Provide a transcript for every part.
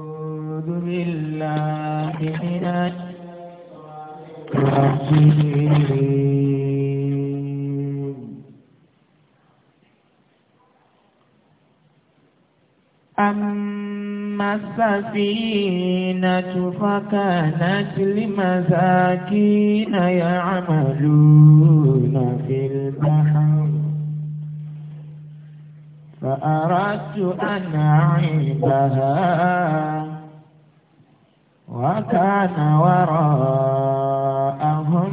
أعوذ بالله من الرحيم أما السفينة فكانت لمساكين يعملون في البحر فأردت أن أعيبها وكان وراءهم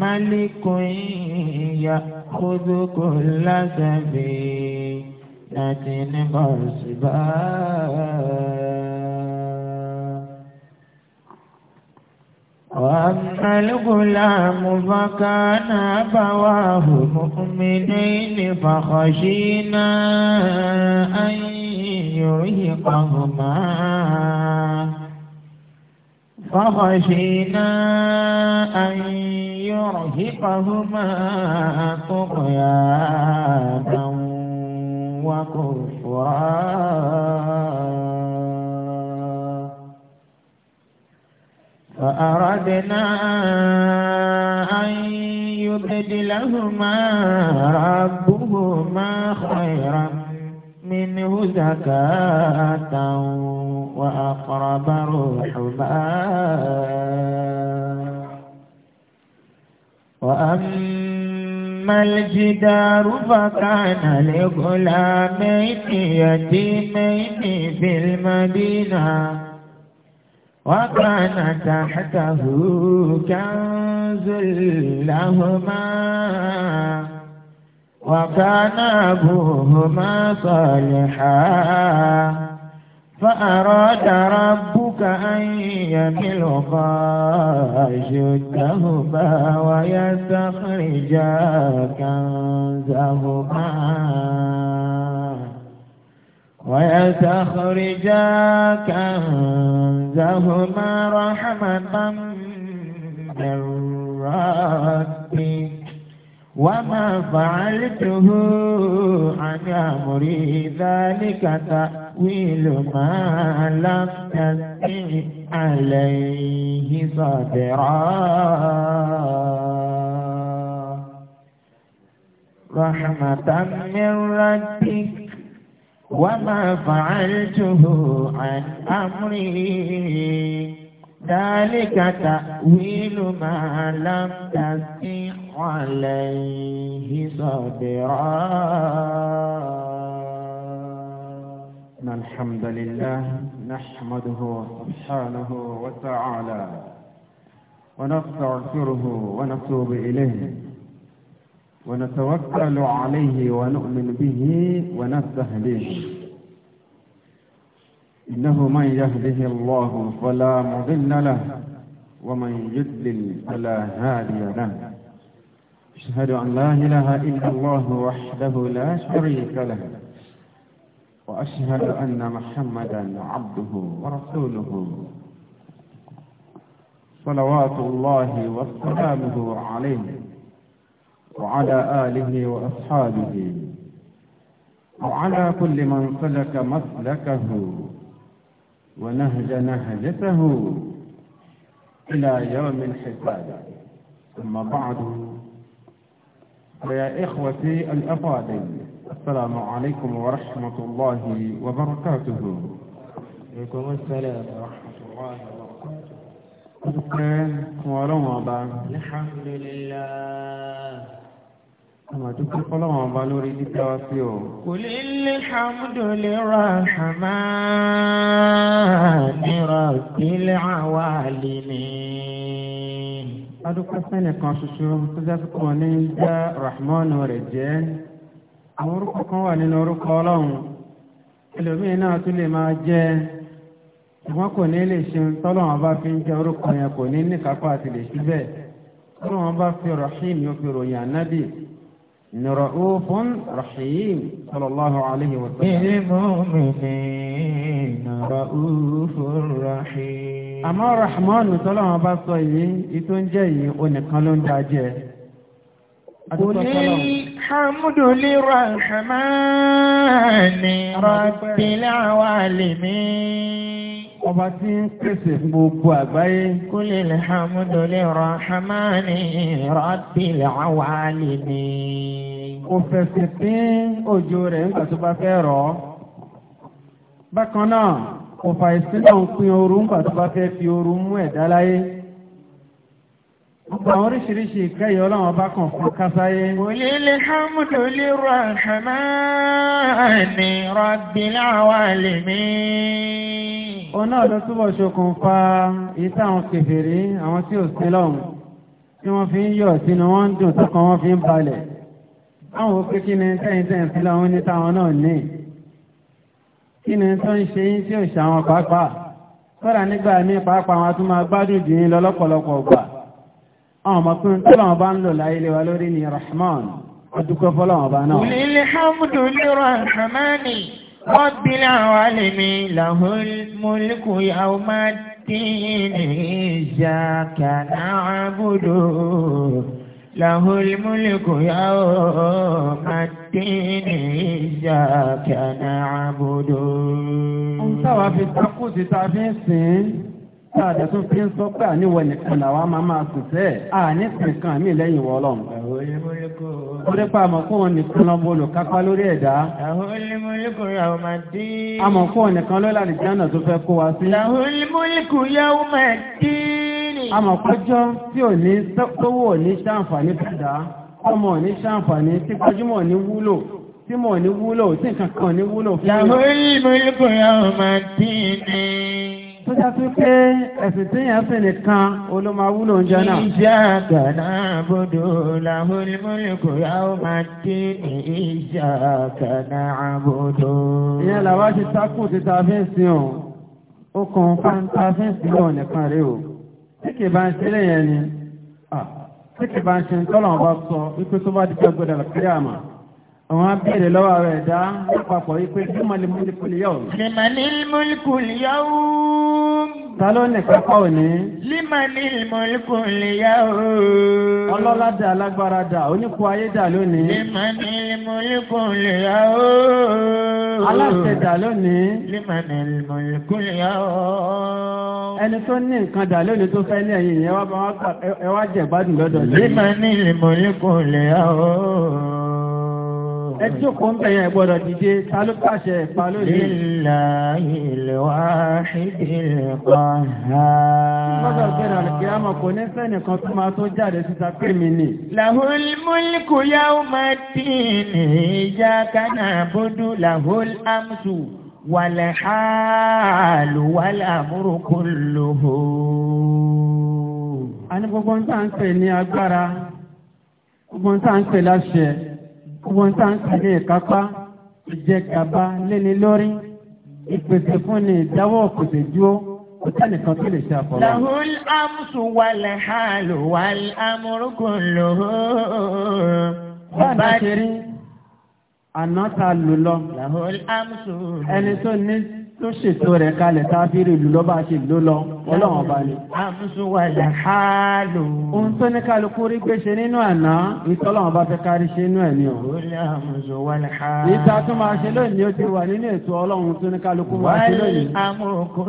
ملك يأخذ كل سفينة غصبا وأما الغلام فكان أبواه مؤمنين فخشينا أن يرهقهما فخشينا أن يرهقهما طغيانا وكفرا وأردنا أن يبدلهما ربهما خيرا منه زكاة وأقرب رحما وأما الجدار فكان لغلامين يتيمين في المدينة وكان تحته كنز لهما وكان أبوهما صالحا فأراد ربك أن يبلغا أشدهما ويستخرجا كنزهما ويستخرجا كنزهما رحمة من ربي وما فعلته عن أمري ذلك تأويل ما لم تستطع عليه صبرا رحمة من ربك وما فعلته عن أمري ذلك تأويل ما لم تستطع عليه صبرا الحمد لله نحمده سبحانه وتعالى ونستغفره ونتوب إليه ونتوكل عليه ونؤمن به ونستهديه إنه من يهده الله فلا مضل له ومن يضلل فلا هادي له أشهد أن لا إله إلا الله وحده لا شريك له وأشهد أن محمدا عبده ورسوله صلوات الله وسلامه عليه وعلى آله وأصحابه وعلى كل من سلك مسلكه ونهج نهجته إلى يوم الحساب ثم بعد فيا إخوتي الأفاضل السلام عليكم ورحمة الله وبركاته عليكم السلام ورحمة الله وبركاته أذكر ورمضان الحمد لله Àmàdúgbò fọ́lọ́wọ̀n ọba lórí dídá wá sí o. Kò lè lè ṣàmúdò lè ra àmà nírà ìpínlẹ̀ àwa lè ní. Adúpẹ́ sẹ́nìkan ṣoṣo tó jásí kọ́ ní dá Rahmanu rẹ̀ jẹ́. Àwọn orúkọ kan wà nínú orúkọ Ọlọ́run. Ẹlòmíín náà tún lè máa jẹ́. Ìwọ́n kò ní lè ṣe tọ́lọ́wọ̀n bá fi ń jẹ orúkọ yẹn kò ní níkàápá àti lè ṣí bẹ́ẹ̀. bá fi Rahim yóò fi ròyìn ànábì. إن رؤوف رحيم صلى الله عليه وسلم المؤمنين رؤوف رحيم أما الرحمن صلى الله عليه وسلم إتون جاي ونقلون داجه قل الحمد للرحمن رب العوالمين ọba tí ń pèsè gbogbo àgbáyé. kúlè alhamdulillah rahmani rabbil alamin. kò fẹsẹ̀ pín òjò rẹ̀ nígbà tó bá fẹ́ rọ̀ ọ́. bákan náà kò fà ìsílẹ̀ ń pín ooru nígbà tó bá fẹ́ fi ooru mú ẹ̀dá láyé. Gbogbo àwọn oríṣiríṣi ìkẹyẹ ọlọ́run bá kàn fún kásáyé. Kúlè alhamdulillah rahmani rabbil alamin òun náà ló túbọ̀ ṣokùnfà ìta àwọn kèfèrí àwọn tí ò sí lọ́hùn tí wọ́n fi ń yọ̀ sínú wọ́n ń dùn tọkàn wọ́n fi ń balẹ̀ àwọn òpin kí ni tẹ́yìn tẹ́yìn sí lọ́hùn ní táwọn náà ní kí ni tó ń ṣe yín tí ò ṣàwọn pàápàá kọ́ra nígbà míì pàápàá àwọn atúmọ̀ agbádùn jù yín lọ gbà àwọn ọmọkùnrin tó làwọn bá ń lò láyé lé wa lórí ni rahman ọdúnkọ́ fọ́lọ́wọn bá náà. Rabbil alamin lahul mulku yawma الدين إياك نعبد له الملك يوم الدين إياك نعبد. Ń sáwà fi takú ti ta fi ń sìn. Táàdà tó fi ń sọ pé àníwọ̀ nìkan làwọn máa máa sùn sẹ́ẹ̀. A ní kankan mí lẹ́yìn wọ́ lọ́m. Orí pa àmọ̀kún wọn nìkan lọ́mọ olùkápá lórí ẹ̀dá. Àwọn olùmọ̀lẹ́kùn yàwó máa dín. Àmọ̀kún wọn nìkan ló láti jẹ́nà tó fẹ́ kó wa sí. Àwọn olùmọ̀lẹ́kùn yàwó máa dín. Àmọ̀kọ́jọ́ tí ò ní sọ́wọ́ ní ṣàǹfààní fẹ́dá. Ọmọ ní ṣàǹfààní tí gbajúmọ̀ ní wúlò tí mọ̀ ní wúlò tí nǹkan kan ní wúlò fún mi tó já sí pé ẹ̀sìn téèyàn fẹ́ nìkan olómawúlò ń jẹ́ náà. ìjà kàná àbòdò làmúrímúrí kò yá ó máa dé ìjà kàná àbòdò. ìyẹn làwa ti takùn ti ta fi ń sin o ó kàn fáńtà fi ń sin lọ nìkan rí o tí kì bá ń ṣẹlẹ̀ yẹn ni tí kì bá ń ṣe ń tọ́lọ̀ bá sọ wípé tó bá di pẹ́ gbọ́dọ̀ lọ́kẹ́rẹ́ àwọn abẹ́rẹ̀ lọ́wọ́ rẹ̀ dá lápapọ̀ wípé kí mọ̀lẹ̀ múlùkùlù yọ̀. limanil múlùkùlù yọ̀ ooo. ta ló ní kápá òní. limanil múlùkùlù yọ̀ ooo. ọlọ́lá dà alágbára dà oníkó ayé dà lónìí. limanil múlùkùlù yọ̀ ooo. aláṣẹ dà lónìí. limanil múlùkùlù yọ̀ ooo. ẹni tó ní nǹkan dà lónìí tó fẹ́ ní ẹ̀yìn ẹ tí kò ń bẹ̀yẹn gbọ́dọ̀ dìde ta ló pàṣẹ ìpa lónìí. lillahi al-wahidil qahhar. gbọ́dọ̀ gbẹ̀rẹ̀ àlùkí àmọ̀ kò ní fẹ́ nìkan tó máa tó jáde síta pé mi nì. lahul mulku yawma ddin gbogbo ń tàn kàdé ìkápá ìjẹ gàba léni lórí ìpèsè fún ni kòtè dúró kò sẹ́nìkan tó lè ṣe àfọwọ́. lahul amsu wal halu wal amru kulluhu. báńdà ṣe rí àná ta lò lọ. lahul amsu. ẹni tó ní tó ṣètò rẹ̀ kalẹ̀ tábìrì ìlú lọ́ba ṣe ló lọ ọlọ́run ọba ni. àmúṣu wà lè ha ohun tó ní kálukú rí gbèsè nínú àná ìtọ́lọ́run ọba fẹ́ kárí ṣe inú ẹ̀ ni o. olè àmúṣu wà lè ha. ìta tó máa ṣe lónìí ó ti wà nínú ètò ọlọ́run tó ní kálukú máa ṣe lónìí. wàá amúkú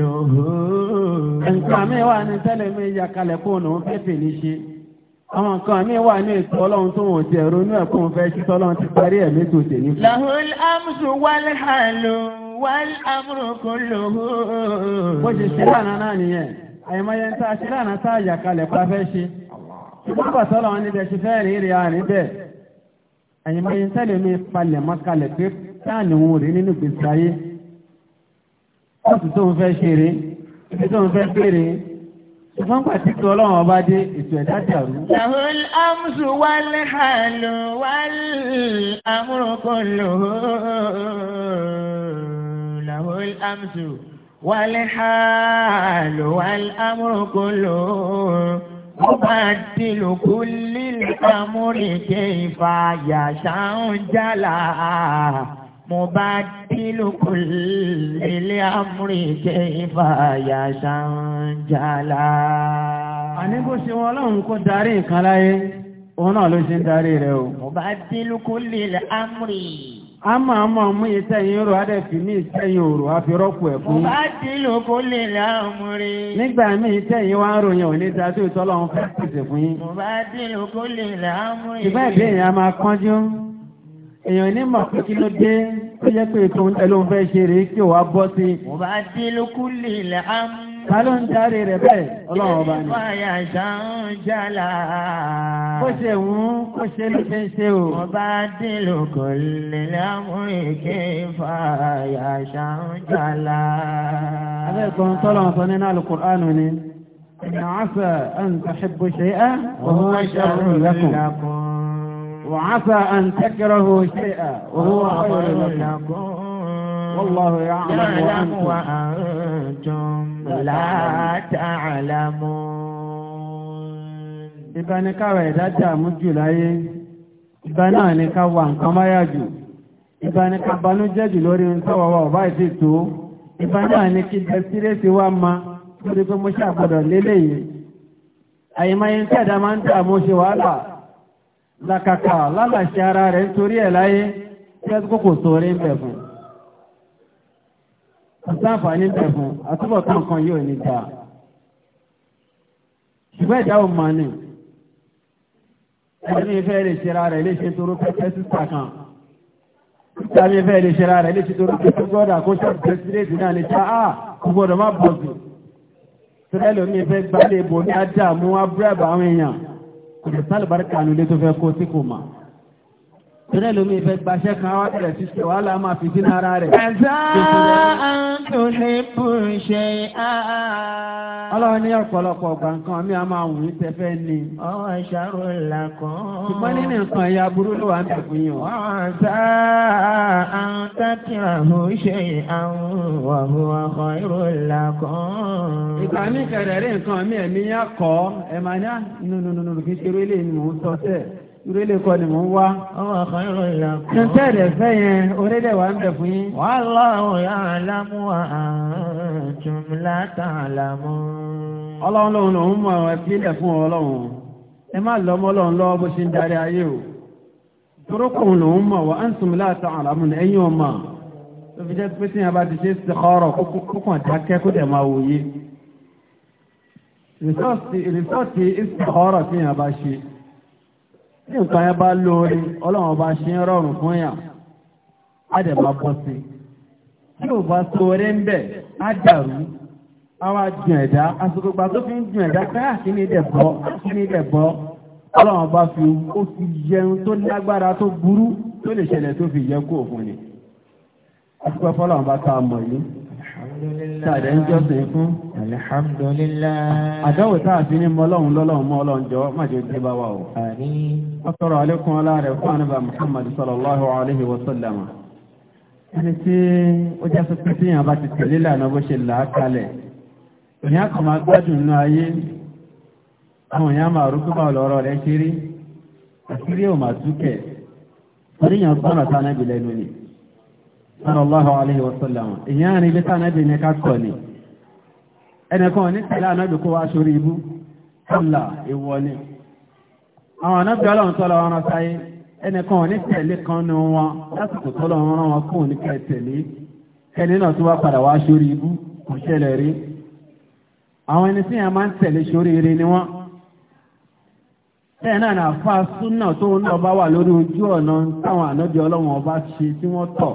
lò ó. nǹkan mi wà ní tẹ́lẹ̀ mi ya kalẹ̀ kó òun fẹ́fẹ́ ní ṣe. àwọn nǹkan mi wà ní ètò ọlọ́run tó wọ́n ti ẹ̀rọ inú ẹ̀kún fẹ́ ṣí tọ́lọ́run ti parí ẹ̀mí tó tẹ̀ ní. làhùn amúṣu wà lè ha wal-amru kulluhu. bó ṣe ṣe lánàá náà nìyẹn àyèmáyé ń tá a ṣe lánàá tá a yà kalẹ̀ pa fẹ́ ṣe ṣùgbọ́n bàtọ́ làwọn níbẹ̀ ṣe fẹ́ rí rí àárín bẹ́ẹ̀ àyèmáyé ń tẹ́lẹ̀ mi palẹ̀ mọ́ kalẹ̀ pé táàní òun rí nínú gbèsè ayé ọ̀sùn tó ń fẹ́ ṣe rí ibi tó ń fẹ́ péré ṣùgbọ́n pàtí kí ọlọ́run ọba dé ètò ẹ̀dá dàrú. Lahul amsu wal halu wal amru kulluhu. له الأمس والحال والأمر كله مبدل كل الأمر كيف يشاء جلا مبدل كل الأمر كيف يشاء جلا àní bó ṣe wọn lọ́hùn kó darí nǹkan láyé òun náà ló ṣe ń darí rẹ̀ o. mubaddilu kulli al-amri a máa mọ mú yìí sẹ́yìn rò á dẹ̀ fi mí sẹ́yìn òrò á fi rọ́pò ẹ̀ fún. bá ti lò kó lè lámúrí. nígbà míì sẹ́yìn wá ń ròyìn òní ta tó tọ́lọ́ ń fẹ́ pèsè fún yín. bá ti lò kó lè lámúrí. ìgbà ìdí èèyàn máa kánjú èèyàn ní mọ̀ pé kí ló dé tó jẹ́ pé ètò ẹ̀ ṣe rèé kí ò bọ́ sí. bá ti lò kó lè lámúrí. Ta ló ń darí rẹ̀ bẹ́ẹ̀? Ọlọ́run ọba ni. Wáyà ṣàn jàlá. Kó ṣe wù ú, kó ṣe ló ṣe ń ṣe o. Mo bá dín lóko lélẹ̀ amúrèké fàyà ṣàn jàlá. Abẹ́ẹ̀kan tọ́lọ̀ sọ nínú Al-Qur'an ni. Ìnà àṣà àn tàṣìbò ṣe é, òun wá ṣàrù lẹ́kùn. وعسى أن تكرهوا شيئا وهو خير لكم والله يعلم وأنتم látàlámù. ibà ní káwà ẹ̀dá dààmú jù láyé ibà náà ní ká wà nǹkan máyà jù ibà ní ká banújẹ́ jù lórí ntọ́wọ́wọ́ ọ̀bá ìdí tó ibà náà ní kí bẹ́sírẹ́sì wá ma lórí pé mo ṣàgbọ́dọ̀ lélẹ́yìn àyèmáyé ń tẹ̀dá máa ń dààmú ṣe wàhálà làkàkà lálàṣẹ ara rẹ̀ nítorí ẹ̀ láyé kí ẹ kókò sóore ń bẹ̀ fún ọ̀sáàfà ní tẹ̀fún àtúbọ̀ tó nǹkan yóò ní dáa ṣùgbọ́n ìdáwò máa ní ẹni ìfẹ́ lè ṣera rẹ̀ lè ṣe toró pẹ́pẹ́ sísà kan sísà ní ìfẹ́ lè ṣera rẹ̀ lè ṣe toró pẹ́pẹ́ gbọ́dà kó ṣọ́ọ̀bù pẹ́sìdẹ́ẹ̀tì náà lè ṣá à ah, kó gbọ́dọ̀ má bọ̀ jù tẹ́lẹ̀ lómi ìfẹ́ gbálẹ̀ ìbò ní ádámù abúrẹ́bà àwọn èèyàn kò lè Tẹ́lẹ̀ lómi ìfẹ́ gbaṣẹ́ kan wá tẹ̀lẹ̀ sí ṣe wàhálà máa fi sínú ara rẹ̀. Ẹ̀zá àǹtò lè bù ṣe àá. Ọlọ́run ní ọ̀pọ̀lọpọ̀ ọgbà nǹkan mi a máa wù ú tẹ́fẹ́ ni. Ọ̀hún ìṣàrò ìlà kan. Ṣùgbọ́n nínú nǹkan ẹ̀yà burú ló wà ń bẹ̀ fún yàn. Ọ̀sá àǹtàkìrà ò ṣe àwọn ọ̀hún ọkọ̀ ìrò ìlà kan. Ìgbà mi kẹ̀rẹ̀ rí nǹkan mi ẹ̀mí yá kọ́ ah, ẹ̀ máa ìrẹ́lẹ̀ kọ́ ni mò ń wá. ọmọ kan yóò yà kọ́. tẹ́tẹ́ rẹ̀ fẹ́ yẹn orílẹ̀ wa ń bẹ̀ fún yín. wà á lọ́rùn yà á lámú àtún látà lámú. ọlọ́run lòun lòun mọ àwọn fún ọlọ́run ẹ má lọ ọmọ ọlọ́run lọ́wọ́ bó ṣe ń darí ayé o. torókùn lòun mọ wà á ń sùn látà lámú ọmọ. tó jẹ́ pé tí yẹn bá ti ṣe sèkọ́rọ̀ kókàn dákẹ́ kó dẹ̀ máa tí nǹkan yẹn bá lóore ọlọ́run bá ṣe ń rọrùn fún yàn á dẹ̀ máa bọ́ sí i tí ò bá sóore ń bẹ̀ á dàrú àwa jùn ẹ̀dá àsìkògbà tó fi ń jùn ẹ̀dá káyà ah, kí ni dẹ̀ bọ́ kí ni dẹ̀ bọ́ ọlọ́run bá fi ó fi yẹun tó lágbára tó burú tó lè ṣẹlẹ̀ tó fi yẹ kó òfin ni àsìkò fọlọ́run bá tá a yìí tàdé ń jọ́sìn fún. alhamdulilayi. àdáwò tá a fi ní mọ ọlọ́run lọ́lọ́run mọ ọlọ́run jọ má jẹ́ dé bá wa o. àmín. wọ́n sọ̀rọ̀ alẹ́kùn ọlá rẹ̀ fún anábà muhammad sallallahu alayhi wa sallam. ẹni tí ó jẹ́ pípẹ́ tí yàrá ti tẹ̀lé lànà bó ṣe là á kalẹ̀. òní àkọ́ máa gbádùn nínú ayé. àwọn èèyàn máa rúkú bá ọlọ́rọ̀ rẹ̀ kiri. àkírí ò máa túkẹ̀. oníyàn gbọ́nà tánà sallallahu alayhi wa sallam ìyẹn àrí ilé sáà nẹ́bì ní ká kọ̀ ni ẹnìkan ní tẹ̀lé ànábì kó wá sórí ibú kọ́là ìwọ ni àwọn ànábì ọlọ́run tọ́lọ ọ̀rọ̀ sáyé ẹnìkan ní tẹ̀lé kan ní wọn lásìkò tọ́lọ ọ̀rọ̀ wọn fún ní kẹ́ tẹ̀lé kẹ́ni náà tó wá padà wá sórí ibú àwọn ẹni tí yẹn máa súnà tó ń lọ bá wà lórí ojú ọ̀nà táwọn ànábì ọlọ́run ọba ṣe tí wọ́n tọ̀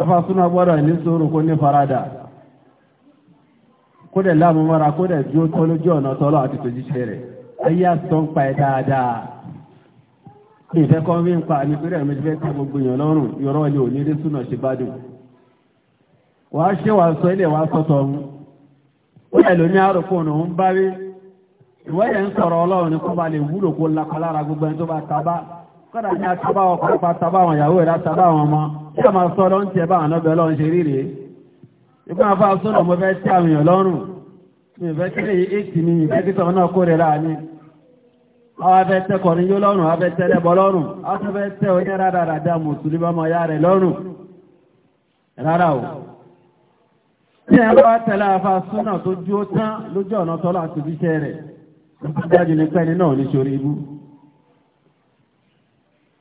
afa suna gbọ́dọ̀ ní sùúrù kó ní farada kó dẹ̀ lámúmọ́ra kó dẹ̀ dúró tọ́lójú ọ̀nà tọ́lọ́ àti tòjíṣẹ́ rẹ̀ ayé àtọ́ ń pa ẹ̀ dáadáa ní ìfẹ́ kọ́ fi ń pa àmì pé rẹ̀ méjì fẹ́ ká gbogbo èèyàn lọ́rùn yọrọ ilé òní rí súnà ṣe bá dùn wàá ṣe wàá sọ ilé wàá sọ̀tọ̀ ọ̀hún ó dẹ̀ lóní àròkọ ọ̀nà òun bá rí ìwọ́yẹ̀ ń sọ̀rọ̀ ọlọ́run ní kó ba lè wúlò kó lakọ lára gbogbo ẹni tó bá tabá kọ́dà ní atabá ọkọ̀ pa tabá àwọn ìyàwó ẹ̀dá tabá àwọn ọmọ ṣe máa sọ lọ́n tiẹ̀ bá àná bẹ́ẹ̀ lọ́n ṣe ríre ìgbà àfa sọ́nà mo fẹ́ tí àwọn èèyàn lọ́rùn mi fẹ́ kí lè éèkì mi mi fẹ́ kí sọ̀rọ̀ náà kó rẹ̀ láàánú àwọn afẹ́ tẹ kọrin yó lọ́rùn afẹ́ tẹ lẹ́bọ̀ lọ́rùn afẹ́ tẹ oní rádaràdà mùsùlùmí ọmọ ya rẹ̀ lọ́rùn rárá o tí ẹ bá tẹ̀lé afa sọ́nà tó dúró tán lójú ọ̀nà tọ́lá àti ibiṣẹ́ rẹ̀ ìgbàjáde nípa ẹni náà ní sórí ibú.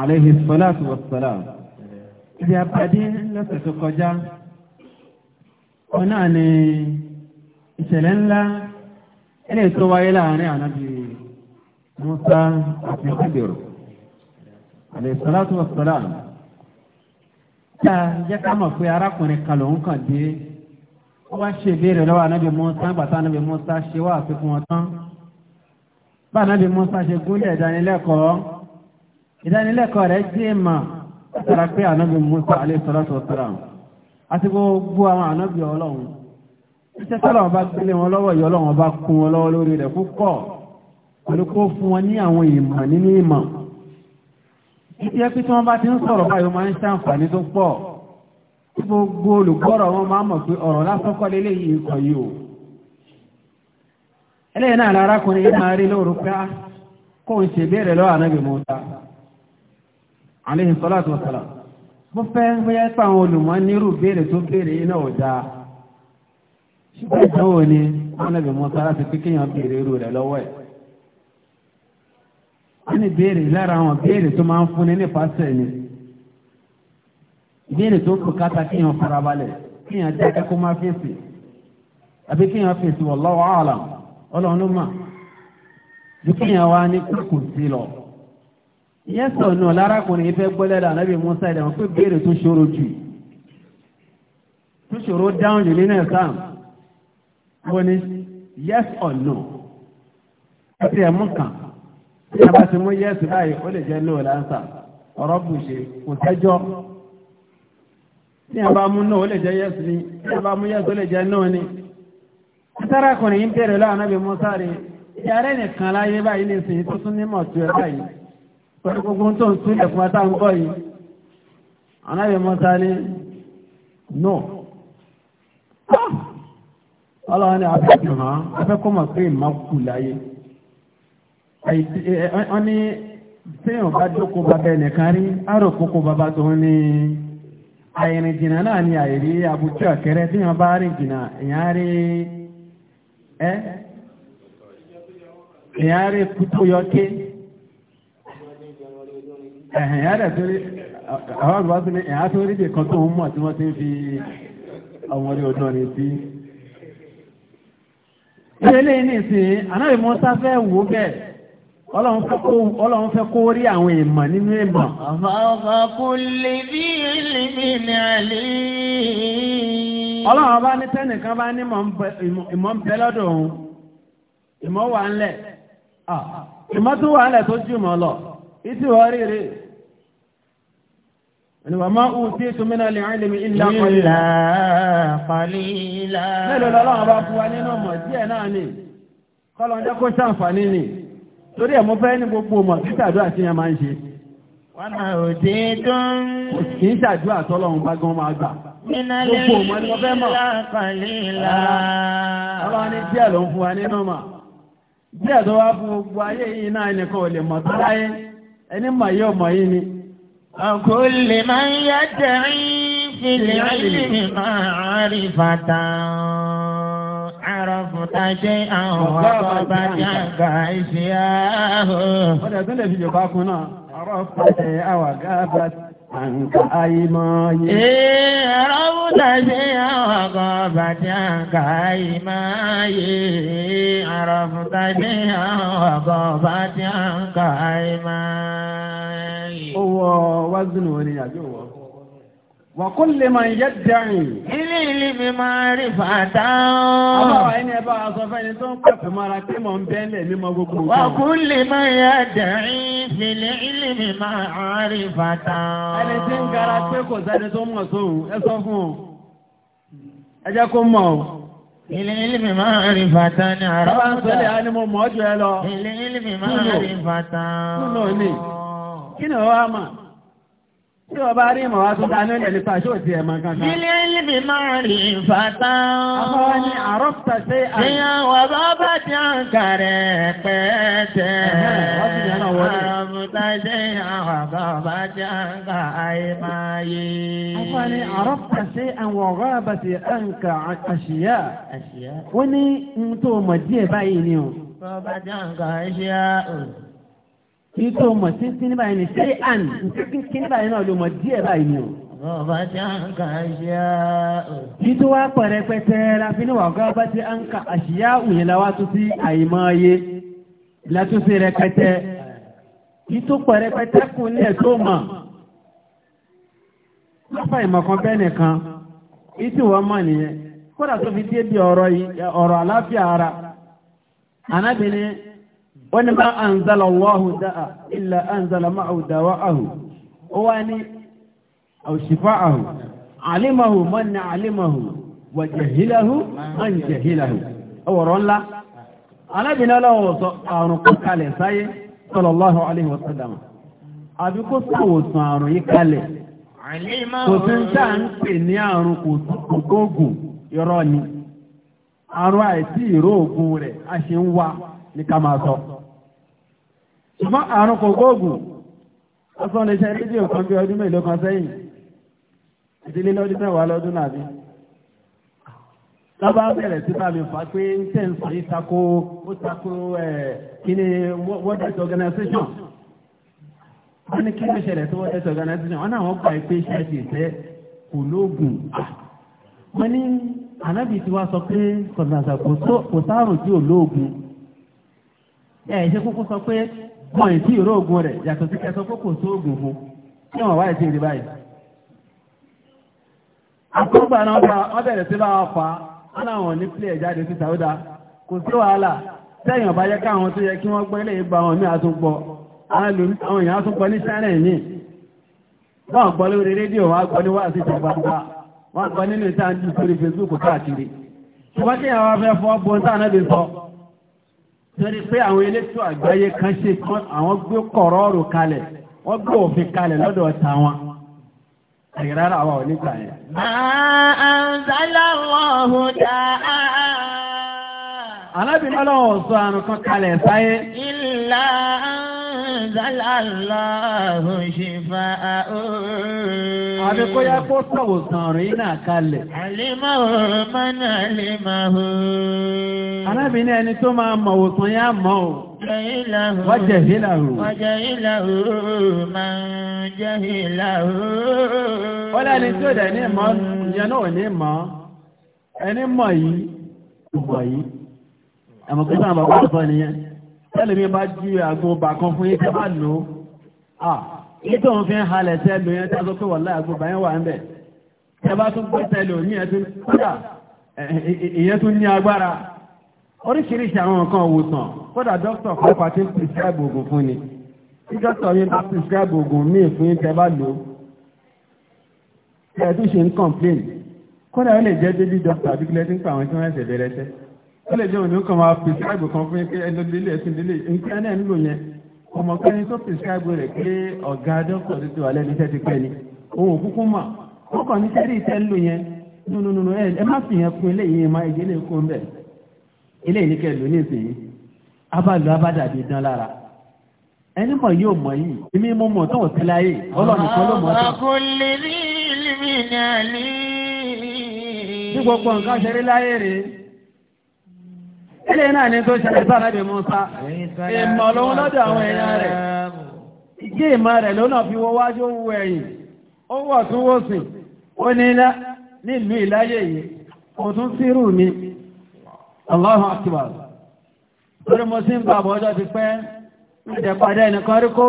alayhi salatu wa salam. ibi àpàdé lọ́sẹ̀ tó kọjá ọ̀nà ni ìṣẹ̀lẹ̀ ńlá ẹlẹ́ tó wáyé láàrin ànábì Musa àti Khidiru alayhi salatu wa salam. tá a jẹ́ ká mọ̀ pé arákùnrin kan lòun kàn dé wọ́n wá ṣe ìbéèrè lọ́wọ́ anábì Musa gbàtà anábì Musa ṣe wá àfikún wọn bá anábì Musa ṣe gúnlẹ̀ ìdánilẹ́kọ̀ọ́ ìdánilẹ́kọ̀ọ́ rẹ̀ jẹ́ ìmọ̀ tara pé ànábì Musa alayhi salatu wa salam àti gbogbo àwọn ànábì ọlọ́run iṣẹ́ tọ́lọ́wọ́ bá gbélé wọn lọ́wọ́ yìí ọlọ́run bá kún wọn lọ́wọ́ lórí rẹ̀ púpọ̀ pẹ̀lú kó fún wọn ní àwọn ìmọ̀ nínú ìmọ̀ ìdí ẹ pé tí wọ́n bá ti ń sọ̀rọ̀ báyìí máa ń ṣàǹfààní tó pọ̀ tí gbogbo alayhi salatu wa salam mo fẹ́ bóyá pa àwọn olùmọ̀ nírú béèrè tó béèrè iná ò dáa ṣùgbọ́n ìdánwò ni wọ́n lè mọ sára ti pé kéèyàn béèrè irú rẹ̀ lọ́wọ́ ẹ̀ wọ́n ní béèrè lára àwọn béèrè tó máa ń fúnni nípasẹ̀ ni béèrè tó kù káta kéèyàn farabalẹ̀ kéèyàn dákẹ́ kó má fèsì àbí kéèyàn fèsì wallahu a'lam ọlọ́run ló mà ju kéèyàn wá ní kókò sí lọ ìyẹn sọ̀nù lárákùnrin ìfẹ́ gbọ́lẹ́dà náà bí Musa ìdàmọ́ pé béèrè tó ṣòro jù tó ṣòro dáhùn jù nínú ẹ̀sán wọ́n ni yes or no ẹ̀sìn ẹ̀mú kan tí a bá ti mú yes báyìí ó lè jẹ́ no lánsà ọ̀rọ̀ bù ṣe kò sẹ́jọ́ tí a bá mú no ó lè jẹ́ yes ni tí a bá mú yes ó lè jẹ́ no ni sárákùnrin ń béèrè lọ́wọ́ náà bí Musa rí ìyá rẹ̀ nìkan láyé báyìí ní ìsìn tó tún nímọ̀ tó ẹ báyìí pẹ̀lú gbogbo tó ń súnlẹ̀ fún ẹta ń kọ́ yìí mọ́ta ní no ọlọ́wọ́n ni àbẹ̀kù hàn afẹ́kọ́ mọ̀ pé ìmá láyé wọ́n ní téèyàn bá jókòó bàbá ẹnìkan rí àròkókò bàbá tó ní àìrìn náà ni àìrí àkẹrẹ bá ẹ̀hìn ẹ̀rẹ̀ tó rí àwọn àgbà tó ní ẹ̀hà tó rí kan tó ń mọ̀ tí wọ́n ti ń fi ọmọ orí ọdún ọ̀rẹ́ sí. ilé ní ìsìn mọ́sá fẹ́ wò bẹ́ẹ̀ ọlọ́run fẹ́ kó rí àwọn ìmọ̀ nínú ìmọ̀. ọlọ́run bá ní tẹ́nìkan bá ní ìmọ̀ ń bẹ lọ́dọ̀ ìmọ̀ wà Ìwàmá òtí tó mẹ́nà lè rìn lèmi ìlà kọlìlá. Mẹ́lò lọ́lọ́wọ́ bá fún wa nínú ọmọ díẹ̀ náà ni, kọ́lọ̀ jẹ́ kó ṣàǹfàní ni, torí ẹ̀mọ́ fẹ́ ní gbogbo ọmọ títàdó àti ìyàn máa ń ṣe. Wọ́n náà òtí tó ń kì ń fún wa وكل من يدعي في العلم معرفة عرفت شيئا وقد جاك عشياه. عرفت شيئا وقد àǹkà àìmọ̀ yìí. Ee àrọ́bùtà ṣe ọkọ̀ bàtí àǹkà àìmọ̀ yìí. Àrọ́bùtà ṣe ọkọ̀ bàtí àǹkà àìmọ̀ وكل من يدعي العلم معرفة وكل من يدعي في العلم معرفة ẹni tí ń gara pé kò sẹ́ni tó mọ̀ sóhun ẹ sọ fún ọ ẹ jẹ́ kó mọ̀ ọ́. Ilé-ìlìmì máa rí fàtà ní àrọ́. Bàbá ń sọ́lẹ̀ á ní mo mọ̀ ọ́ jù ẹ lọ. Ilé-ìlìmì máa rí fàtà. Kí ni wọ́n á máa? Tí ọba rí ìmọ̀ wá tún dání ẹ̀lẹ́ nípa ṣó ti ẹ̀mọ̀ kankan. Ilé ilé máa rí fàtà. Ọmọ wa ní àrọ́pùtà sí àná. Ìyàn wà bá bá ti ń kàrẹ̀ pẹ́ẹ́tẹ́. Àrọ́pùtà sí ti ń kà ayé máa yé. Ọmọ wa ní àrọ́pùtà àwọn ọ̀gá ti ń kà àṣìyá. Wọ́n ní ti ń kà àṣìyá tó mọ̀ sí ni ṣé àn kí níbàyí náà ló mọ̀ díẹ̀ báyìí ni o. Ọba tí a ń ka àṣìyá ò. Kí tó wá pọ̀ láfi ní wàá gbọ́ a ń ka àṣìyá òyìn láwá tó sí àyèmọ́ ayé látúnṣe rẹpẹtẹ. Kí tó pọ̀ kún ní ẹ̀tọ́ mọ̀. Lọ́fà ìmọ̀kan bẹ́ẹ̀ nìkan, kí tí wọ́n mọ̀ nìyẹn. Kódà tó fi dé bí ara. wọ́n ní bá anzala Allahu dáa illa anzala ma'ahu dawa'ahu ó wá ní aw shifa'ahu alimahu man alimahu wa jahilahu man jahilahu ọwọ́rọ̀ ńlá alábìnrin ọlọ́wọ́ sọ àrùn kan kalẹ̀ sáyé sallallahu alaihi wa sallam àìsí ìró ògùn rẹ̀ a ṣe ń wá ní ká máa sọ ṣùgbọ́n àrùn kò gbóògùn ọ̀sán lè ṣe rédíò kan bí ọdún mélòó kan sẹ́yìn ìdílé lọ́dún mẹ́wàá lọ́dún náà bí lọ́ba bẹ̀rẹ̀ sí bá fà pé ń tẹ̀ ń sọ yìí ó tako ẹ̀ kí ni World Health Organization wọ́n ní kí ló ṣẹlẹ̀ tó World Health Organization wọ́n náà wọ́n gba ìpè iṣẹ́ ti ìfẹ́ kò lóògùn wọ́n ní anábì tí wàá sọ pé kò sáàrùn tí ò lóògùn ẹ̀ ṣe sọ pé mọ ì tí ìró oògùn rẹ̀ yàtọ̀ sí kẹsọ pé kò sí oògùn fún kí wọn wáyé sí èrè báyìí. àkóńgbà náà fa wọn sí bá wọn fà wọn làwọn ní pílẹ̀ jáde sí sàúdà kò sí wàhálà sẹ́yìn yẹ káwọn kí wọn ní àwọn èèyàn ní yìí wọ́n gbọ́ lórí ní wáàsí ìjọba gbọ́ nínú ìta Facebook káàkiri ṣùgbọ́n torí pé àwọn elétò àgbáyé kan ṣe kan àwọn gbé kọ̀rọ̀ ọ̀rọ̀ kalẹ̀ wọ́n gbé òfin kalẹ̀ lọ́dọ̀ ọ̀tá wọn. Àyẹ̀rárá wa ò ní gbà yẹn. Àǹzálà wọn ò dá ọlọ́wọ̀ sọ àrùn kan kalẹ̀ sáyé. Ìlà أنزل الله شفاء àbí kó yẹ kó sọ̀wòsàn rí náà kalẹ̀. àlìmọ̀ọ́ mọ́nà àlìmọ̀ọ́. arábìnrin ẹni tó máa mọ̀ òsàn yá mọ̀ o. Wájẹ̀híláhù. Wájẹ̀híláhù máa ń jẹ́híláhù. Ó lẹ́ni tí ó dẹ̀ ní tẹ́lẹ̀mí bá jú àgbò bà kan fún yín tẹ́ bá lò ó ní tó ń fi ń halẹ̀ tẹ́ lò yẹn tẹ́ sọ pé wà láì àgbò bà yẹn wà ń bẹ̀ tẹ́ bá tún gbé tẹ́ lò ní ẹtún kódà ìyẹn tún ní agbára oríṣiríṣi àwọn nǹkan òwòsàn kódà dókítà kan pàtó prescribe oògùn fún ni tí dókítà yín bá prescribe oògùn míì fún yín tẹ́ bá lò ó tẹ́ ẹ tún ṣe ń complain kódà ó lè jẹ́ débi dókítà bí kílẹ̀ tí ń pa àwọn tí wọ́n ẹ̀sẹ̀ bẹ̀rẹ̀ tẹ́ ó lè jẹ́ òní kan máa prescribe kan fún pé ẹni délé ẹ̀sìn délé nǹkan náà ń lò yẹn ọmọkùnrin tó prescribe rẹ̀ pé ọ̀gá dọ́kítọ̀ tó ti wà lẹ́nu iṣẹ́ ti pẹ́ ni òun kúkú mà ó kàn ní sẹ́rí iṣẹ́ ń lò yẹn nùnùnùnù ẹ má fi yẹn kún eléyìí ẹ má ẹ̀jẹ̀ lè kó ń bẹ̀ eléyìí ní kẹlò ní ìsìn yìí abáàlú abádàbí dán lára ẹni mọ̀ yóò mọ̀ yìí èmi mo mọ̀ tó tẹ́lẹ̀ ayé ọlọ́run kan ló mọ̀ tó. ọkùnrin ní gbogbo nǹkan ṣeré láyé rèé ilé náà ni tó ṣẹlẹ̀ sáàrẹ́dì Musa ìmọ̀ lóhun lọ́dọ̀ àwọn èèyàn rẹ̀ ìgbé ìmọ̀ rẹ̀ lónà fi wọ́ wájú owó ẹ̀yìn ó wọ̀ tún wó sí ó nílá nílùú ìláyé yìí tún mi Allahu Akbar torí mo sí ń ti pẹ́ rí kó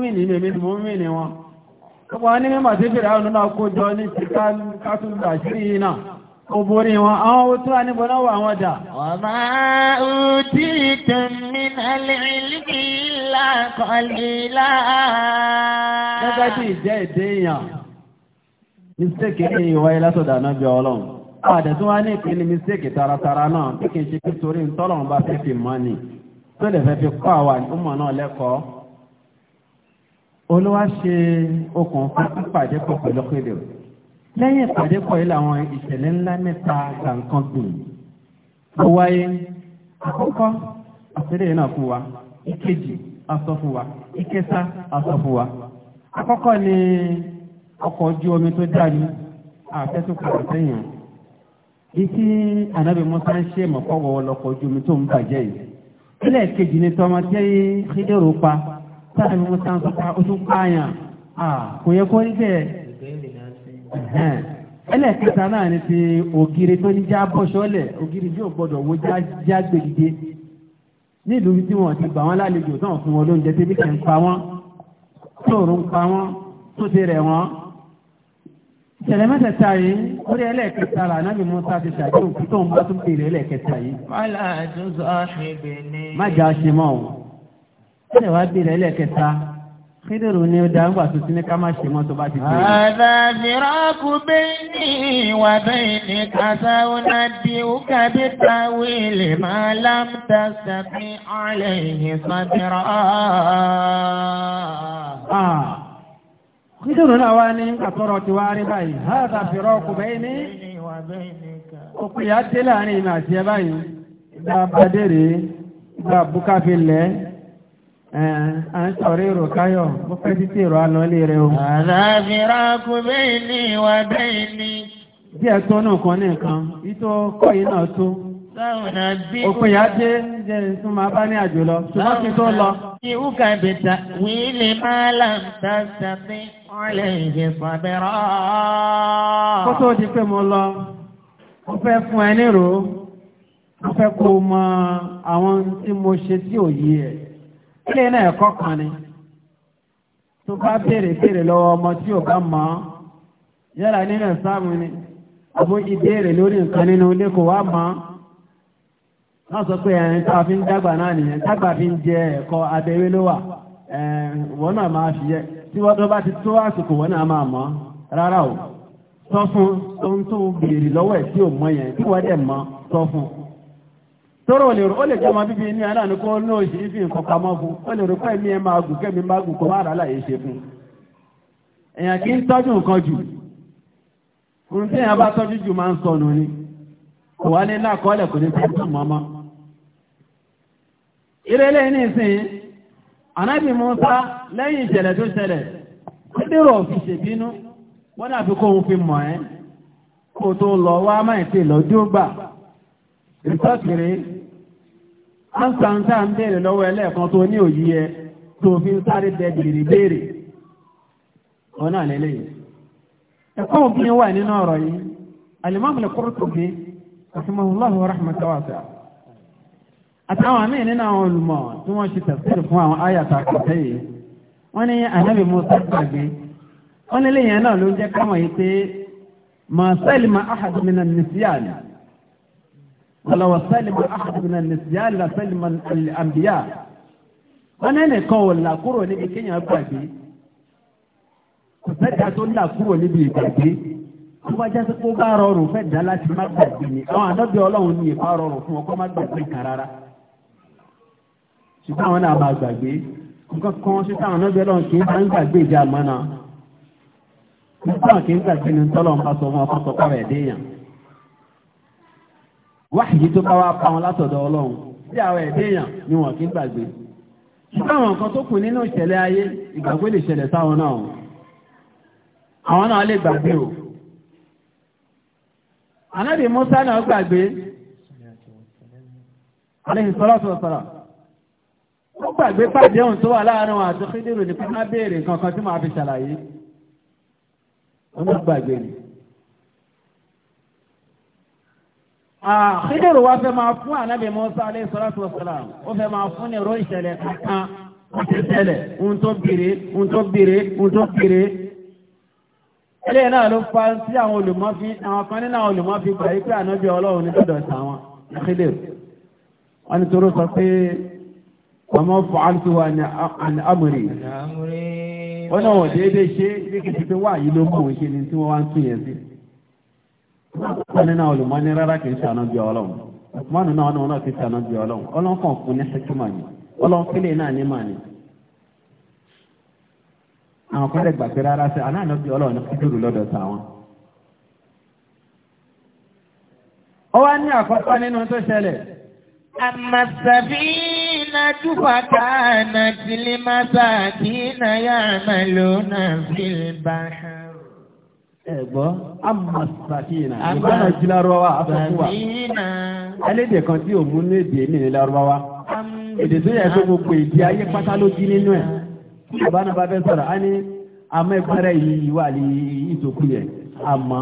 mìn nínú èmi mìn ní wọn gbogbo wọn ní mímọ̀ sí náà kó jọ ní ti Obìnrin wọn, àwọn owó tó wà níbo náà wà wọn dà. Ọmọ òtí tẹ̀mí alìrìlìkì lákọlìlá. Gẹ́gẹ́ bí ìjẹ́ ìdé èèyàn, mistake ní ìwáyé látọ̀dà náà bí ọlọ́run. Àdẹ̀ tó wá ní ìpínlẹ̀ mistake taratara náà bí kìí ṣe kí torí ìtọ́lọ̀run bá fẹ́ fi mọ́ ni. Tó lè fẹ́ fi kọ́ àwa ìmọ̀ náà lẹ́kọ̀ọ́. Olúwa ṣe okùnfà pípàdé pọ̀ pẹ̀lú kéde lẹ́yìn ìpàdé pọ̀ yìí làwọn ìṣẹ̀lẹ̀ ńlá mẹ́ta gbàǹkan gbòòrò ó wáyé àkọ́kọ́ àṣírí yìí náà fún wa ìkejì aṣọ fún wa ìkẹta aṣọ fún wa àkọ́kọ́ ni ọkọ̀ ojú omi tó dáni àfẹ́tò sẹ́yìn ìtí ànábì Mùsá ń ṣe mọ̀kọ́wọ́ lọkọ̀ ojú omi tó ń bàjẹ́ yìí ilé kejì ni tọmọ jẹ́ Kídérù pa sáàbì Mùsá ń sọ pa ó tún pààyàn kò yẹ kó rí bẹ́ẹ̀ ẹlẹ́ẹ̀kẹta náà ni ti ògiri tó ní já bọ́ṣọ́lẹ̀ ògiri yóò gbọ́dọ̀ wo já gbèdìde nílùú tí wọ́n ti gbà wọ́n lálejò tán fún wọn lóúnjẹ tí bíkẹ́ ń pa wọ́n tóòrùn ń pa wọ́n tó ti rẹ̀ wọ́n. ìṣẹ̀lẹ̀ mẹ́tẹ̀ẹ̀ta yìí orí ẹlẹ́ẹ̀kẹta là náà bí mo sá ti ṣàjọ òkú tó ń bá tún béèrè ẹlẹ́ẹ̀kẹta yìí. wàhálà àjọsọ àṣìbẹ̀ ni. má jà á ṣe mọ́ ọ́n. Kídèrò ni ó dá ń gbà tó sí ní ká máa ṣe mọ́ tó bá ti bèèrè. Àdá fìrákù bẹ́ẹ̀ni ìwà bẹ́ẹ̀ni kàṣà ọ̀nà di òkà bí táwé máa lámta sàbí ọ̀lẹ̀ ìhìn sọ́bìrọ̀. Kídèrò náà wá ní àtọ́rọ̀ ti wá rí báyìí. Àdá fìrákù bẹ́ẹ̀ni òkùnyà dé láàrin ìmọ̀ àti ẹ báyìí. Ìgbà bàdé ìgbà bùkà fi À ń sọ̀rọ̀ èrò káyọ̀, mo fẹ́ títí èrò alọ́lé rẹ o. Àlàáfíà kò bẹ́ẹ̀ ní ìwà bẹ́ẹ̀ ní. Díẹ̀ tó náà kan ní nǹkan, ìtò kọ́yìn náà tó. Òpin yá dé jẹ́ tún máa bá ní àjò lọ, ṣùgbọ́n kí tó lọ. Ìwú kàbìtà wílé máa làm tá sàbí ọ̀lẹ́ ìṣe sàbẹ̀rọ̀. Kó tó di pé mo lọ, mo fẹ́ fún ẹ nírò, mo fẹ́ kó mọ àwọn tí mo ṣe tí ò yí ẹ̀ ilé náà ẹ̀kọ́ kan ni tó bá béèrè béèrè lọ́wọ́ ọmọ tí ò bá mọ̀ ọ́ yálà nínú ẹ̀sáàmù ni àbó ìbéèrè lórí nǹkan nínú ilé kò wá mọ̀ ọ́ náà sọ pé ẹ̀rín tá a fi ń dàgbà náà nìyẹn dàgbà fi ń jẹ ẹ̀kọ́ abẹ́wé ló wà wọ́n náà máa fi yẹ tí wọ́n tó bá ti tó àsìkò wọ́n náà máa mọ̀ rárá o sọ fún ohun tó béèrè lọ́wọ́ ẹ̀ tí ò mọ̀ yẹn tí wọ́n dẹ̀ mọ̀ sọ fún un. tọ́rọ̀ lè o ó lè jọmọ bíbí ní aláàánú kó ní òṣì ìfì nǹkan pamọ́ fún ó lè rò pé mi ẹ máa gùn kẹ́mi máa gùn kó má rà láyé ṣe fún tọ́jú nǹkan jù tí bá tọ́jú jù máa ń sọnù ni kò wá ní lákọọ́lẹ̀ kò ní mọ́mọ́ ìrẹ́lẹ̀ Musa lẹ́yìn ìṣẹ̀lẹ̀ tó ṣẹlẹ̀ wọ́n a ń sàǹtà ń bèèrè lọ́wọ́ ẹlẹ́ẹ̀kan tó ní òyí ẹ tó fi ń sáré bẹ bèèrè bèèrè ọ̀nà lẹ́lẹ́ yìí ẹ̀kọ́ òfin wà nínú ọ̀rọ̀ yìí alimami Qurtubi rahimahullahu rahmatu wasa àtàwọn míì nínú àwọn olùmọ̀ tí wọ́n ṣe tafsir fún àwọn ayàtà kọ̀tẹ́ yìí wọ́n ní anábì Musa gbàgbé wọ́n ní lẹ́yìn náà ló ń jẹ́ káwọn yìí pé ma salima ahad min ولو سلم أحد من النسيان لسلم الأنبياء wọ́n ní ẹnìkan ò là kúrò níbi kéèyàn gbàgbé kò sẹ́dá tó là kúrò níbi ìgbàgbé wọ́n bá jẹ́ pé ó bá rọrùn fẹ́ dá láti má gbàgbé ni àwọn àdọ́bí ọlọ́run ní ìfá rọrùn fún ọkọ má gbàgbé kan rárá ṣùgbọ́n àwọn náà máa gbàgbé nǹkan kan ṣe táwọn àdọ́bí ọlọ́run kì í máa ń gbàgbé ìjà àmọ́ nígbà kì í gbàgbé ni tọ́lọ́ wáyé tó bá wá pa wọn látọ̀dọ̀ ọlọ́run tí àwọn ẹ̀dẹ́yàn ni wọ́n kí ń gbàgbé ṣùgbọ́n nǹkan tó kù nínú ìṣẹ̀lẹ̀ ayé ìgbàgbé lè ṣẹlẹ̀ sáwọn náà àwọn náà lè gbàgbé o anábì Musa náà gbàgbé aléhìn sọ́lọ́sọ̀sọ̀rọ̀ ó gbàgbé pàdé ohun tó wà láàárín wọn àti kídìrò ní pé má béèrè nǹkan kan tí màá fi ṣàlàyé ó ní gbàgbé ni Ah, Kídèrò wa fẹ́ máa fún ànábì Mọ́sá alẹ́ sọ́látù ọ̀sọ́làm. Ó fẹ́ máa fún ẹ̀rọ ìṣẹ̀lẹ̀ kankan. Ó ti tẹ̀lẹ̀ ohun tó bèrè, ohun tó bèrè, ohun tó bèrè. Ẹlẹ́yìn náà ló fa sí àwọn olùmọ́fí, àwọn kan nínú àwọn olùmọ́fí gbà yí pé ànábì Ọlọ́run ní tọ̀dọ̀ sí àwọn. Kídèrò. Wọ́n ní toró sọ pé ọmọ fàálùtù wa ní àmúrí. Wọ́n náà wọ̀ déédéé ṣe bí wọ́n nínú àwọn olùmọ́ ní rárá kìí ṣàánú bí ọlọ́run wọ́n nínú àwọn náà kìí ṣàánú bí ọlọ́run ọlọ́run kàn fún ní ṣẹ́kímà ni ọlọ́run kílè náà ní màní. àwọn kan lè gbàgbé rárá sí aláàánú bí ọlọ́run ní kíkúrú lọ́dọ̀ táwọn. ó wá ní àkọ́kọ́ nínú tó ṣẹlẹ̀. àmàṣàbínà túfàkà nàtìlímàṣà kí náyà àmàlò náà fi bàṣà ẹ̀gbọ́ amma sakina ìgbọ́nà jí lárọ́wá afọ́kúwà ẹlẹ́dẹ̀ kan tí ò mú ní èdè mi ní lárọ́wá èdè tó yẹ kó gbogbo èdè ayé pátá ló jí nínú ẹ̀ ìbáná bá fẹ́ sọ̀rọ̀ á ní àmọ́ ìpẹ́rẹ́ yìí wà ní ìtòkù yẹn àmọ́.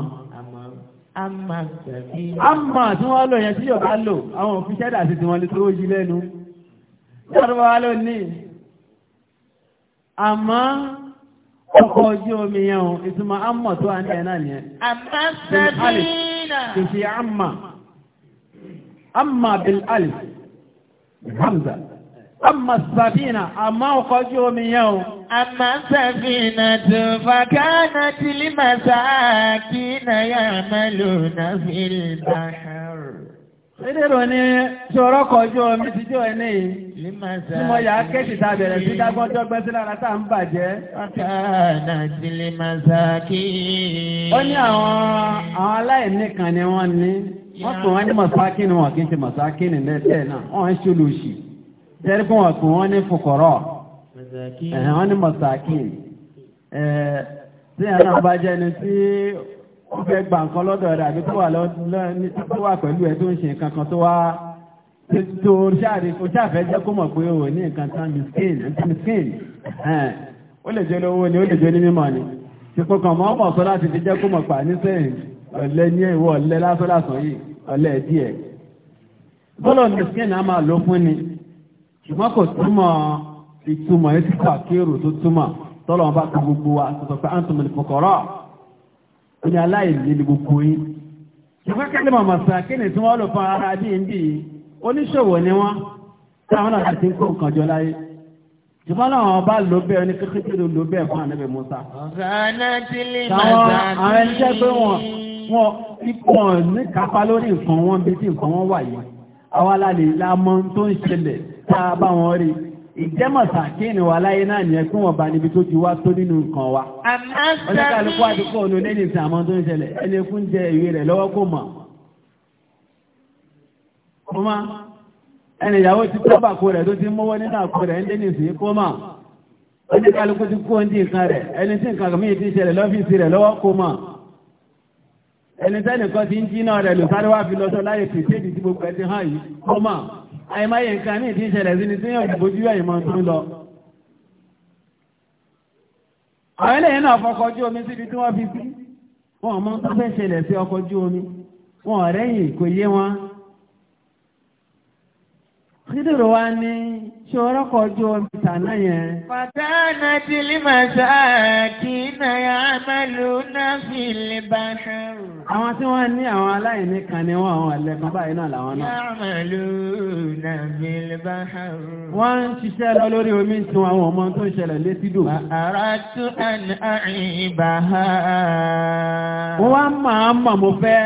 àmọ́ tí wọ́n lò yẹn tí yóò bá lò àwọn òfin ṣẹ́dá sí tiwọn lè tó yí lẹ́nu lárọ́wá lónìí àmọ́. Ọkọ̀ ojú omi yẹn o, ìtumọ̀ àmọ̀ tó wà ẹ̀ náà nìyẹn. Àmà sàbínà. Kì àmà. Àmà bil alif. Hamza. Àmà sàbínà, àmà ọkọ̀ ojú omi yẹn o. Àmà sàbínà tó fàkánà tìlímà sáà kí náà yàmà lónà fìlbàhà. Eléèrò ni ṣòro kọjú omi ti jọ ẹni yìí. Ní mo yà á kéṣì ta bẹ̀rẹ̀ sí dágbọ́jọ́ gbẹ́sí lára tá ń bàjẹ́. Ọ̀kàdà lè máa Ó ní ni wọ́n ní. Wọ́n pè wọ́n ní mọ̀sákínì wọn kì í ṣe mọ̀sákínì lẹ́sẹ̀ náà. Wọ́n ń ó fẹ́ gba nǹkan lọ́dọ̀ rẹ̀ àbí tó wà tó wà pẹ̀lú ẹ̀ tó ń ṣe nǹkan kan tó wá tó ṣáàrí kò ṣáàfẹ́ jẹ́ kó mọ̀ pé ó ní nǹkan tán miskin miskin ó lè jẹ́ lówó ni ó lè jẹ́ ní mímọ̀ ni ipò kan mọ́ mọ̀ sọ láti fi jẹ́ kó mọ̀ pà nísẹ̀yìn ọ̀lẹ ní ìwọ ọ̀lẹ lásán lásán yìí ọ̀lẹ díẹ̀ bọ́lọ̀ miskin a máa lò fún ni ṣùgbọ́n kò túmọ̀ ìtumọ̀ ètùkọ̀ àkérò tó túmọ̀ tọ́lọ̀ wọn bá ka gbogbo wa sọ pé antumul fuqara ó ní aláìní ní gbogbo yín ìwé kẹ́lẹ́ màmá sàkínì tí wọ́n lò fún ara bí n bí oníṣòwò ni wọ́n táwọn náà ti ń kó nǹkan jọ láyé ṣùgbọ́n àwọn ọba ló bẹ́ẹ̀ ní kékeré ló bẹ́ẹ̀ fún ànábì Musa. ọ̀gáná tí lè máa bá a bí. àwọn ẹni jẹ́ pé wọ́n wọ́n ipò ní kápá lórí nǹkan wọn bí tí nǹkan wọn wà yìí àwa la lè la mọ tó ń ṣẹlẹ̀ tá a bá wọn rí i ìjẹ́mọ̀sà kí ni wà láyé náà ní ẹkún ọba níbi tó ti wá tó nínú nǹkan wa. ọjọ́kàlùkù àdúgbò ọ̀nà lẹ́yìn ìsìn àmọ́ tó ń ṣẹlẹ̀ ẹni ẹkún jẹ ìwé rẹ̀ lọ́wọ́ kò mọ̀. kó má ẹni ìyàwó ti kó bàkó rẹ̀ tó ti mówó nínú àkó rẹ̀ ń dé ní ìsìn kó má. ọjọ́kàlùkù ti kó ní nǹkan rẹ̀ ẹni tí nǹkan mi ti ṣẹlẹ̀ lọ́fíìsì rẹ̀ lọ́wọ́ kò mọ̀. ẹni tẹ́nìkan ti ń jí náà rẹ̀ lò sáré wá fi lọ́sọ láyé pèsè ìdí àìmáyé nǹkan ní ìdí ìṣẹ̀lẹ̀ sí ni tí yóò dìbò jú àìmọ̀ tó ń lọ. àwọn eléyìí náà fọkọ̀ ojú omi síbi tí wọ́n fi sí wọn ò mọ tó fẹ́ ṣẹlẹ̀ sí ọkọ̀ ojú omi wọn ò rẹ́yìn kò yé wọn. Kídìrò wa ní ṣe ọlọ́kọ̀ ojú omi tàná yẹn. Fàtánà tí lè máa ṣáà kí náà yà á máa lò náà fi lè bá ṣáà àwọn tí wọ́n ní àwọn aláìní kan ní wọ́n àwọn ẹ̀lẹ́kan báyìí náà làwọn náà. ya'maluna bil bahr. wọ́n ń ṣiṣẹ́ lọ lórí omi tí wọ́n àwọn ọmọ tó ń ṣẹlẹ̀ létí dò. aratu an a'ibaha. wọ́n wá máa mọ̀ mo fẹ́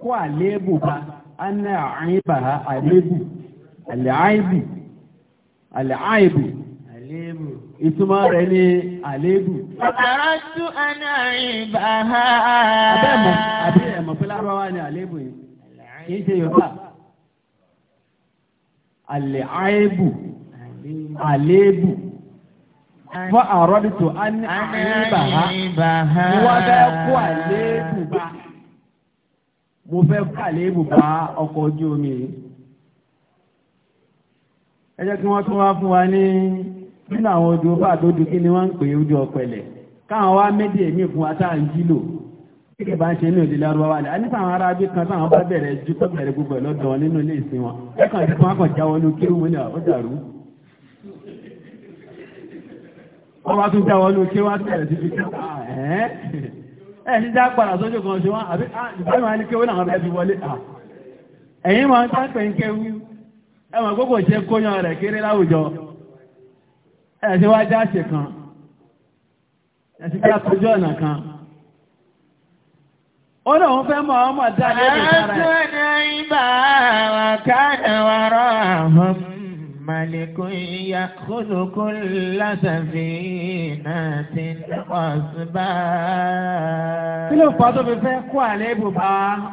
kó àléébù bá an a'ibaha àléébù àlẹ́ àìbù àlẹ́ àìbù. àléébù ìtumọ̀ rẹ̀ ní àléébù. ọ̀kàrà tún àná ìbá ha. abẹ́ mọ̀ àbí ẹ̀mọ̀ pé lárúbáwá ni àléébù yìí kì í ṣe yorùbá. àlè àébù àléébù fún àròdìtò àní àìbá ha wọ́n fẹ́ kó àléébù bá mo fẹ́ kó àléébù bá ọkọ̀ ojú omi yìí. ẹ jẹ́ kí wọ́n tún wá fún wa ní. nínú àwọn ojú ọba tó dùn kí ni wọ́n ń pè ojú ọ̀pẹ̀lẹ̀ káwọn wá méjì èmi fún wa táà ń jí lò kíkẹ́ bá ń ṣe nínú ìdílé arúgbó wálé àní táwọn ará bí kan táwọn bá bẹ̀rẹ̀ ju tó bẹ̀rẹ̀ gbogbo ẹ̀ lọ́dọ̀ nínú ilé ìsìn wọn wọn ó dàrú kan ṣe wọ́n àbí wọn ni kí wọ́n náà bẹ́ẹ̀ fi wọlé ẹ̀yìn ẹ̀sìn wá jáṣe kan ẹ̀sìn bí àkójọ ọ̀nà kan ó náà wọ́n fẹ́ mọ̀ ọ́ mọ̀ dá lẹ́yìn sára ẹ̀. àtúnà ìbá wa káàdà wa rọ àwọn màlìkún ìyá kólókó lásàfihàn náà ti ọ̀sùn bá. kí ló fà á tó fi fẹ́ kó àlẹ́ ibùbá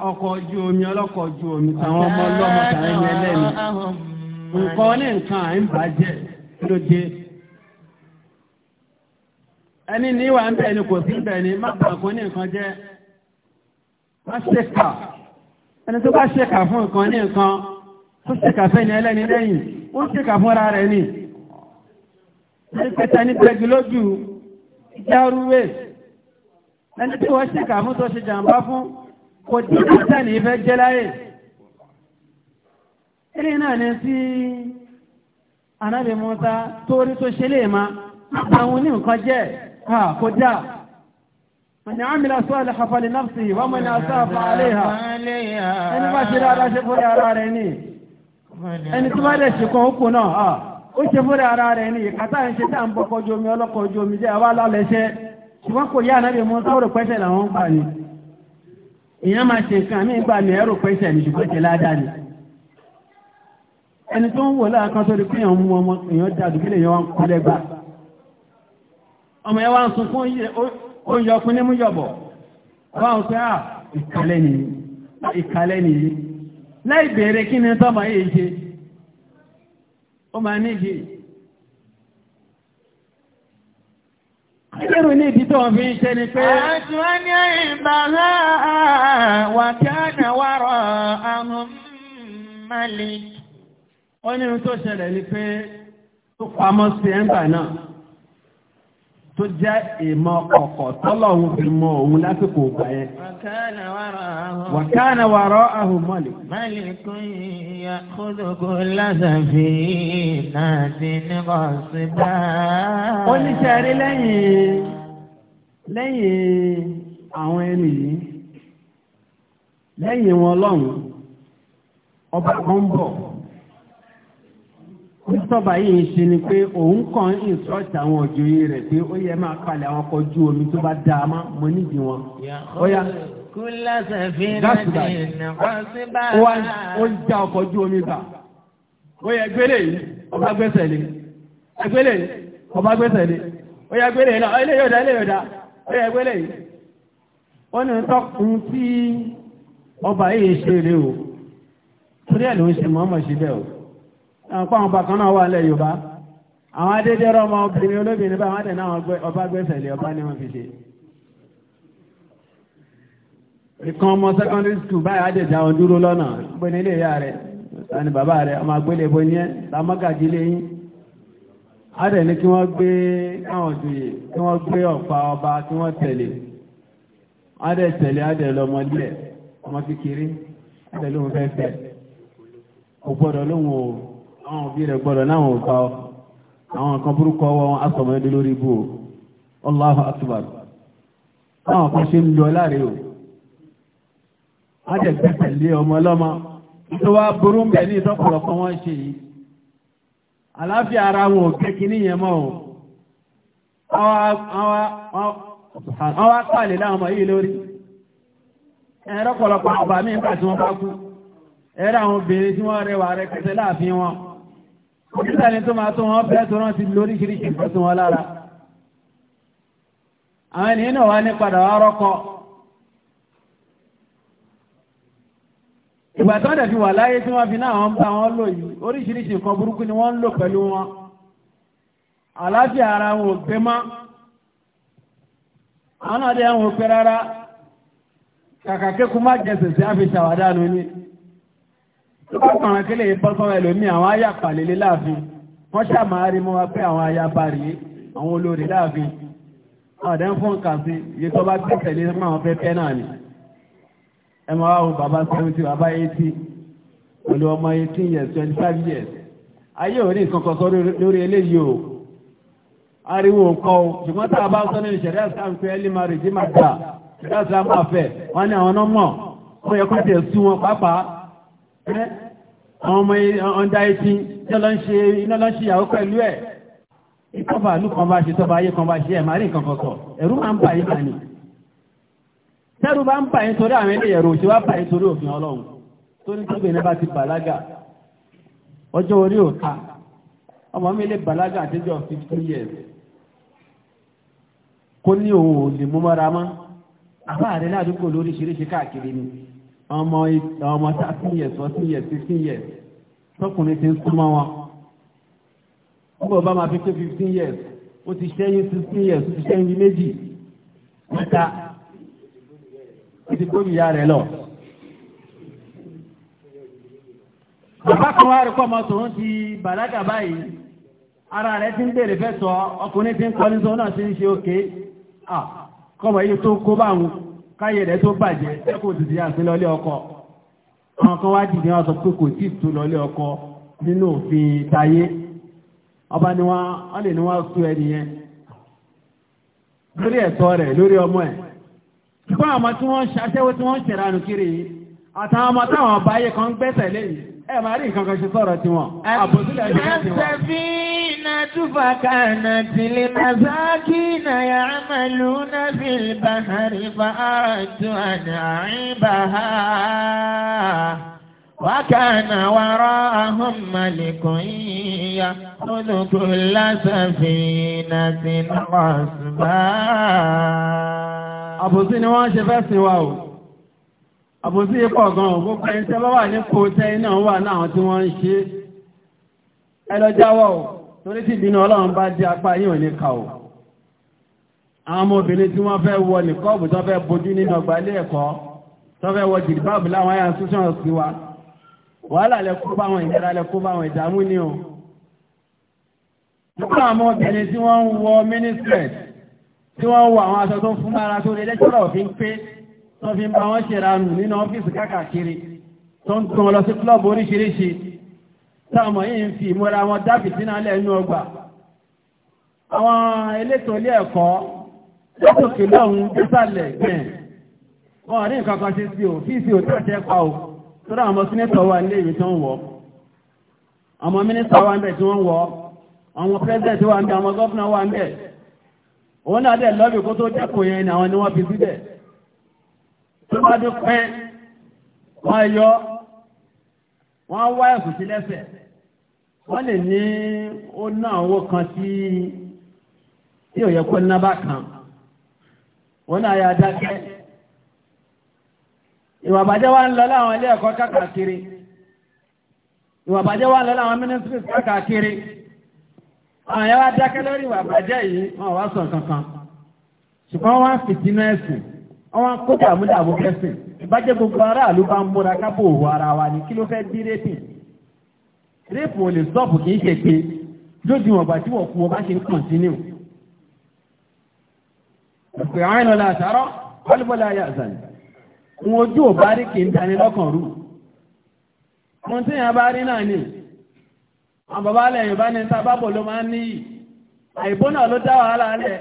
ọkọ̀ ojú omi ọlọ́kọ̀ ojú omi táwọn ọmọ ọlọ́mọ tàbí ẹlẹ́ni nǹkan ní nǹkan à ń bàjẹ́ lóde ẹni ní ìwà ń bẹ̀ ni kò sí bẹ̀ ni má bà kó ní nǹkan jẹ́ má ṣèkà ẹni tó bá ṣèkà fún nǹkan ní nǹkan tó ṣèkà fẹ́ ni ẹlẹ́ni lẹ́yìn ó ṣèkà fúnra rẹ̀ ni ẹni pẹ̀tẹ́ ní pẹ̀gì lójú járúwé ẹni tí wọ́n ṣèkà fún tó ṣe jàǹbá fún kò tí kò sẹ́ni ìfẹ́ jẹ́ láyè eré náà ni sí anábìmọ́ta torí tó ṣe lè máa àwọn onímọ̀kan jẹ́ ẹ̀ kọjá mọ̀nà àmìlà sọ́ọ̀lẹ̀ àfàlì náà sí wọ́n mọ̀nà àṣàfà àléhà ẹni bá ṣe dáadáa ṣe fúnra ara rẹ̀ ni ẹni tí wọ́n lè ṣe kan ókú náà ó ṣe fúnra ara rẹ̀ ni ìkàtà ń ṣe tá à ń bọ́kọ̀ ojú omi ọlọ́kọ̀ ojú omi jẹ́ àwa lálẹ́ṣẹ́ ṣùgbọ́n kò yá ànábì mú sọ́ọ̀rọ̀ pẹ́ṣẹ̀ làwọn ń gbà ni èèyàn máa ṣe nǹkan mí gbà ní ẹrù pẹ́ṣẹ̀ ní ṣùgbọ́n ọmọ ẹ wá ń sunkún oúnjẹ ọkùnrin ní múyọ̀bọ̀ wá ń pẹ́ à ìkàlẹ̀ nìyí ìkàlẹ̀ nìyí láì bèèrè kí ni tọ́mọ yìí ṣe ó máa níbi Ìlérò ní ìdí tó ń fi ń ṣe ni pé. Àjọ ní ìbàlá wà kí á nà wárọ̀ àwọn mọ́lì. Ó ní ohun tó ṣẹlẹ̀ ni pé tó pamọ́ sí ẹ̀ńgbà náà tó jẹ́ ìmọ̀ ọ̀kọ̀ tọ́lọ̀hun fi mọ òun lásìkò ọgbà yẹn. wàkánà wàrọ̀ ahùn mọ́lẹ̀. mọ́lẹ̀ kún ìyá kúlùkù lásàfì láti nípa síbá. ó ní sẹ́rí lẹ́yìn lẹ́yìn àwọn ẹni yìí lẹ́yìn wọn lọ́hùn-ún ọba kan ń bọ̀. Sọ́ba yìí ń ṣe ni pé òun kàn ń instruct àwọn òjòyè rẹ̀ pé ó yẹ máa palẹ̀ àwọn ọkọ̀ ojú omi tó bá dáa mọ́ mo nídìí wọn. Ó yá. Kúlá sàfihàn ní ọ̀sìnbá. Ó ń já ọkọ̀ ojú omi gbà. Ó yẹ gbélé yìí, ọba gbẹ́sẹ̀ lé. Ẹgbélé yìí, ọba gbẹ́sẹ̀ lé. Ó yẹ gbélé yìí náà, ilé yóò dá, ilé yóò dá. Ó gbélé yìí. Ó ní tọ́kùn tí ọba yìí ṣe rè o. Torí ẹ̀ ló ń àwọn bàkan náà wà lẹ́ Yorùbá àwọn adédèrè ọmọ obìnrin olóbìnrin bá wọn dẹ̀ náà ọba gbẹ́sẹ̀lẹ̀ ọba ni wọ́n fi ṣe ìkan ọmọ secondary school báyìí àjẹjà ọ̀n dúró lọ́nà gbé nílé ìyá rẹ̀ tani bàbá rẹ̀ ọmọ agbélébó ní ẹ́ lámọ́gàjílé yìí àdẹ̀ ní kí wọ́n gbé káwọn òjòyè kí wọ́n gbé ọ̀pá ọba kí wọ́n tẹ̀lé àdẹ̀ tẹ̀lé àdẹ̀ lọmọ lílẹ̀ ọmọ kékeré àdẹ̀ lóhun fẹ́ fẹ́ ògbọ́dọ̀ lóhun òòrùn àwọn òbí rẹ̀ gbọ́dọ̀ náwọn ọ àwọn nǹkan burúkú wọn asọ̀mọ́ ẹdẹ lórí ibú o Allahu kan ṣe ń lọ láre o jẹ́ gbẹ́sẹ̀ lé ọmọ ọlọ́mọ tó wá burú ń bẹ̀ ní wọn ṣe yìí àláfíà ara wọn ò kẹ́kí mọ́ o láwọn ọmọ yìí lórí ẹ̀rọ Òkúta ni tó máa tó wọn fẹ́ tó rántí lóríṣiríṣi nǹkan tó wọn lára. Àwọn ènìyàn náà wá ní padà wá rọ́kọ. Ìgbà tó ń dẹ̀ fi wà láyé tí wọ́n fi náà wọ́n bá wọn lò yìí, oríṣiríṣi nǹkan burúkú ni wọ́n ń lò pẹ̀lú wọn. Àlàáfíà ara wọn ò gbé mọ́. Àwọn náà dẹ̀ ń wò rárá. Kàkà kékun má jẹ sèse àfi ṣàwádà lónìí. Ọkùnrin kí lè bọ́ sọ́rọ̀ ẹlòmí àwọn ayàpà lè láàfin. Wọ́n ṣàmà rí mọ́ wá pé àwọn ayàpà rí àwọn olórí láàfin. Ọ̀dẹ́ ń fún kà sí iye tó bá tí tẹ̀lé máa fẹ́ fẹ́ náà ni. Ẹ máa wá ohun bàbá 70, bàbá 80, pẹ̀lú ọmọ 18 years, 25 years. Ayé ò ní nǹkan kan sọ lórí eléyìí o. Ariwo kọ́ o, ṣùgbọ́n tá a bá sọ nínú ìṣẹ̀dá ìsáà ń pẹ́ ẹ́lí máa rè jí máa gbà. Ìṣẹ̀dá ìsáà máa fẹ̀, wọ́n ní àwọn ọmọ, wọ́n yẹ kó tiẹ̀ sú wọn pàápàá àwọn ọmọ ọ̀ndá etí lọ́lọ́ṣe ìyàwó pẹ̀lú ẹ̀ ìkọ́bà ìlú kan bá ṣe tọ́ba ayé kan bá ṣe ẹ̀ máa rí nǹkan kọ̀ọ̀kọ̀ ẹ̀rú máa ń bà yín bá ní tẹ́rù bá ń bà yín torí àwọn ilé ẹ̀rọ òṣèwà bà yín torí òfin ọlọ́run tó ní tóbi ní bá ti bàlágà ọjọ́ orí òta ọmọ mi lè bàlágà àtijọ́ fifteen years kó ní òun ò lè mú mọ́ra mọ́ àbá rẹ̀ ládùúgbò lóríṣiríṣi káàkiri ni ọmọ thirteen years fourteen years fifteen years tọkùnrin ti ń súnmọ́ wọn ọgbọ̀n bá máa fi pé fifteen years ó ti ṣẹ́yìn sixteen years ó ti ṣẹ́yìn méjì mẹ́ta ó ti kó ìyá rẹ̀ lọ. bàbá kan wá rí pọ́ ọmọ tòun ti bàlágà báyìí ara rẹ̀ ti ń bèrè fẹ́ sọ ọkùnrin ti ń kọ́ ní sọ náà ti ń ṣe òkè kọ́mọ yìí tó kó báwọn káyé rẹ̀ tó bàjẹ́ ẹkùn ti dìyà sí lọlé ọkọ àwọn kan wá dìde wọn sọ pé kò tí tó lọlé ọkọ nínú òfin tayé ọba ni wọ́n lè ní wọ́n sú ẹni yẹn lórí ẹ̀tọ́ rẹ̀ lórí ọmọ ẹ̀ ṣùgbọ́n àwọn tí wọ́n ṣaṣẹ́wó tí wọ́n ṣèrànù kiri àtàwọn ọmọ táwọn ọba ayé kan gbẹ́sẹ̀ lẹ́yìn ẹ máa rí nǹkan kan ṣe sọ̀rọ̀ tí wọn. àbòsílẹ̀ ẹ̀jẹ̀ náà ti wà. àṣàbí iná túfà kànà tìlẹ̀ màsáàkì náà yà á máa lù náà fi bàhárì fa àtún àná àìbá ha. وكان وراءهم ملك يأخذ كل سفينة غصبا. àbòsí ni wọ́n ṣe fẹ́ sí wa o àbòsí pọ̀ gan-an gbogbo ẹni tẹ́ bá wà ní kò tẹ́yìn náà wà láwọn tí wọ́n ń ṣe ẹ lọ jáwọ́ o torí tí ìbínú ọlọ́run bá dé apá yìí ò ní kà o àwọn ọmọbìnrin tí wọ́n fẹ́ wọ nìkọ́ọ̀bù tó fẹ́ bojú nínú ọgbà ilé ẹ̀kọ́ tó fẹ́ wọ wa wàhálà lẹ kó báwọn ìdára lẹ kó báwọn ìdààmú ni o nípa àwọn obìnrin tí wọ́n tó fi ń bá wọn ṣe ranù nínú ọ́fíìsì káàkiri tó ń tún wọn lọ sí kílọ̀bù oríṣiríṣi táwọn yìí ń fi ìmúra wọn dábì sínú alẹ́ inú ọgbà àwọn elétò ilé ẹ̀kọ́ lókè lọ́hùn dísàlẹ̀ gbẹ̀n wọn rí nǹkan kan ṣe sí o fíìsì ò tẹ̀sẹ̀ pa o tọ́lá àwọn sínẹ́tọ̀ wà nílé ìwé tó ń wọ̀ àwọn mínísítà wà ń bẹ̀ tí wọ́n wọ̀ àwọn pẹ́sẹ̀tì wà ń bẹ̀ àwọn gọ́fúnà wà ń bẹ̀ òun náà dẹ̀ lọ́bì kó tó dẹ́kun yẹn ni àwọn ni wọ́n fi síbẹ̀ tó bá dé pẹ́ wọ́n yọ wọ́n wá ẹ̀kù sí lẹ́sẹ̀ wọ́n lè ní ó ná owó kan tí tí ò yẹ kó ná bá kan wọ́n náà yà dákẹ́ ìwà bàjẹ́ wa ń lọ láwọn ilé ẹ̀kọ́ káàkiri ìwà bàjẹ́ wa ń lọ láwọn mínísírì káàkiri àwọn yẹn wá dákẹ́ lórí ìwà bàjẹ́ yìí wọ́n wá sọ kankan ṣùgbọ́n wọ́n á fìtínú ẹ̀sìn àwọn akóta àmúdàmú kẹsìn ìbájẹ́ gbogbo aráàlú bá ń múra kábò òwò ara wa ní kí ló fẹ́ dí rẹ́pì rẹ́pì ò lè sọ́ọ̀bù kì í ṣe pé lójú wọn bàtí wọn kú wọn bá ṣe ń kọ̀ǹtínú. ìpè àwọn ìlànà àṣàrọ̀ wọ́lùbọ́lá ayé àzàn wọn ojú ò bá rí kì í dání lọ́kàn rú. ohun tí yẹn bá rí náà ni àwọn bàbá lẹ́yìn bá ní sábàbọ̀ ló máa ń níyì àìbọ́nà ló dá wàhálà lẹ̀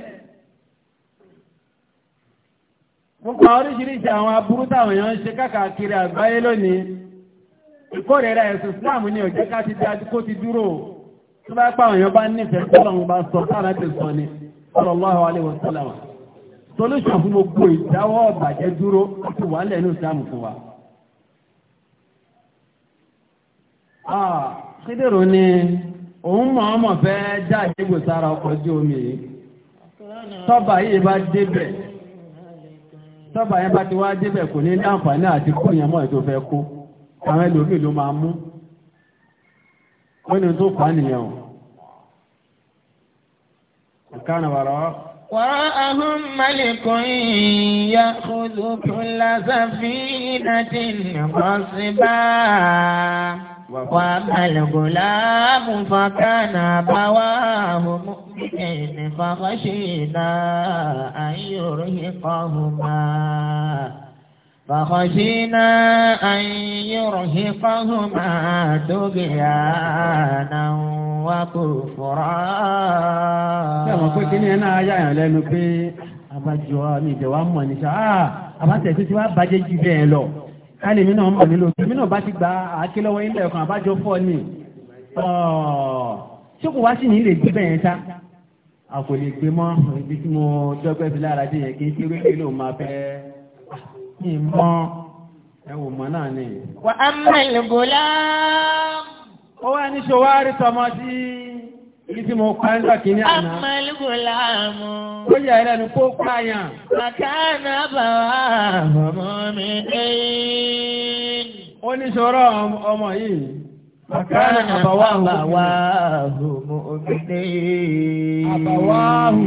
nípa oríṣiríṣi àwọn aburú táwọn èèyàn ń ṣe káàkiri àgbáyé lónìí ìkórèrè ẹ̀sùn Islam ní òjẹ́ ká ti dájú kó ti dúró tó bá pàwọn èèyàn bá nífẹ̀ẹ́ tọ́lọ̀mù bá sọ sára ti sọ ni sallallahu alaihi wasallam solution fún gbogbo ìdáwọ́ ọ̀bàjẹ́ dúró ti wà lẹ́nu Islam fún wa. Ah, kídèrò ni òun mọ̀ ọmọ fẹ́ já ìgbòsára ọkọ̀ ojú omi yìí tọ́bà yẹn bá ti wá débẹ̀ kò ní láǹfààní àti kó yẹn mọ́ ètò fẹ́ kó àwọn ẹlòmíì ló máa mú wọ́n tó pa nìyẹn o ìkànnì wàrà ọ́. وراءهم ملك يأخذ كل سفينة غصبا وأما الغلام فكان أبواه مؤمنين فخشينا أن يرهقهما فخشينا أن يرهقهما طغيانا وكفرا. Sẹ́wọ̀n pé kí ni ẹ náà yáyàn lẹ́nu pé abájọ́ mi ìjẹ̀wá mọ̀ ní sáà àbátẹ̀ tó ti wá jù bẹ́ẹ̀ lọ káàlì mi náà mọ̀ nílò mi náà bá ti gba àáké lọ́wọ́ ilé ẹ̀kan àbájọ fọ́ ni ṣé kò wá sí ní ilé gbé bẹ́ẹ̀ ta a kò lè gbé mọ́ ibi tí mo dọ́gbẹ́ fi lára dé yẹn kí n ti rí ló máa fẹ́ kí n mọ́ ẹ wò mọ́ náà ni. wà á mọ̀ ìlú ó wá ní ṣòwárí tọmọ sí i. Èyí tí mo pa ńlá kìíní àná. Amẹ́lùkù láàmú. Ó yà ẹlẹ́nu kó pààyàn. Màkánà bàwá ọmọ mi ẹ̀yìn. Ó ní sọ̀rọ̀ ọmọ yìí. Màkánà àbàwá ọmọ mi ẹ̀yìn. Àbàwáhù.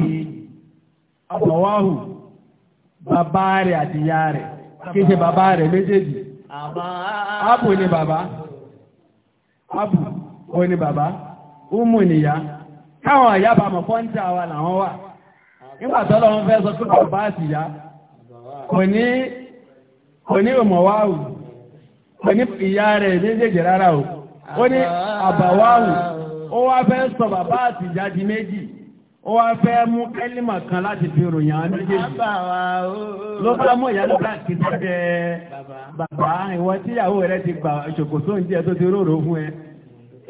Àbàwáhù. Bàbá rẹ̀ àti rẹ̀. Kí ṣe bàbá rẹ̀ méjèèjì. Àbá. ni bàbá. Ábù ó bàbá. umuniya ya káwọn àyà bá mọ̀ fọ́ńtì àwa làwọn wà nígbà tó lọ́wọ́ fẹ́ sọ pé bàbá àti ìyá kò ní òmọ̀wáwù kò ní ìyá rẹ̀ rárá o ó ní àbàwáwù ó wá fẹ́ sọ bàbá àti di méjì ó wá fẹ́ mú kẹ́límà kan láti fi ròyìn àwọn méjèèjì ló bá mú ìyá bàbá ìwọ tíyàwó ti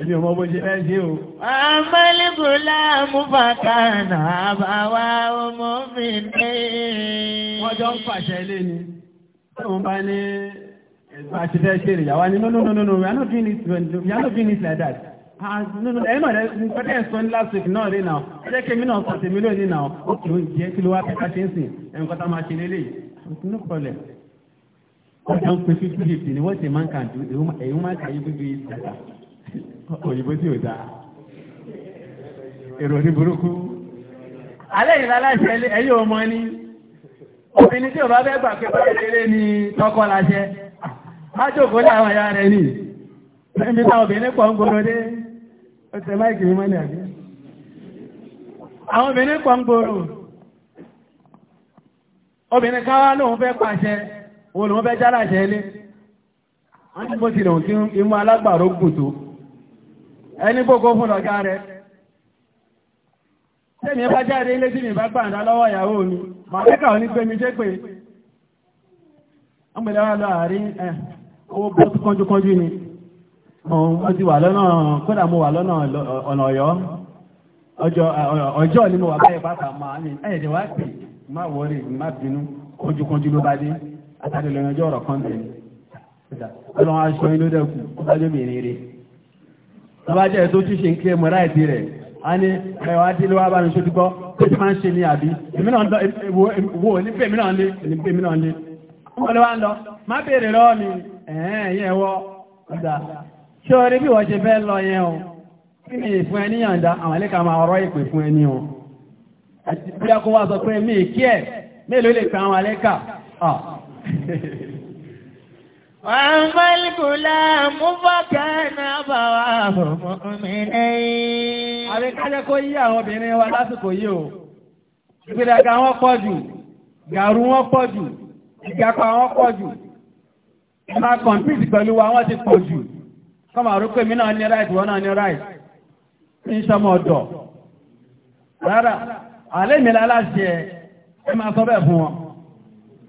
Èmi ò mọ bó ṣe fẹ́ ṣe o. Amálégúnlá Mufakana àbáwá ọmọ mi ní. Wọ́n jọ ń pàṣẹ ilé ni. Tóun bá ní ẹ̀gbọ́n àti fẹ́ ṣe ìyàwó ni no no no no no we are not doing this we are not doing this like that. Ah, ẹ̀yin náà nǹkan tẹ́ ẹ̀ sọ ní last week náà rí náà. Ẹ jẹ́ kí èmi náà sọ tèmi lónìí náà. Ó kì í jẹ́ kí ló wá pẹ́ká ṣe ń Ẹ̀yin kọ́ta máa ṣe lélẹ̀. No problem. Ọ̀dọ́ ń pe fifty fifty ni wọ́n ṣe máa ń kà ju èyí máa kà yí gbígbé ìgbà òyìnbó tí ò dá ìròyìn burúkú alẹ́ ìlàláṣẹ ẹ̀yìn ọmọ ní obìnrin tí ò bá fẹ́ gbà pé báyìí lélẹ́ ni tọkọ láṣẹ májòkó láwọn ẹ̀yà rẹ̀ ní ẹ̀mí táwọn obìnrin pọ̀ ń gbòòrò dé ọ̀tẹ̀ máìkì mímọ́ ní àgbẹ̀ àwọn obìnrin pọ̀ ń gbòòrò obìnrin kan wá lóun fẹ́ pàṣẹ òun lòun fẹ́ jáláṣẹ ilé wọ́n ti bó tilẹ̀ òun kí ń mú alágbàró gùn tó ẹni gbogbo fún ọ̀gá rẹ̀ mi bá jáde ilé tí mi bá gbàǹdà lọ́wọ́ ìyàwó mi ma kẹ́kà ò ní pé mi jẹ́ pé ọmọ lọ owó bọ́ tó ni mo ti wà lọ́nà kódà mo wà lọ́nà ọ̀nà ọ̀yọ́ ọjọ́ ni mo wà bá ní ẹ̀yẹ̀dẹ̀ wá pè má má bínú ló bá dé lọ́nà ọjọ́ kan tàbájẹ́ tó tí ṣe ń kí mọ̀rá ìdí rẹ̀ a ní ẹwà dílé wá bá ní ṣojú tó ti máa ń ṣe ní àbí wo ní mìíràn lé ní mìíràn lé wọ́n lè ń lọ má béèrè lọ́wọ́ mi ẹ̀ẹ́n yẹn wọ́ ọ̀dà ṣé orí bí wọ́n ṣe fẹ́ lọ yẹn o kí ni ìfún ẹni yànda àwọn ilé máa ọ̀rọ̀ ìpè fún ẹni o àti bí a kó sọ pé mi kí ẹ̀ mélòó lè pe àwọn alẹ́ kà Àmàlìkùlá múfàkánà bàwà mọ̀mìnrin. Àríkájẹ́ kó yí àwọn obìnrin wa lásìkò yìí o. Ìgbéraga wọn pọ̀ jù, gàrú wọn pọ̀ jù, ìgbàpá wọn pọ̀ jù. Ìmá kọ̀mpìtì wa wọ́n ti pọ̀ jù. Kọ́mà rú pé mi na ní ráìtì, wọ́n náà ní ráìtì. Ní sọmọ ọ̀dọ̀. Rárá, àlẹ́ mi láláṣẹ ẹ máa sọ bẹ́ẹ̀ fún wọn.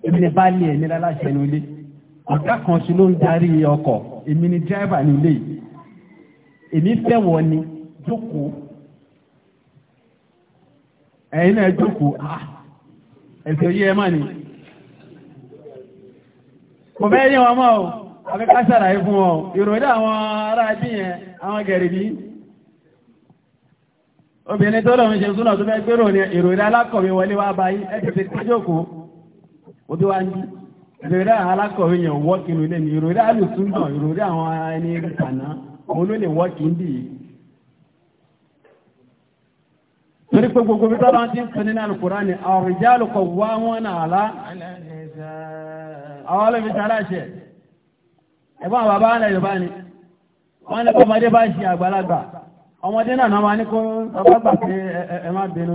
Èmi ni bá lé ẹ̀mí láláṣẹ ní ilé ọ̀gá kan ṣe ló ń darí ọkọ̀ èmi ni dírẹ́bà nílé yìí èmi fẹ́ wọ ni jókòó ẹ̀yin náà jókòó ah! ẹ̀sẹ̀ yí ẹ má ni kò fẹ́ yẹ wọn mọ́ o àbí ká ṣàlàyé fún ọ ìròyìn àwọn ará bí yẹn àwọn gẹ̀rìbí obìnrin tó lọ́run ṣe súnà tó fẹ́ gbérò ní ìròyìn alákọ̀wé wọlé wá báyìí ẹ̀ tètè jókòó òbí wá ń bí ìròrí àwọn alákọ̀wé yẹn wọ́ọ̀kì nílé mi ìròrí àlùsùn náà àwọn ẹni kàná òun ló lè wọ́ọ̀kì ń bì í. torí pé gbogbo bí tọ́lá ti ń sọ nínú Al-Qur'an ni ar-rijalu 'ala àwọn ẹ̀gbọ́n bàbá wọ́n ọmọdé bá ṣe àgbàlagbà ọmọdé náà náà ní kó pé má bínú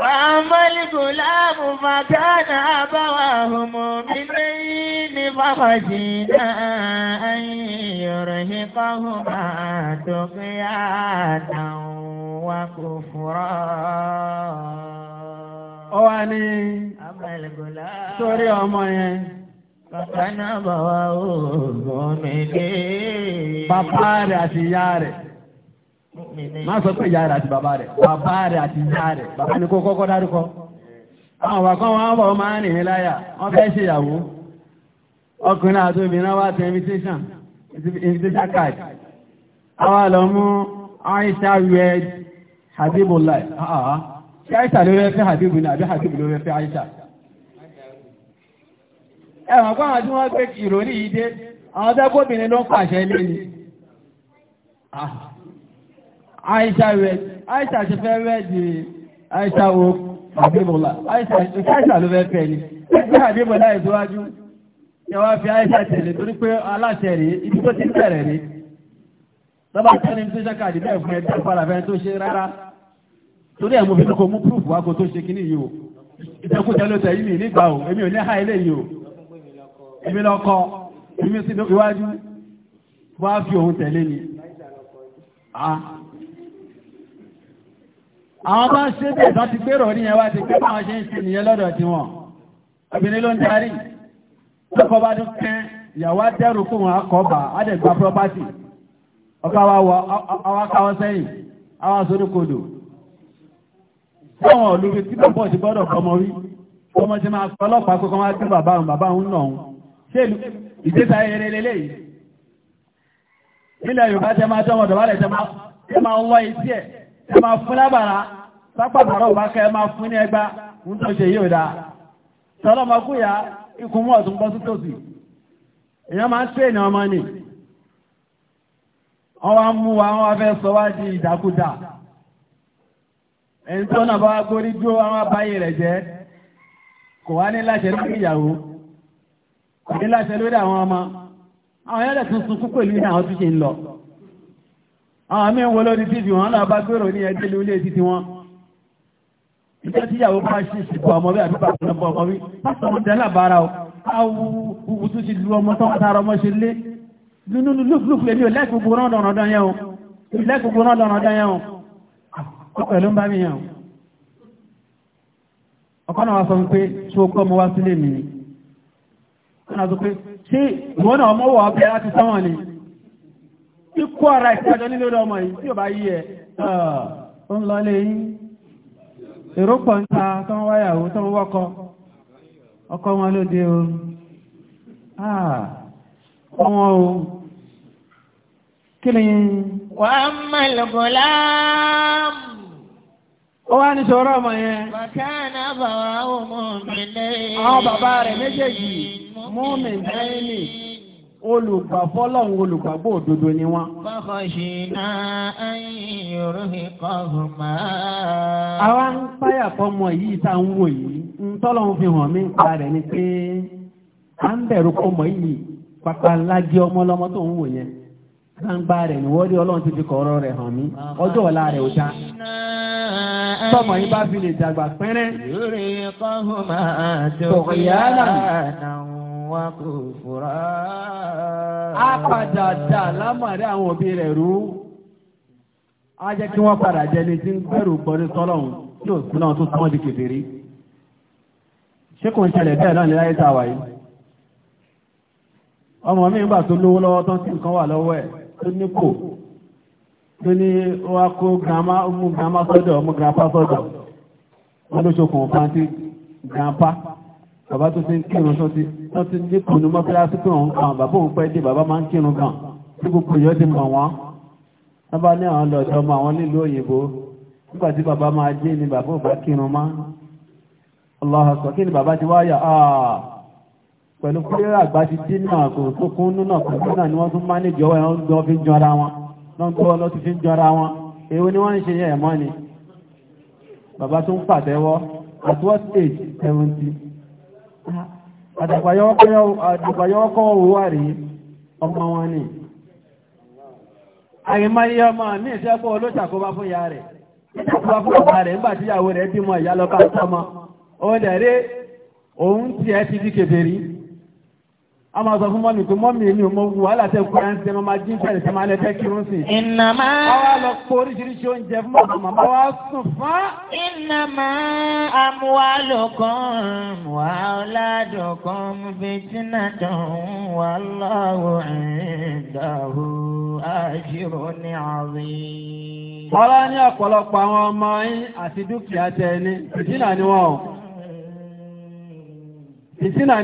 Wàhánbálíkù láàmù màkánà àbáwàhùnmù mi ní ní fàfàjì náà ayọ̀rọ̀ nípahùn àtọ́gbé àtàwọn wa kò fúra. Ó wá ní sórí ọmọ yẹn. Màkánà àbáwàhùnmù mi ní. Bàbá rẹ̀ àti ìyá rẹ̀ má sọ pé ìyá rẹ̀ àti bàbá rẹ̀ bàbá rẹ̀ àti ìyá rẹ̀ bàbá ní kó kọ́kọ́ dárúkọ àwọn àwàkọ́ wọn bọ̀ máa ń rìn láyà wọ́n fẹ́ ṣe ìyàwó ọkùnrin àti obìnrin wá ti invitation invitation card àwọn àlọ́mú Aisha red Habibullah ah, ṣe Aisha ló rẹ́ fẹ́ Habibu ní àbí Habibu ló rẹ́ fẹ́ Aisha ẹ̀wọ̀n kọ́ àwọn tí wọ́n gbé ìròrí yìí dé àwọn tẹ́kọ́bìnrin ló ń pàṣẹ lé ni ah. Aisha rẹ̀, Aisha ṣe fẹ́ rẹ̀ eh, Aisha wo Aisha ló fẹ́ fẹ́ ni. Ṣé Ṣé wá fi Aisha tẹ̀lé torí pé aláṣẹ rèé, ibi tó ti bẹ̀rẹ̀ rèé. Lọ́ba tẹ́ni tó ṣe fún ẹgbẹ́ fẹ́ tó ṣe rárá. Torí ẹ̀ mo fi kókò mú púrùfù wá kó tó ṣe o. Ìtẹ́kùtẹ ló tẹ̀ yìí o, èmi ò ní ha o. Èmi èmi iwájú, á fi ni. Ah. àwọn bá ń ṣe bẹ́ẹ̀ bá ti gbérò ní ẹwà ti pé báwọn ṣe ń ṣe nìyẹn lọ́dọ̀ tí wọ́n obìnrin ló ń darí lọ́kọ̀ bá dún kẹ́ ìyàwó dẹ́rù fún wọn akọ̀ọ̀bà adẹ̀gbà property ọba wa wọ àwọn akáwọ́ sẹ́yìn àwọn asoríkodò ẹ máa fún lábàrá sápàbàrá òbá kẹ máa fún ní ẹgbá ń tó ṣe yóò dáa tọ́lọ́mọkúyà ikú mọ́ ọ̀tún bọ́ sítòsí èèyàn máa ń tẹ́ ènìyàn ọmọ ni wọ́n wá mú wa wọ́n wá fẹ́ sọ wá di ìdákúdà ẹni tó náà bá wá gbórí dúró àwọn abáyé rẹ̀ jẹ́ kò wá ọmọ àwọn yẹ́lẹ̀ tuntun kú pẹ̀lú tó ṣe àwọn mí ń wo lórí títì wọn náà bá gbèrò ní ẹgbẹ́ ilé títì wọn ìjọ tí ìyàwó bá ṣe ìsìnkú ọmọ bí àbí bàbá ọmọ ọmọ bí pásítọ̀ ọmọ tẹ́lá bára o awúwú tó ti lu ọmọ tó ń tara ọmọ ṣe lé lúkúlùkù èmi ò lẹ́gbogbo náà lọ́nà ọ̀dán yẹn o lẹ́gbogbo náà lọ́nà ọ̀dán yẹn o ó pẹ̀lú ń bá mi yẹn o ọkọ náà wá sọ pé ṣé o kọ́ ọmọ wá sílé mi ni wọ́n náà sọ pé ṣé ìwọ náà ọmọ wọ̀ ọ́ ikú ara ìsìnkájọ nílé ọmọ yìí tí ò bá yí ẹ ó ń lọ lé yín èrò pọ̀ ń ta tó ń wáyàwó tó ń wọ́kọ ọkọ wọn ló dé o ah, ọmọ o kí ni. wà á mọ ìlúgbọ̀lá. ó wá ní sọ̀rọ̀ ọmọ yẹn. bàtà náà bàbá òun mi lé. àwọn bàbá rẹ̀ méjèèjì mú mi lẹ́yìn. olùgbàfọ́lọ́hun olùgbàgbọ́ òdodo ni wọ́n. Fọ́kànṣìnà ayọ̀rọ̀hìnkọ́hùnmá. Àwa ń páyà fọmọ yìí tá ń wò hàn mí ń pa rẹ̀ ni pé a ń bẹ̀rù fọmọ yìí pàpà lágé ọmọ lọ́mọ tó ń wò yẹn. Gbangba rẹ̀ ni wọ́n rí ọlọ́run ti fi kọ̀ọ̀rọ̀ rẹ̀ hàn mí, ọjọ́ ọ̀la rẹ̀ ò وكفرا á padà dà lámàrí àwọn òbí rẹ̀ rú á jẹ́ kí wọ́n padà jẹ́ ní tí ń bẹ̀rù gbọ́rí tọ́lọ́hun tí ò sí náà tó sọ́wọ́n di kèfèrí ṣé kò ń ṣẹlẹ̀ bẹ́ẹ̀ náà ní láyé tá a wà yìí ọmọ mi ń gbà tó lówó lọ́wọ́ tó ń tí nǹkan wà lọ́wọ́ ẹ̀ tó ní kò tó ní wá kó grandma mú grandma sọ́dọ̀ mú grandpa sọ́dọ̀ wọ́n ló ṣokùn fáńtì grandpa bàbá tó ti ń kírun sọ́tì wọ́n ti dé kùnú mọ́sálásí pé òun kan bàbá òun pẹ́ dé bàbá máa ń kírun kan tí gbogbo yóò ti mọ̀ wọ́n wọ́n bá ní àwọn lọ́dọ̀ ọmọ àwọn nílùú òyìnbó nígbà tí bàbá máa dé ni bàbá ò bá kírun má ọlọ́hàṣọ kí ni bàbá ti wáyà áà pẹ̀lú pẹ́lú àgbà ti dín náà kò tó kún nínú ọ̀pọ̀ náà ni wọ́n tún máa ní ìjọwọ́ ẹ̀họ́n gbọ́ fi jọra wọn lọ́ at what age 70 àdìgbàyọ́kọ́ wà rí ọmọ wọn ni àìmáyé ọmọ mi ìṣẹ́kọ́ olóṣàkóbá fún ìyá rẹ̀ ìṣàkóbá fún ọba rẹ̀ nígbàtí ìyàwó rẹ̀ bímọ ìyálọ́ká sọmọ ó dẹ̀ rí òun ti di kèfèrí a máa sọ fún mọ́mí pé mọ́mí èmi ò mọ wàhálà tẹ kúrẹ́ ń sẹ́mọ́ máa jíǹ fẹ́rẹ̀ sẹ́mọ́ alẹ́ fẹ́ kírun sí. ìnàmá. àwa lọ po oríṣiríṣi oúnjẹ fún màmá màmá wa sùn fún. ìnàmá amúhálòkan wà ọ̀làdọ̀kan fìtínà tán wà lọ́wọ́ ẹ̀ẹ́dàwó àṣírò ní àárín. ọlá ní ọ̀pọ̀lọpọ̀ àwọn ọmọ yín àti dúkìá tẹ ni fìtínà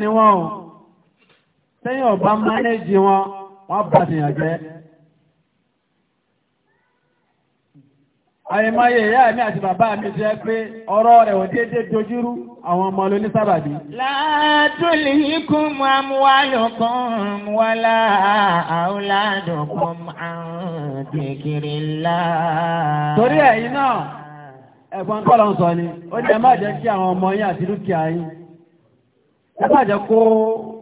ni wọ́n o tẹ́yìn ọba mánéjì wọn wọ́n bá tèèyàn jẹ́ àìmáyé ìyá mi àti bàbá mi jẹ́ pé ọ̀rọ̀ rẹ̀ ò dédé dojúrú àwọn ọmọ ló ní sábàbí. látòlì ikún mu amúwálùkún wọlá àúládùkún àrùn ńlá. torí ẹ̀yin náà ẹ̀gbọ́n kọ́lọ̀ ń sọ ni ó ní ẹ má jẹ́ kí àwọn ọmọ yín àti dúkìá yín ẹ má jẹ́ kó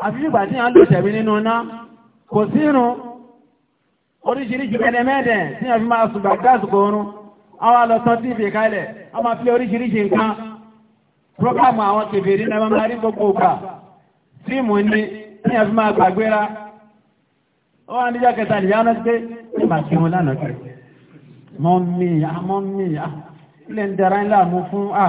àti nígbà tí a ń lò tẹ̀mí nínú náà kò sírun oríṣiríṣi ẹ̀dẹ̀mẹ́dẹ̀ tí a fi máa sùgbà awa oorun àwọn alọ́sán tí kalẹ̀ a máa fi oríṣiríṣi nǹkan prógámù àwọn kèfèrí náà máa rí gbogbo ọgbà síìmù ní ní a fi máa gbàgbéra ó wá níjọ́ kẹta si náà pé ní màá kí wọn lánàá kẹ mọ́ mi à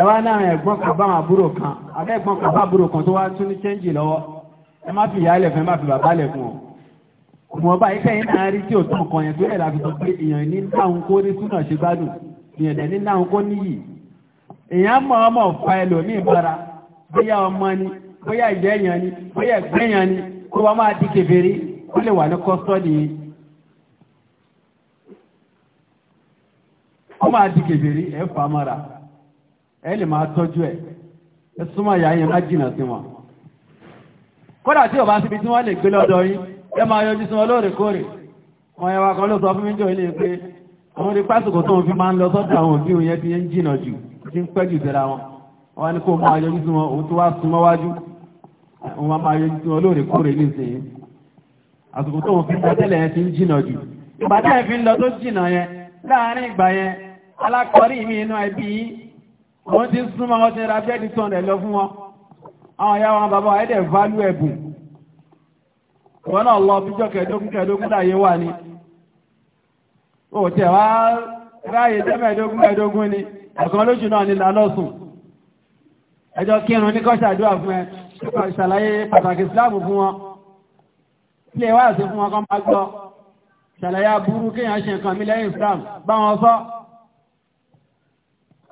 ẹwà láàrin ẹ̀gbọ́n kan bá àbúrò kan abẹ́gbọ́n kan bá àbúrò kan tó wá tún ní chẹ́ńjì lọ́wọ́ ẹ má fi ìyálẹ̀ fún ẹ má fi bàbá lẹ̀ fún ọ mọ̀ ọba ìfẹ́ yìí náà rí tí òtún nǹkan yẹn tó ẹ̀dà fi sọ pé èèyàn ní láhun kó ní súnà ṣe gbádùn èèyàn dẹ̀ ní láhun kó níyì èèyàn mọ ọmọ ọ̀fà ẹlòmíì bára bóyá ọmọ ni bóyá ìyá ni bóyá ẹ̀gbẹ́ ni kó wọ́n máa di kèfèrí ó lè wà ní kọ́sọ́ọ̀dì yìí ó máa di kèfèrí ẹ̀ fà mọ́ra ẹ lè máa tọ́jú ẹ̀ ẹ súnmọ́ ìyá yẹn má jìnà sí wọn kódà tí ò bá síbi tí wọ́n lè gbé lọ́dọ̀ yín ẹ máa yọjú sí wọn lóòrèkóòrè wọn ẹwà kan ló sọ fún mi jọ ilé pé àwọn orí pásìkò tó ń fi máa ń lọ sọ́dọ̀ àwọn òbí òun yẹn ti ń jìnà jù ti ń pẹ́ jù wọn wọn ni kó máa yọjú sí wọn òun tó wá súnmọ́ wájú wọn máa yọjú sí wọn lóòrèkóòrè nísìnyí àsìkò tó ń fi lọ yẹn ti ń jìnà jù ìgbà táyẹ̀ fi ń lọ tó jìnà yẹn láàárín ìgbà yẹn alákọ̀ọ́rí mi inú ẹbí wọ́n ti ń súnmọ́ wọ́n ti ra bẹ́ẹ̀dì tán rẹ̀ lọ fún wọn àwọn ìyá wọn bàbá ẹ̀dẹ̀ válú ẹ̀bùn wọn náà lọ bíjọ́ kẹ̀ẹ́dógún kẹ̀ẹ́dógún láyé wà ní òtẹ̀ wá ráyè dẹ́mẹ̀ẹ́dógún kẹ̀ẹ́dógún ni ẹ̀kan lóṣù náà ní lálọ́sùn ẹjọ́ kírun ní kọ́ṣàdúrà fún ẹ ṣàlàyé pàtàkì ìsìláàmù fún wọn ilé wáyà fún wọn kan bá gbọ́ ṣàlàyé aburú kéèyàn ṣe nǹkan mi lẹ́yìn ìsìláàmù bá sọ́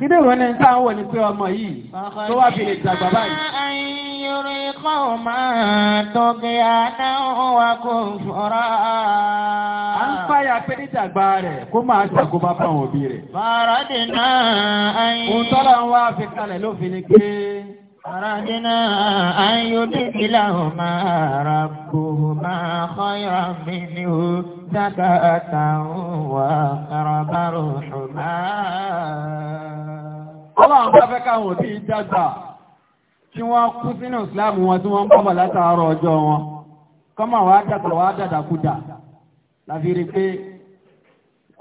Kídé ìwé ni tá à ń wò ní pé ọmọ yìí tó wá fi lè dàgbà báyìí. Ayọ̀rọ̀ ikọ̀ máa tọ́gbẹ́ àdáhùn wa kò fọ́ra. À ń fàyà pé dídàgbà rẹ̀ kó máa ṣàkóbá fún àwọn òbí rẹ̀. Fàràdínà ayé. Òun tọ́lá ń wá fi kalẹ̀ lófin ni pé. Fàràdínà ayé ó ìlà ọ̀ma àràbò máa kọ́ ìrànmí ni ó. دكاءة وقرب رحما Ọlọ́run bá fẹ́ káwọn òbí dàgbà tí wọ́n kú sínú ìsìláàmù wọn tí wọ́n ń bọ́bọ̀ látàárọ̀ ọjọ́ wọn. Kọ́mà wá dàgbà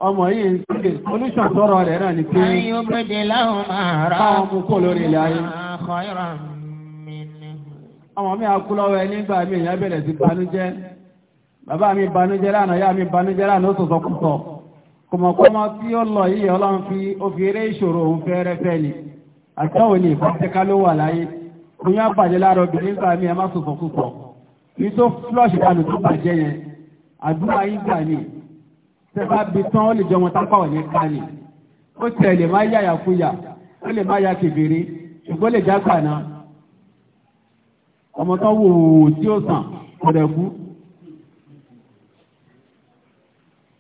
ọmọ yìí ń sílẹ̀ olùsàn tọrọ rẹ̀ náà ni pé. Ayé ó gbèdè mú kó lórí ilẹ̀ ayé. Àwọn mi àkúlọ́wọ́ ẹ nígbà mi ìyá bẹ̀rẹ̀ sí banújẹ́ bàbá mi banújẹ́ lánàá yá mi banújẹ́ lánàá ó sọ̀sọ̀ kú sọ kọmọkọmọ tí ó lọ yìí ọlọ́run fi ó fi eré ìṣòro òun fẹ́ẹ́rẹ́fẹ́ ni àtẹ́wò ní ìfọ́tẹ́ká ló wà láyé kò yá pàdé lára obìnrin gbà mí ẹ má sọ̀sọ̀ kú sọ ní tó flush kanù tó bàjẹ́ yẹn àdúrà yín gbà ní tẹ́fà bí tán ó lè jọ wọn tápà òní ká ní ó tẹ̀ lè má yáyà fúyà ó lè má yá kèbèrè ṣùgbọ́n lè já náà ọmọ tán wò ó tí ó sàn kọ̀dẹ̀kú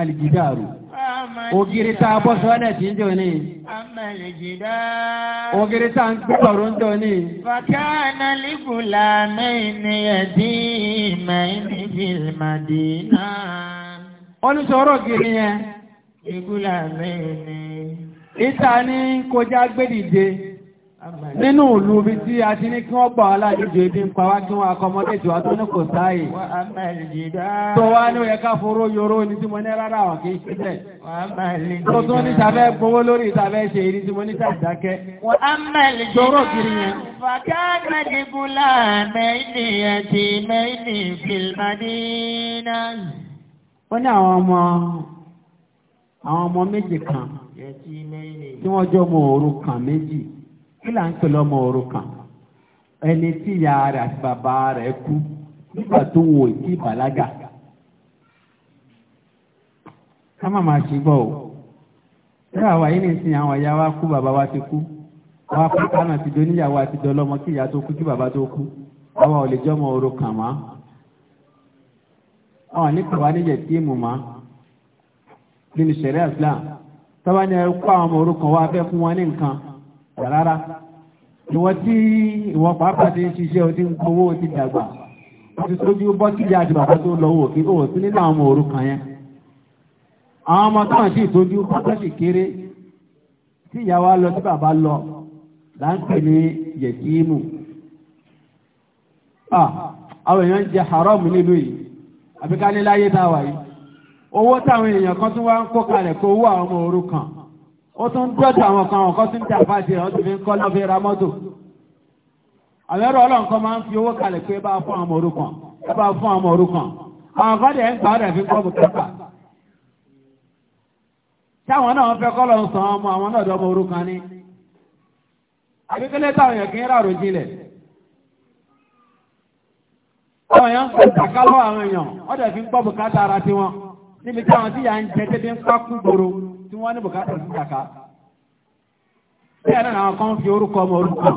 alìjìdáàrù ògiri tá a bọ́ sọ́lẹ̀ tí ń jò ní ògiri tá a ń gbọ́rọ̀ ń jò ní. fàkánà lígùlà mẹ́ni ẹ̀dí mẹ́ni fìlmàdì náà. oníṣòro ògiri yẹn. lígùlà mẹ́ni. ìta ní kọjá gbèdìde nínú ìlú bí tí a ti ní kí wọ́n gbà aláàjújò ibi ń pàwá kí wọ́n akọmọdéjò àtọ́ ní kò sáàyè tó wá ní òyẹ ká fóró yoró ní tí mo ní rárá wọn kì í tó tún ní sàfẹ́ gbowó lórí ìsàfẹ́ ṣe ìrí tí mo ní sàdákẹ́ ó ní àwọn ọmọ méjì kan tí wọ́n jọ mọ òru kan méjì kí là ń pè lọ́mọ òrukàn ẹni tí ìyá rẹ̀ àti bàbá rẹ̀ kú nígbà tó wò tí ìbàlágà ká má máa ṣe gbọ́ o rírà wà yìí nìsín àwọn ìyá wa kú bàbá wa ti kú àwọn afọ́ká náà ti doníyàwó àti dọlọ́mọ kí ìyá tó kú kí bàbá tó kú àwa ò lè jọ́mọ òrukàn mọ́ àwọn nípa wa níjẹ̀ tí mò máa nínú ṣẹ̀rẹ́ Islam tọ́wọ́ ni ẹ kó àwọn ọmọ òrukàn wa fẹ́ fún wọn ní nǹkan rárá ìwọ tí ìwọ pàápàá ti ń ṣiṣẹ́ o ti ń gbowó ti dàgbà o ti bọ́ sí ìyá àti bàbá tó lọ́wọ́ òkè ó sí nínú àwọn òrukàn yẹn àwọn ọmọ tó kéré tí ìyá wa lọ sí bàbá lọ ní àwọn èèyàn jẹ haram yìí yìí owó táwọn èèyàn kan tún wá ń kó kalẹ̀ kó owó ó tún ń dọ́dọ̀ àwọn kan àwọn kan ń tẹ àfáàṣe rẹ̀ ti fi ń kọ́ náà fi ra mọ́tò. àwọn ẹ̀rọ ọlọ́nkan máa ń fi owó kalẹ̀ pé bá fún àwọn òrukàn ẹ bá fún àwọn òrukàn àwọn kan ń gbà rẹ̀ fi kọ́ náà ni. àbíkẹ́lẹ́ táwọn yẹn kì í rárò jinlẹ̀. àwọn yẹn ń kọ́ tí wọ́n ní bùkátà sí kàkà bẹ́ẹ̀ náà àwọn kan fi orúkọ ọmọ orúkọ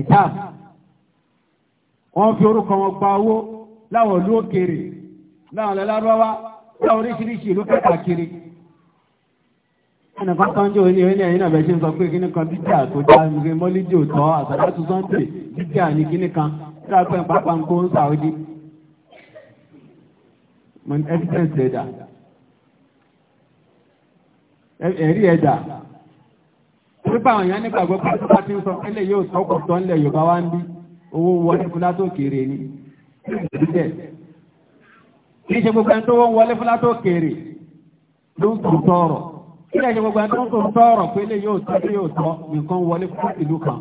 ìta wọ́n fi orúkọ wọn gba owó láwọn ìlú òkèèrè láwọn lẹ́lárọ́wá láwọn oríṣiríṣi ìlú kàkàkiri ẹnìkan kan jẹ́ oní oní ẹ̀yìn àbẹ̀ṣe ń sọ pé kíní kan dídíà tó já ìgbé mọ́lídìí òtọ́ àsàdátù sọ́ńtì dídíà ní kíní kan tí a pẹ́ pápá ń kó ń sàódì. mo ní evidence data ẹ̀rí ẹ̀dà pípa àwọn èèyàn nípa gbogbo pátá tí ń sọ ẹlẹ́ yóò tọ́kọ̀ tọ́ ńlẹ̀ Yorùbá wá ń bí owó wọlé fún látòkèrè ni kí ṣe gbogbo ẹni tó wọ́n wọlé fún látòkèrè ló ń tún tọrọ kí ṣe gbogbo ẹni tó ń tún tọrọ pé ẹlẹ́ yóò tọ́ yóò tọ́ nìkan wọlé fún ìlú kan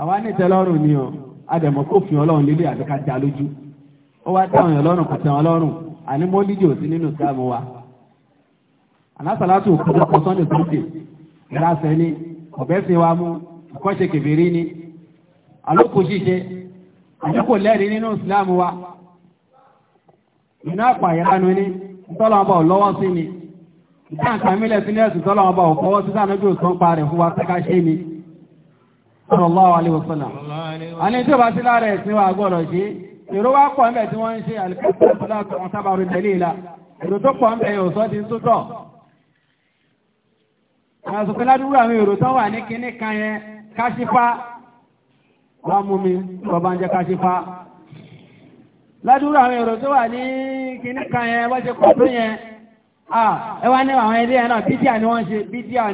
àwa ní ìtẹ́lọ́rùn ni ọ adẹ̀mọ̀ kó fi ọlọ́run lílé àbíkájá lójú ó wá táwọn ọlọ́run kò tẹ̀wọ́n lọ́rùn àní mọ́lídìí ò sí nínú sáàmù wa alásàlátù òkúta kọsán ní kúrúkè ìrásẹ ni ọbẹ fi wa mú ìkọ́ṣe kẹfìrí ni alókò ṣíṣe àdúkò lẹ́rìí nínú ìsìláàmù wa iná àpà ìyanu ni tọ́lọ́mọba ò lọ́wọ́ sí ni ìtànkà mílẹ̀ sí nẹ́ẹ̀sì tọ́lọ́mọba ò fọwọ́ sí sànúbí òsán pa fún wa pẹ́ká ṣe ni sallallahu alaihi wasallam a ní tí ó bá sí lára ẹ̀sìn wa gbọ́dọ̀ ṣe èrò wá pọ̀ ń bẹ̀ tí wọ́n ń ṣe àlùkò tó ń àwọn àsopẹ́ ládùúgbò àwọn èrò tó wà ní kinní kan yẹn káṣífá wọ́n mú mi bọ́bá ń jẹ́ káṣífá ládùúgbò àwọn èrò tó wà ní kinní kan yẹn wọ́n ṣe pọ̀ tó yẹn ẹ wá ní àwọn ilé yẹn náà bídíà ni wọ́n ṣe bídíà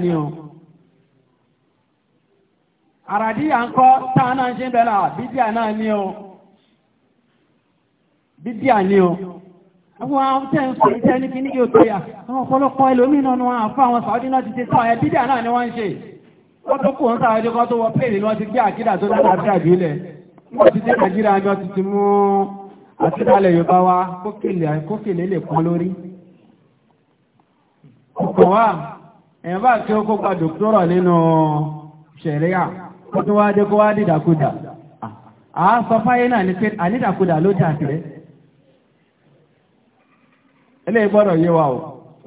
ni ń kọ́ táwọn náà ṣe bẹ̀rẹ̀ bídíà náà ni o àwọn àwọ̀tẹ́ǹsọ̀ ìtẹ́ ní kí ní yóò tó yà àwọn ọ̀pọ̀lọpọ̀ ẹlòmínà wọn àfá àwọn sàádì náà ti ti sọ ẹ̀ bídà náà ni wọ́n ń ṣe wọ́n tó kò ń sàádì kan tó wọ pèlè lọ́n ti gbé àkídà tó lára àbídà jùlẹ̀ wọ́n ti dé nàìjíríà ni wọ́n ti ti mú àtìdálẹ̀ yorùbá wa kókèlè lè pọ́n lórí ọkọ̀ wa ẹ̀yìn bá kí ó kópa dòkítọ́rọ̀ nínú ṣẹ̀ríà kó tó wá dé kó wá dìdàkudà àá sọ fáyé náà ní pé ànídàkudà ló dà sílẹ̀ ilé ìgbọ́dọ̀ yé wa o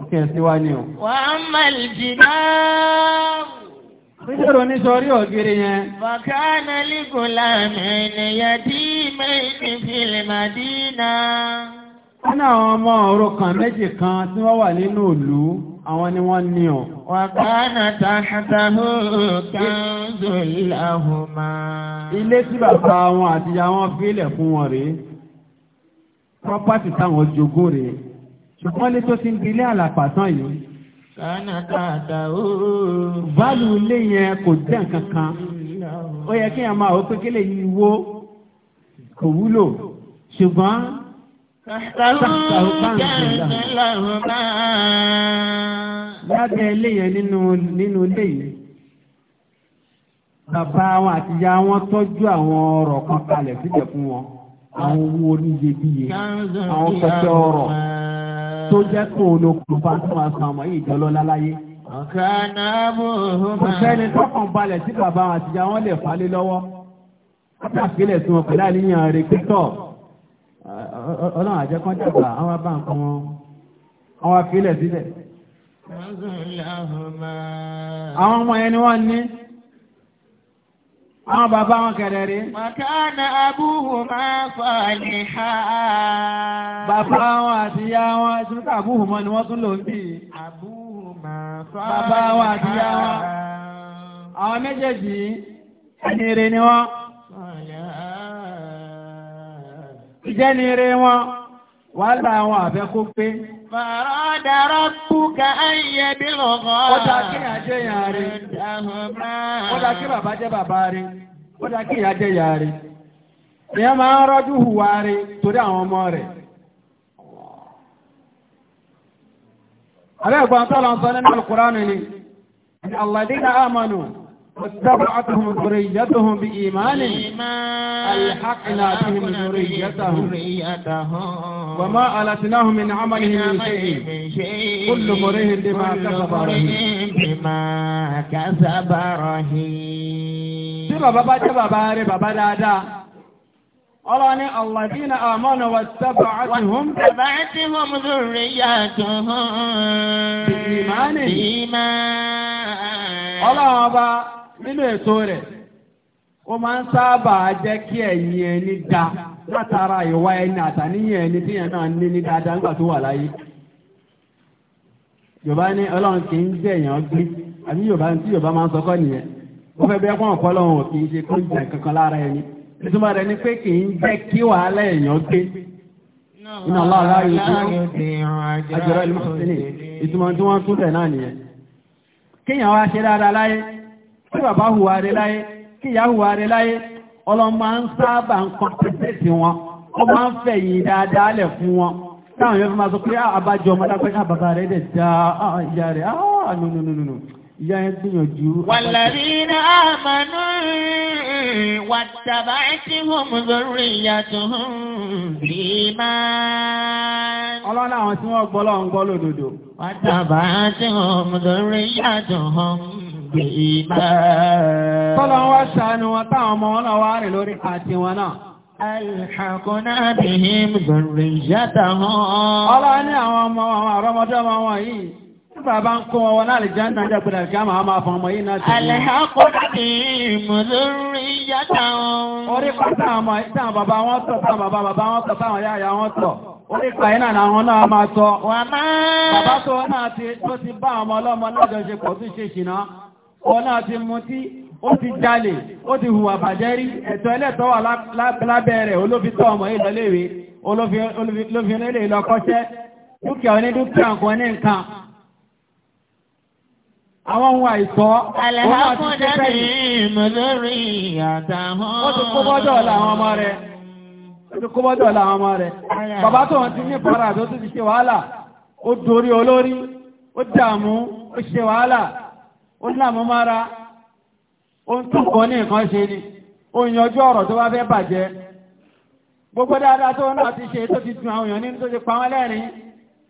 òkè sí wa ni o. wà á mẹ́lì jìnnà. Nítorí oníṣọ́rí ògiri yẹn. Bàkánà lígùnlá mẹ́nìyàn tí mẹ́rin fìlì Màdínà. Wọ́n ní àwọn ọmọ òrukàn méjì kan tí wọ́n wà nínú ìlú àwọn ni wọ́n ní ọ̀. Wàkánà tàhátàhó kánzó láhùmá. Ilé tí bàbá wọn àti ìyá fílẹ̀ fún wọn rèé. Pọ́pátì táwọn jogó rèé ṣùgbọ́n lé tó ti ń bilé àlàpà tán yìí. kánà tààtà ooo. báàlù ilé yẹn kò jẹ́ nǹkan kan ó yẹ kí èèyàn máa wọ pé kílè yìí wó kò wúlò ṣùgbọ́n. kàtàkùn kẹ́hìn lọ́rùn náà. lábẹ́ ilé yẹn nínú nínú ilé yìí bàbá wọn àtìyá wọn tọ́jú àwọn ọ̀rọ̀ kan kalẹ̀ síbẹ̀ fún wọn àwọn owó oníyebíye àwọn kọ̀kẹ́ ọ̀rọ̀ tó jẹ́ kó o lo kùnfà tó máa sọ àmọ́ yìí jọ lọ́lá láyé. ọ̀kànà bò ó máa. kò tọkàn balẹ̀ tí bàbá wọn àtijọ́ wọn lè falé lọ́wọ́. látàkìlẹ̀ tí wọn pẹ̀lú àníyàn rẹ̀ pẹ́tọ̀. ọlọ́run àjẹkọ́ dàgbà àwọn bá nǹkan wọn àwọn àfilẹ̀ sílẹ̀. àwọn ọmọ yẹn ni wọ́n ní. Àwọn bàbá wọn kẹ̀rẹ̀ rí. Màkánà abúhù máa fàlì ha. Bàbá wọn àti ya wọn tí ó àbúhù mọ́ ni wọ́n tún lò ń bí. Abúhù máa fàlì ha. Bàbá wọn àti ya wọn. Àwọn méjèèjì ẹni ire ni wọ́n. Ìjẹ́ni ire wọn, wàhálà wọn àfẹ́kó pé. فراد ربك أن يبلغا Ọdá kí ni ajẹ́ ìyá rí? Ọdá kí bàbá jẹ́ bàbá rí? Ọdá kí ìyá jẹ́ ìyá rí? Ìyá máa ń rọ́jú hùwà rí torí àwọn ọmọ rẹ̀. Abẹ́ sọ nínú ni, amanu. واتبعتهم ذريتهم بإيمان ألحقنا بهم ذريتهم وما ألتناهم من عملهم من شيء كل مريهم بما كسب رهين بما كسب رهين tí bàbá bá jẹ́ bàbá rẹ̀ bàbá dáadáa ọlọ́run ní alladhina amanu wattaba'athum wattaba'athum dhurriyyatuhum bi iman bi iman ọlọ́run ọba nínú ètò rẹ̀ ó máa ń sábà jẹ́ kí ẹ̀yìn ẹni da látara ìwà ẹni àtàníyàn ẹni tíyẹn náà ní ní dáadáa nígbà tó wà láyé yorùbá ní ọlọ́run kì í jẹ́ èèyàn gbé àbí yorùbá tí yorùbá máa ń nìyẹn wọ́n fẹ́ kì í ṣe kó jẹ́ kankan lára ẹni ìtumọ̀ rẹ̀ ni pé kì í jẹ́ kí wàhálà èèyàn gbé iná ìlú ìtumọ̀ tí wọ́n tún tẹ̀ náà nìyẹn kéèyàn wá ṣe kí bàbá hùwà rẹ̀ láyé kí ìyá hùwà rẹ̀ láyé ọlọ́mọ ń sábà ń kọ́pẹ́sẹ̀sì wọn wọ́n máa ń fẹ̀yìn dáadáa lẹ̀ fún wọn táwọn yóò fi máa sọ pé àbájọ ah, ọmọ dápẹ́ ká ah, bàbá rẹ̀ dẹ̀ da ah, ìyá rẹ̀ ah ìyá yẹn gbìyànjú. wàlàdínà àmàlú wàtàbà tí wọ́n mú ìyàtọ̀ bí máa. àwọn tí wọ́n gbọ́ lọ́wọ́ ń gbọ́ lódodo. wàtàbà tí wọ́n mú ìyàtọ̀ ṣe ìgbà. Tọ́lọ wá ṣàánú wọn táwọn ọmọ wọn náà wá rìn lórí àti wọn náà. Alhàkúnná bí i gbèrè yàtà hàn. Ọlá ní àwọn ọmọ wọn àrọ́mọdé wọn wọn yìí. Bàbá ń kó wọn náà lè jẹ́ ń dájọ́ gbèrè kí a máa máa fọmọ yìí náà. Alhàkúnná bí i gbèrè yàtà hàn. Orí pátá àmọ́ ìtàn bàbá wọn tọ̀ táwọn bàbá bàbá wọn tọ̀ táwọn yáyà wọn tọ̀ orípa iná àwọn náà máa sọ. Bàbá tó náà ti bá ọmọ ọlọ́mọ náà jọ ṣe pọ̀ tún ṣe ṣìná ọ̀nà ti mú tí ó ti jalè ó ti hùwà bàjẹ́ rí ẹ̀tọ́ ẹlẹ́tọ́ wà lábẹ́ rẹ̀ olófitọ́ ọmọ ìlọléèwé olófinlélè lọ́kọ́ṣẹ́ làwọn ọmọ rẹ̀. Bàbá tó wọ́n ti ní fara tó ti ṣe wàhálà, ó dorí olórí, ó dààmú, ó ṣe wàhálà, ó láàmú mára ó ń tún kan ní nǹkan ṣe ni ó yanjú ọ̀rọ̀ tó bá fẹ́ bàjẹ́ gbogbo dáadáa tó náà ti ṣe tó ti tún àwọn èèyàn nínú tó ti pa wọ́n lẹ́rìn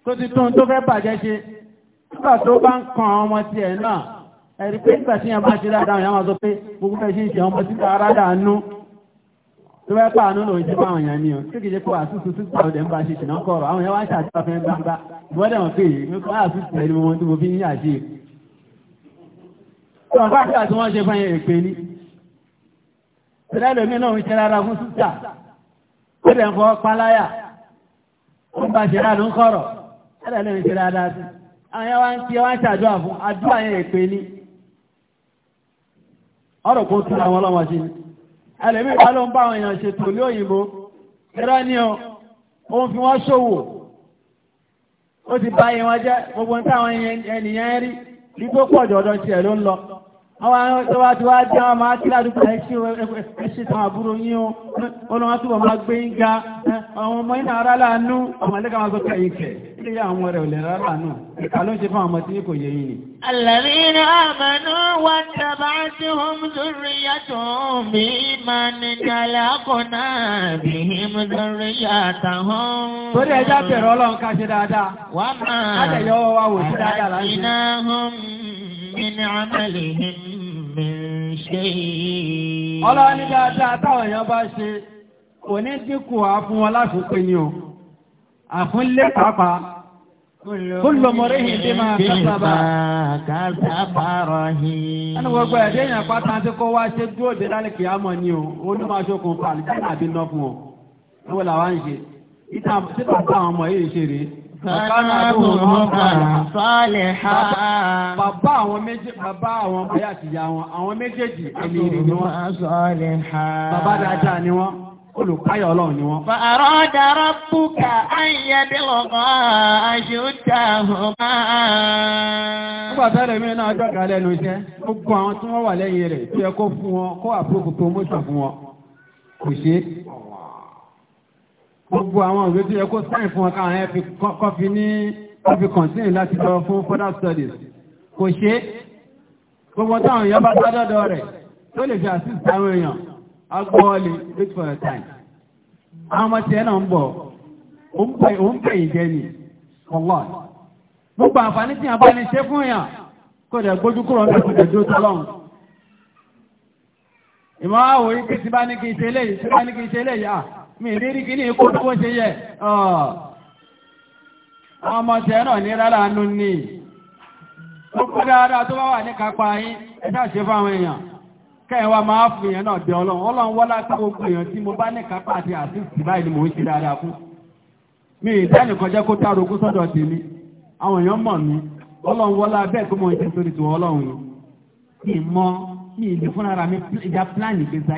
tó ti tún tó fẹ́ bàjẹ́ ṣe nígbà tó bá ń kan ọmọ tiẹ̀ náà ẹ̀rí pé nígbà tí yẹn bá ṣe dáadáa yẹn wọ́n sọ pé gbogbo fẹ́ ṣe ń ṣe ọmọ síta aráda nú tó fẹ́ pàánú lòun ṣe fún àwọn èèyàn ni o tí Wọ́n bá ṣe àti wọ́n ṣe fẹ́ yẹn èpè ní. Ìrẹ́lẹ̀ mi náà ń ṣe rárá fún sísà. Ó dẹ̀ ń fọ́ páláyà. Wọ́n bá ṣe rárá ń kọ̀rọ̀. Ìrẹ́lẹ̀ mi ṣe rárá sí. Àwọn yẹn wá ń tiẹ̀ wá ń ṣàdúrà fún àdúrà yẹn èpè ní. Ọ̀rọ̀ kò tún àwọn ọlọ́mọ ṣe ni. Ẹlẹ́mí ìwà ló ń bá àwọn èèyàn ṣe tòlé òyìnbó. Irọ́ ni o, òun fi wọ́n ṣòwò. Ó ti bá yẹn wọn jẹ́ gbogbo ní táwọn ènìyàn rí. Igbó pọ̀ jọ̀dọ̀ tiẹ̀ ló ń lọ àwọn tó wá tí wá jẹ́ àwọn máa kí ládùúgbò ẹṣẹ́ tàwọn àbúrò yín o olùwọ́n túbọ̀ máa gbé ń ga ọmọ ọmọ torí ẹja bẹ̀rẹ̀ ọlọ́run ká ṣe dáadáa. wọ́n máa ń bá àyìnà min amalihim min shay. ọlọ́wọ́ ní dáadáa táwọn èèyàn bá ṣe kò ní dínkù á fún wọn láti pè ní o àfún lé pàápàá. Kullu mọ̀rẹ́hìn bí máa kásábà. Kásábà rọ̀hìn. Ẹnu gbogbo ẹ̀dẹ́ èèyàn pátá tí kò wá ṣe dúró dé lálẹ́ kìámọ̀ ni o, ó ní máa ṣokùnfà àlùjáde àbí nọ́ọ̀kùn o. Wọ́n wọ́n làwọn ń ṣe. Ìtàn títà táwọn ọmọ yìí ṣe rèé. Bàbá àwọn méjèèjì, bàbá àwọn ọmọ àti ìyá wọn, àwọn méjèèjì ẹni rí ni wọ́n. Bàbá dáadáa ni wọ́n, olùkáyọ̀ ọlọ́run ni wọ́n. Fàárọ̀ dára búkà ayẹ́dẹ́ lọ́gọ́ àṣùtà ọmọ. Nígbà tẹ́lẹ̀ mi náà jọ́gà lẹ́nu iṣẹ́, gbogbo àwọn tí wọ́n wà lẹ́yìn rẹ̀ tí ẹ kó fún wọn, kó àpò promotion fún wọn, kò ṣe é gbogbo àwọn òwe tó yẹ kó sáìn fún ọkà àwọn ẹ̀fì kọfí ní ọfì kọ̀ǹtínì láti lọ fún further studies kò ṣe gbogbo táwọn èèyàn bá sádọ́dọ̀ rẹ̀ tó lè fi assist àwọn èèyàn agbọ́ọ̀lì wait for your time àwọn ọmọ tiẹ̀ náà ń bọ̀ ó ń pè ìjẹ́ ni ọlọ́ gbogbo àǹfààní tí a bá ní ṣe fún èèyàn kò dẹ̀ gbójú kúrò ní ìpínlẹ̀ tó tọ́lọ́run ìmọ̀ àwòrán kí ti bá ní kí ṣe eléyìí ti bá ní kí ṣe eléyìí mi lérí kí ní ikú tó ṣe yẹ ọmọ tẹ́ náà ní rárá nù ní gbogbo dáadáa tó bá wà ní kápá yín ẹ̀dá ṣe fáwọn èèyàn kẹwàá máa fún èèyàn náà bí ọlọ́run ọlọ́run wọ́lá pé gbogbo èèyàn tí mo bá ní kápá àti àtìsí báyìí ni mò ń ṣe dáadáa fún mi ìdánìkan jẹ́ kó tààrọ̀ ogún sọ́dọ̀ tèmi àwọn èèyàn mọ̀ mí ọlọ́run wọ́lá bẹ́ẹ̀ tó mọ̀ ìṣẹ́ sórí tiwọn ọlọ́run yìí mi mọ́ mi ìlú fúnra mi ìjà pílánì gbèsè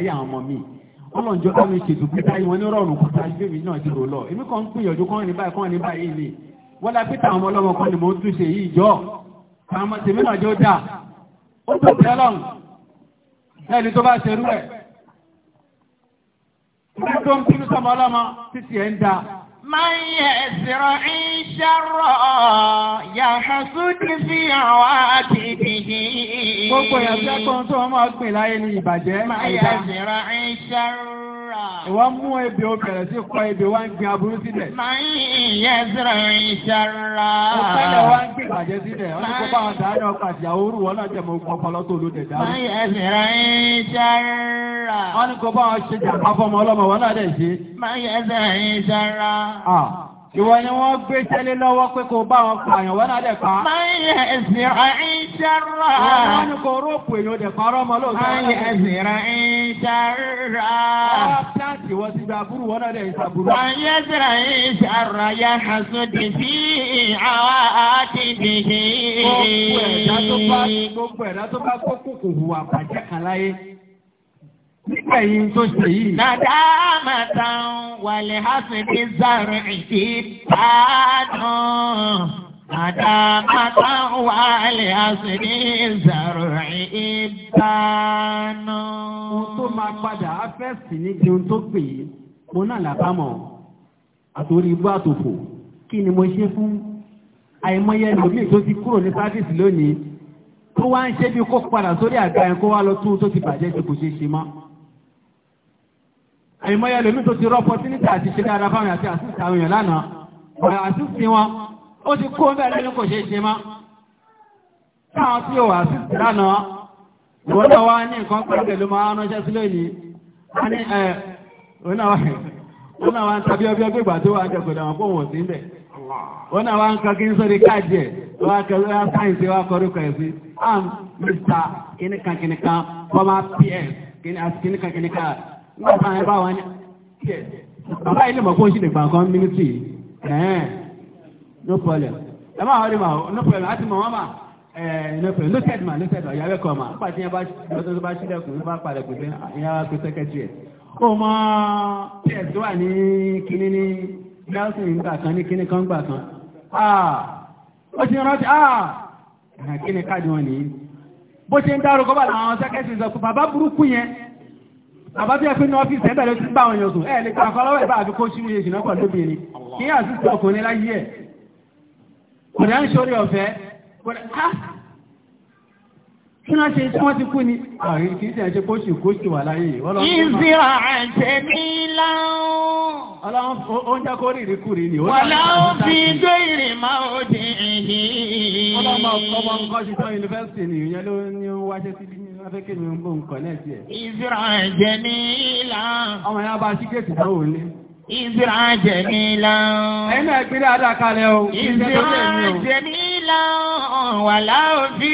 ọlọ́njọ́ tó mi ṣètò pé táyé wọn ní rọrùn kó táyé bèbí náà ti rò lọ èmi kan ń gbìyànjú kán ní báyìí kán ní báyìí ni wọ́n la pété àwọn ọlọ́mọ kan ni mò ń túnṣe yìí jọ àwọn tèmi náà jọ dà ó tó tẹ́ lọ́n ẹni tó bá ṣerú ẹ̀ wọ́n tó ń bínú sọmọ ọlọ́mọ títí ẹ̀ ń da. máa ń yẹ ìṣirò ìṣàrọ̀ yàtọ̀ sódì sí àwọn àti ìdíyìí. Gbogbo ìyàtí ẹ̀kọ́ tó wọ́n pè láyé ní ìbàjẹ́. Máyà zìrọ̀ ìṣàrà. Ìwọ́n mú ebè ó sí kọ ebè wá ń gbin aburú sílẹ̀. Máyà zìrọ̀ ìṣàrà. Òṣèlè wá ń gbin ìbàjẹ́ sílẹ̀. Wọ́n ti kó bá wọn ọkọ̀ àti àwòrú wọn náà jẹ̀mọ́ ọpọlọ tó ló dẹ̀dá. Máyà zìrọ̀ ìṣàrà. Wọ́n ti kó bá Ìwọ ni wọ́n gbé tẹ́lẹ̀ lọ́wọ́ pé kò bá wọn pààyàn wọ́n náà dẹ̀kọ́. Máyẹ̀ ẹ̀sìn àìṣàrà. Wọ́n ní kò róòpù èèyàn dẹ̀kọ́ ọmọ lóòótọ́. Máyẹ̀ ẹ̀sìn àìṣàrà. Wọ́n pàǹtì wọ́n ti gba burú wọ́n náà dẹ̀ ìṣàbúrú. Máyẹ̀ ẹ̀sìn àìṣàrà yá aṣọ ti fi àwa àti dìde. Gbogbo ẹ̀dá tó bá gbogbo ẹ̀dá tó bá kókò kò hùwà bàjẹ́ kan láyé. Nígbà yìí tó ṣe yìí. Nàdámàtà wàlẹ̀ Hásìdì Zàrì ìdí Bàdàn. Nàdámàtà wàlẹ̀ Hásìdì Zàrì ìdí Bàdàn. Ohun tó máa padà afẹ́sì ní jẹun tó pè é, mo náà làbámọ̀ àtòrí ibú àtòfò. Kí ni mo ṣe fún àìmọye ẹlòmíì tó ti kúrò ní sáfíìsì lónìí? Tó wá ń ṣe bí kó padà sórí àga ẹ̀ kó wá lọ tún tó ti bàjẹ́ ṣe kò ṣe é ṣe mọ́. àìmọ́yẹ lèmi tó ti rọ́pọ̀ sí níta àti àti àwọn èèyàn lánàá ọ̀rọ̀ àtúnṣe wọn ó ti kó bẹ́ẹ̀ ní kò ṣe ṣe mọ́ tí ò àtúnṣe lánàá wọ́n náà ní nǹkan pẹ̀lú ló máa sí ní wọ́n máa bá wọn ní. bàbá ilé mọ̀ fún ìṣẹ̀lẹ̀ gbàǹkan mínísì no problem ẹ máa wọlé ma no problem àti mọ̀ wọ́n mà no problem lókèd mà lókèd ọ̀yà rẹ̀ kọ̀ mà nípa tí yẹn bá lọ́dún tó bá sílẹ̀kùn tó bá padà pè pé ah, ìyá wa pé sẹ́kẹ́tì ẹ̀. ó mọ ps wà ní kinní ní nelson gbà kan ní kinní kan gbà kan ah, ó ti rántí ah. kíni káàdì wọn nìyí bó ṣe ń dárúkọ bá làwọn sẹ́kẹ́tì sọ pé bàbá burúkú yẹn àbájẹ́ pé ní ọ́fíìsì ẹ̀bẹ̀ ló ti bá wọn yọ̀sùn ẹ̀ lè pa àfọlọ́wọ́ ẹ̀bá àfi kó ṣíwú yẹ̀sùn náà pẹ̀lú obìnrin kí yà sí sọ kò láyé ẹ̀ kò dá ń ṣorí ọ̀fẹ́ kí wọ́n ṣe tí wọ́n ti kú ni àrí kì í ṣe kóṣù kóṣù wà láyé ìwọ́lọ́ Ọlọ́run oúnjẹ kó rí ìrí kùrí ni. Wọ́lá ó fi gbé ìrì máa ó di èyí. Ọlọ́mọ ọmọ nǹkan ṣiṣọ́ yunifásitì ni ìyẹn ló ní wáṣẹ́ sí ní afẹ́kẹ́ ni ó ń bò ń kọ̀ náà ẹ̀jẹ̀ ní ìlà. Ọmọ yẹn bá ṣíkètì náà wò ní. Ìfira ẹ̀jẹ̀ ní ìlà. Ẹ̀yin náà gbé dáadáa kalẹ̀ o. Ìfira ẹ̀jẹ̀ ní ìlà. Wọ́lá ó fi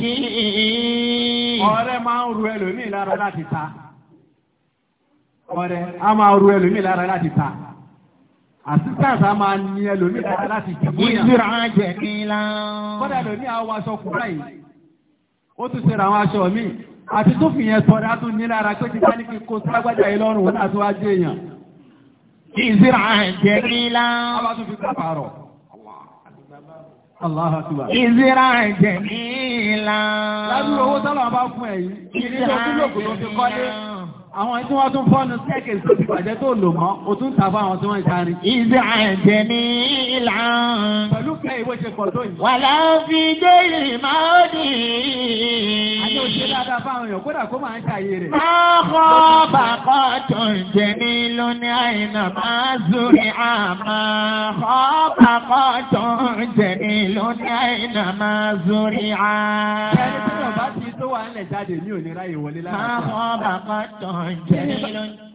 ọ̀rẹ́ máa ń ru ẹlòmíì lára láti ta ọ̀rẹ́ a máa ru ẹlòmíì lára láti ta àtúntàtà máa ní ẹlòmíì lára láti jẹ̀mú yàn. ìdúrà jẹ̀mí la. kọ́dà ẹlòmíì àwọn aṣọ kùrà yìí ó tún ṣe ra àwọn aṣọ míì àti tó fìyẹn sọ̀rọ̀ a tún ní lára pé ti bá kó Allahu Akbar. Ìzira jẹ̀mí ìlà. Lábí owó tọ́lọ̀ bá fún ẹ̀yí. Ìzira jẹ̀mí ìlà àwọn tí wọ́n tún fọ́nù sẹ́kẹ̀ tó ti bàjẹ́ tó lò mọ́ o tún tàbá àwọn tí wọ́n ń sáré. ìdí àjẹ́ ní ìlànà. pẹ̀lú pé ìwé ṣe pọ̀ tó yìí. wà láfi dé ìmáòdì. àti òṣèré dáadáa fáwọn èèyàn kódà kó máa ń ṣàyè rẹ̀. ọkọ̀ bàkọ́ tó ń jẹ ní lóní àìnà máa zúri àmà. ọkọ̀ bàkọ́ tó ń jẹ ní lóní àìnà máa zúri àmà. ẹni tí yóò bá ti tó wà ń lẹ̀ jáde ní òní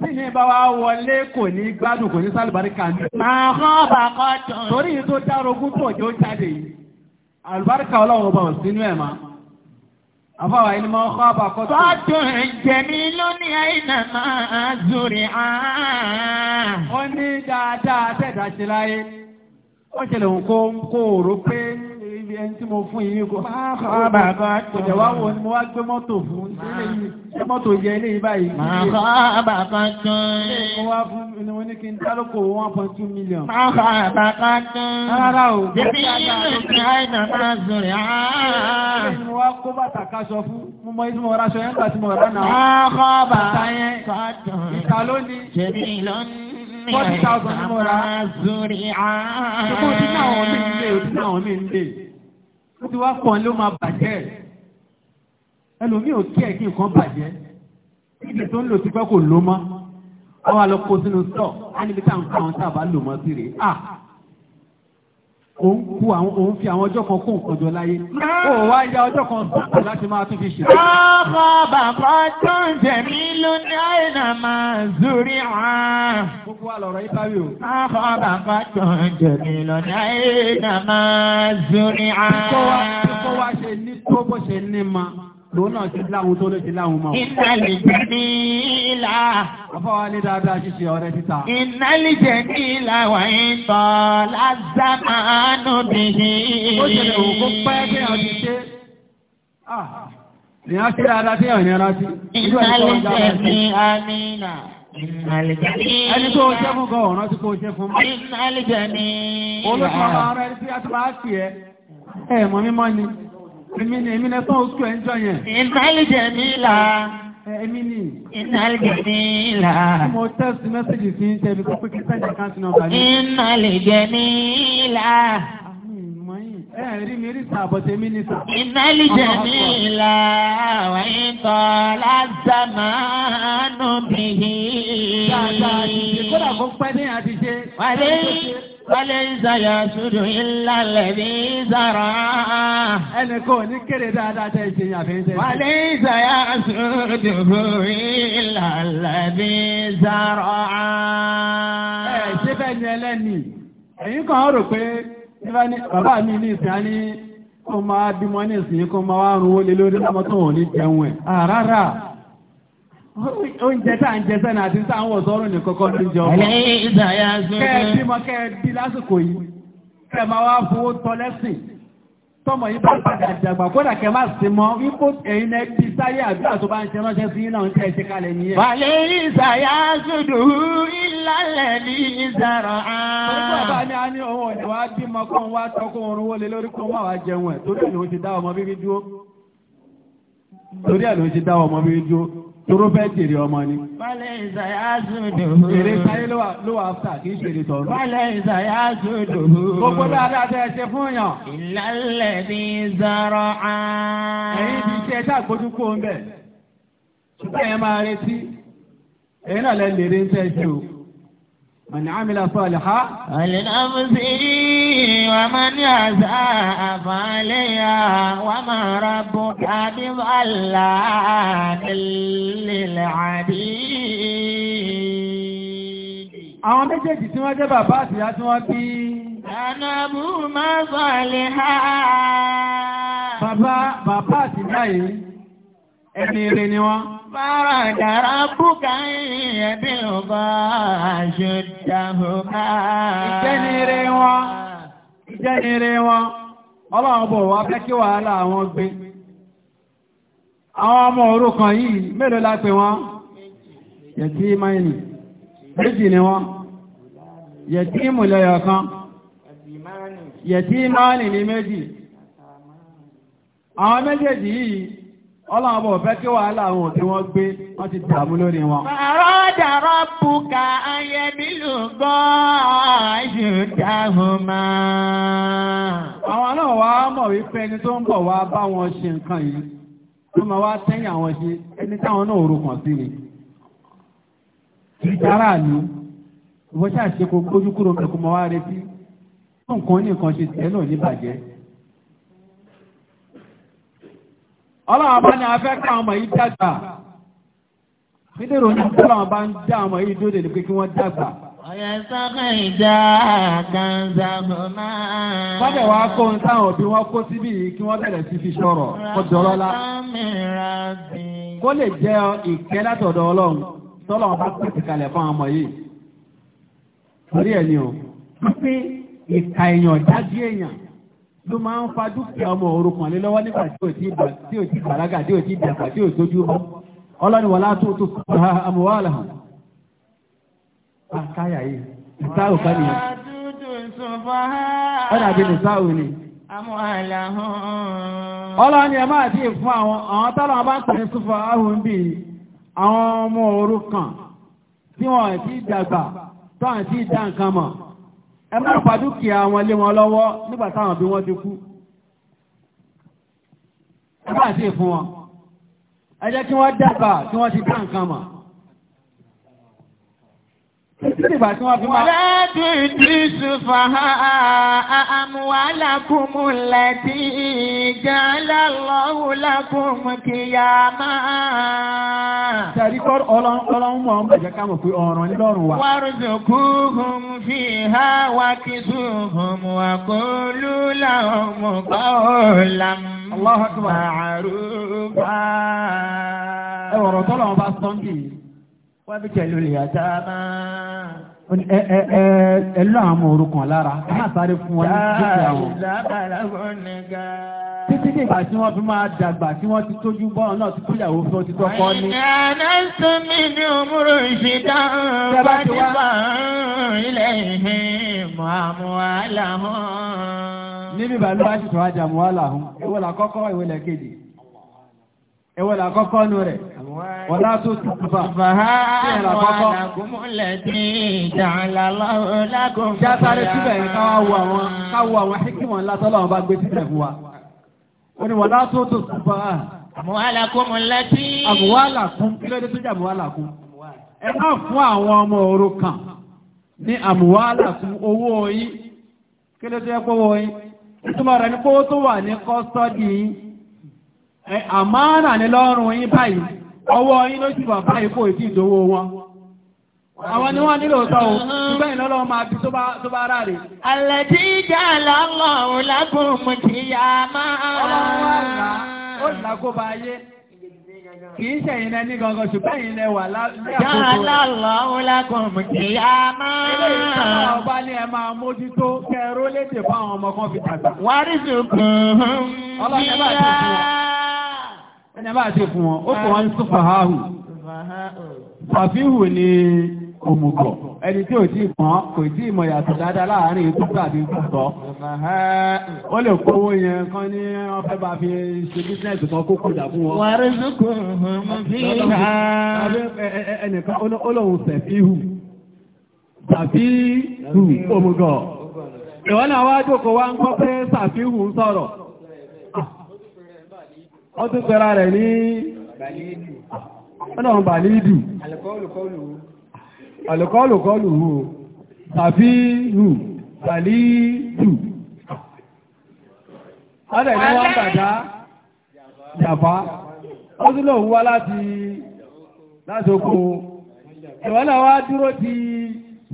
Tíni bá wá wọlé kò ní gbádùn kò ní sálùbáríkà ní. Máa kọ́ bàkọ́ tán. Torí tó dárogún pọ̀ jó jáde yìí. Àlùbáríkà ọlọ́run bọ̀ sínú ẹ̀ máa. Àfáwà ẹni máa kọ́ àbàkọ́ tó. Tọ́tù jẹ̀mí lónìí àìnà máa zùrì áá. Ó ní dáadáa tẹ̀dá ṣe láyé. Ó ṣẹlẹ̀ òun kó rò pé ibi ẹni tí mo fún yìí kò máa one point two million máa kọ́ ó ti wá pọ̀n ló máa bàjẹ́ ẹlòmíì ò kí ẹ̀ kí nǹkan bàjẹ́ ibi tó ń lò sí pé kò ló mọ́ ọ lọ kó sínú sọ á níbi tá à ń kọ́ àwọn tá lò mọ́ sí rèé ah! òun kú àwọn òun fi àwọn ọjọ́ kan kó nǹkan jọ láyé ó wá ya ọjọ́ kan sọ̀tọ̀ láti máa tún fi ṣe. ọkọ̀ bàbá tó ń jẹ̀mí ló ní àìnà máa zúrí wọn. gbogbo wa lọ̀rọ̀ yìí báwí o. ọkọ̀ bàbá tó ń jẹ̀mí ló ní àìnà máa zúrí wọn. kó wá ṣe ní tó bó ṣe ní ma lòun náà ti láwọn tó lè ti láwọn máa. ìnàlì jẹ̀míìlà. afọwọ́ ní dáadáa ṣíṣe ọ̀rẹ́ títà. ìnàlì jẹ̀míìlà wà ń tọ́ lásàmánú bìhí. ó ṣẹlẹ̀ òkú pẹ́ bí wọ́n ti ṣe. Ah, ní a ṣe dáadáa sí ọ̀nà rántí. ìnàlì jẹ̀míìlà. Ẹni tó ṣe fún gan ọ̀rán tí kò ṣe fún mi. Ìnàlì jẹ̀míìlà. Olùkọ́ máa rẹ̀ Èmi ni èmi lẹ́tọ́ oṣù ẹ̀ńjọ yẹn. Ìnáìjẹ̀ mi là. Èmi ni. Ìnáìjẹ̀ mi là. Mo tẹ́sí mẹ́sẹ̀gì sí ṣẹ́bi kó pé kí sẹ́jà káńtì náà bàjẹ́. Ìnáìjẹ̀ mi là. Ẹ rí mi rí sàbọ̀tẹ̀ mi ní sàbọ̀. Ìnáìjẹ̀ mi là wà ń tọ́ lásàmánú bìí. Dáadáa ìdè kódà kó pẹ́ ní àtijé. Wà lẹ́yìn. وليس يسجد إلا الذي زرع أنا كوني كري دادا تيسي يا بنتي وليس يسجد إلا الذي زرع síbẹ̀ ni ẹlẹ́ni ẹ̀yìn kan rò pé bàbá mi ní ìsìn ní kó máa bímọ ní ìsìn kó máa wá rún ó lórí lọ́mọ tó wọ́n ní jẹun ẹ̀ àrárá oúnjẹ tá à ń jẹ sẹ́nà àti tá ń wọ̀ sọ́rùn ní kọ́kọ́ tó ń jọ ọmọ. kẹ́ ẹ bímọ kẹ́ ẹ bí lásìkò yìí kẹ́ máa wá fowó tọ́ lẹ́sìn tọmọ yìí bá padà dàgbà kódà kẹ́ máa sì mọ wípé ẹ̀yin náà ti sáyé àdúrà tó bá ń ṣe ránṣẹ́ sí náà ń tẹ́ ẹ ṣe nìyẹn. wàlẹ́ ìsàyà sódò ìlàlẹ̀ ní ìsàrà án. torí bàbá ní òun ò ní wá bímọ kó ń wá tọkọ Toro fẹ́ jèrè ọmọ ni. Bálẹ̀ ìsàyà sódò. Jèrè sáyé ló wà áfà kì í jèrè tọ̀rọ̀. Bálẹ̀ ìsàyà sódò. Gbogbo dáadáa tẹ ẹ ṣe fún yàn. Ìlàlẹ̀ ní zọrọ̀ án. Ẹ̀yin ti ṣe ẹja àgbójú kó ń bẹ̀. Ṣùgbọ́n ẹ máa retí. Ẹ̀yin náà lẹ lè rí ń tẹ́ o. من عمل صالحا فلنفسه ومن أساء فعليها وما ربك بظلام للعبيد àwọn méjèèjì tí wọ́n jẹ́ bàbá àti ìyá tí wọ́n bí ẹnàbù máa sọ̀lẹ̀ ha bàbá àti ìyá yìí ẹni ire ni wọ́n فرد ربك يبلغا أشدهما ìjẹ́nire wọn ìjẹ́nire wọn ọlọ́run bò wá fẹ́ kí wàhálà àwọn gbé àwọn ọmọ òrukàn yìí mélòó la pè wọ́n yẹ̀tí máìnì méjì ni wọ́n yẹ̀tí mùlẹ̀yọ̀ kan yẹ̀tí máìnì ni méjì àwọn méjèèjì yìí Ọlọ́run ọ̀fẹ́ kí wàhálà àwọn òtí wọ́n gbé wọ́n ti dààmú lórí wọn. Àrọ́dà rọ́pù ka ayẹ̀mí ló gbọ́ àyùdáhùn máa. Àwọn náà wá mọ̀ wípé ẹni tó ń bọ̀ wá bá wọn ṣe nǹkan yìí, tó máa wá sẹ́yìn àwọn ṣe ẹni táwọn náà orúkàn sí ni. Ìjárà ni, ìwọ́ṣà ṣe kó kójú kúrò mẹ́kùn mọ́ wá retí, tó nǹkan ní nǹkan ṣe tẹ́ ní bàjẹ́. ọlọ́wọ́ bá ní afẹ́ ká ọmọ yìí dàgbà nídèrò ní ọlọ́wọ́ bá ń dá ọmọ yìí dúró dèdè pé kí wọ́n dàgbà. ọ̀yẹ́ sábà ìjà kanzabo máa. bọ́dẹ̀ wá kó ń táwọn òbí wọn kó síbí kí wọ́n bẹ̀rẹ̀ sí fi sọ̀rọ̀ kó dọ̀rọ̀ la. kó lè jẹ́ ìkẹ́ látọ̀dọ̀ ọlọ́run tọ́lọ́run bá pèsè kalẹ̀ fún ló máa ń fa dúkìá ọmọ kan lé lọ́wọ́ nígbà tí ò ti tí ò ti ha hàn. Àkáyà yìí, kan nìyẹn. Ó dàbí ìsáwò ni. Ọlọ́ni ẹ máa ti fún àwọn àwọn tọ́lọ̀ bá ń pè ní súnfọ́ bíi àwọn ọmọ tí wọ́n ti dàgbà tó àti ẹ má pa dúkìá wọn lé wọn lọ́wọ́ nígbà táwọn bí wọ́n ti kú ẹ bá ṣe fún wọn ẹ kí wọ́n dàgbà kí wọ́n ti dá nǹkan mọ̀. Wàlá tuntun sùfà àmúwálákùnmù lẹ́tí ìjàlá lọ́wọ́ lákùnmù kìyàmá. Tẹ̀rí kọ́ ọlọ́run mọ̀ ọmọ ìjẹ́ káàmù pé ọ̀ràn nílọ́rùn wa. Warzuquhum fiha wa kisuhum wa qulu lahum qawlan ma'rufa. bá sọ́ńdì wọ́n bí tẹ̀lé olè àtà máa. ẹ ẹ ẹ ẹ lọ àwọn ọmọ òrukàn lára ẹ má sáré fún wọn ní títí àwọn. lábàlá wọn ní ga. títí dìgbà tí wọ́n fi máa dàgbà tí wọ́n ti tójú bọ́ọ̀ náà ti tóyàwó fún ọtí tọkọ ní. àná sọmi ní òmùrò ìṣẹ̀dá bá ti wá ilẹ̀ ìhìn mọ́ àmúhálà hàn. níbi ìbàlúwà ti tọ́ àjà àmúhálà hàn ìwọ̀là kọ́kọ́ ìwọ̀là kejì. Ewọ́n àkọ́kọ́ nù rẹ̀. Wọ́n látò tùtùfà. Játàrí síbẹ̀ ní káwọ́ àwọn hikimọ̀ látọ́lọ́ wọn bá gbé sílẹ̀ fún wa. Ó ní wọ́n látò tùtùfà. Àmúwálàkún lẹ́tí. Àmúwálàkún kí ló dé tó jẹ́ àmúwálàkún? Ẹ máa fún àwọn ọmọ òrukàn ní àmúwálàkún owó yín. Kí àmánà ní lọ́rùn yín báyìí ọwọ́ yín ló jùlọ báyìí kò ìdí ìdówó wọn àwọn ni wọ́n nílò tọ́ o ṣùgbọ́n ìlọ́lọ́ máa bí tó bá rà rè. àlẹ́tí ìjà lọ́lọ́ òun lágùn mú kí yá máa. ó làgó bá yé kìí ṣẹ̀yìn ẹni gangan ṣùgbọ́n yìí lẹ wà lákòókò. yàrá lọ́wọ́ lákòókò kì í á máa. ilé ìtàn ọba ni ẹ máa mójútó kẹrọ lédè fún àwọn ọmọ kan fi dàgbà. wárí sùkùn. ọlọ́run bá ti ẹni bá ṣe fún wọn ó kọ̀ wọ́n sún fàáhù fàfíhù ni òmùgọ̀ ẹni tí ò tí kàn kò tí ìmọ̀ yàtọ̀ dáadáa láàárín ìtúgbà àti ìtúgbọ́ ó lè kówó yẹn kan ní wọ́n fẹ́ bá fi ṣe bísínẹ́sì kan kó kọjà fún wọn. wàá rí sókò ọ̀hún fi hà. ẹnìkan olóhùn sẹ̀fíhù sàfíhù òmùgọ̀ ìwọ́n náà wá jókòó wá ń kọ́ pé sàfíhù ń sọ̀rọ̀. wọ́n pẹ̀lá rẹ̀ ní ọ̀nà bàlídù alùkọ́lùkọ́lù hù tàbí hù bàlídù ọ̀dẹ̀ ni wọ́n bàdá jàfá ó tún lòun láti láti oko náà wá dúró ti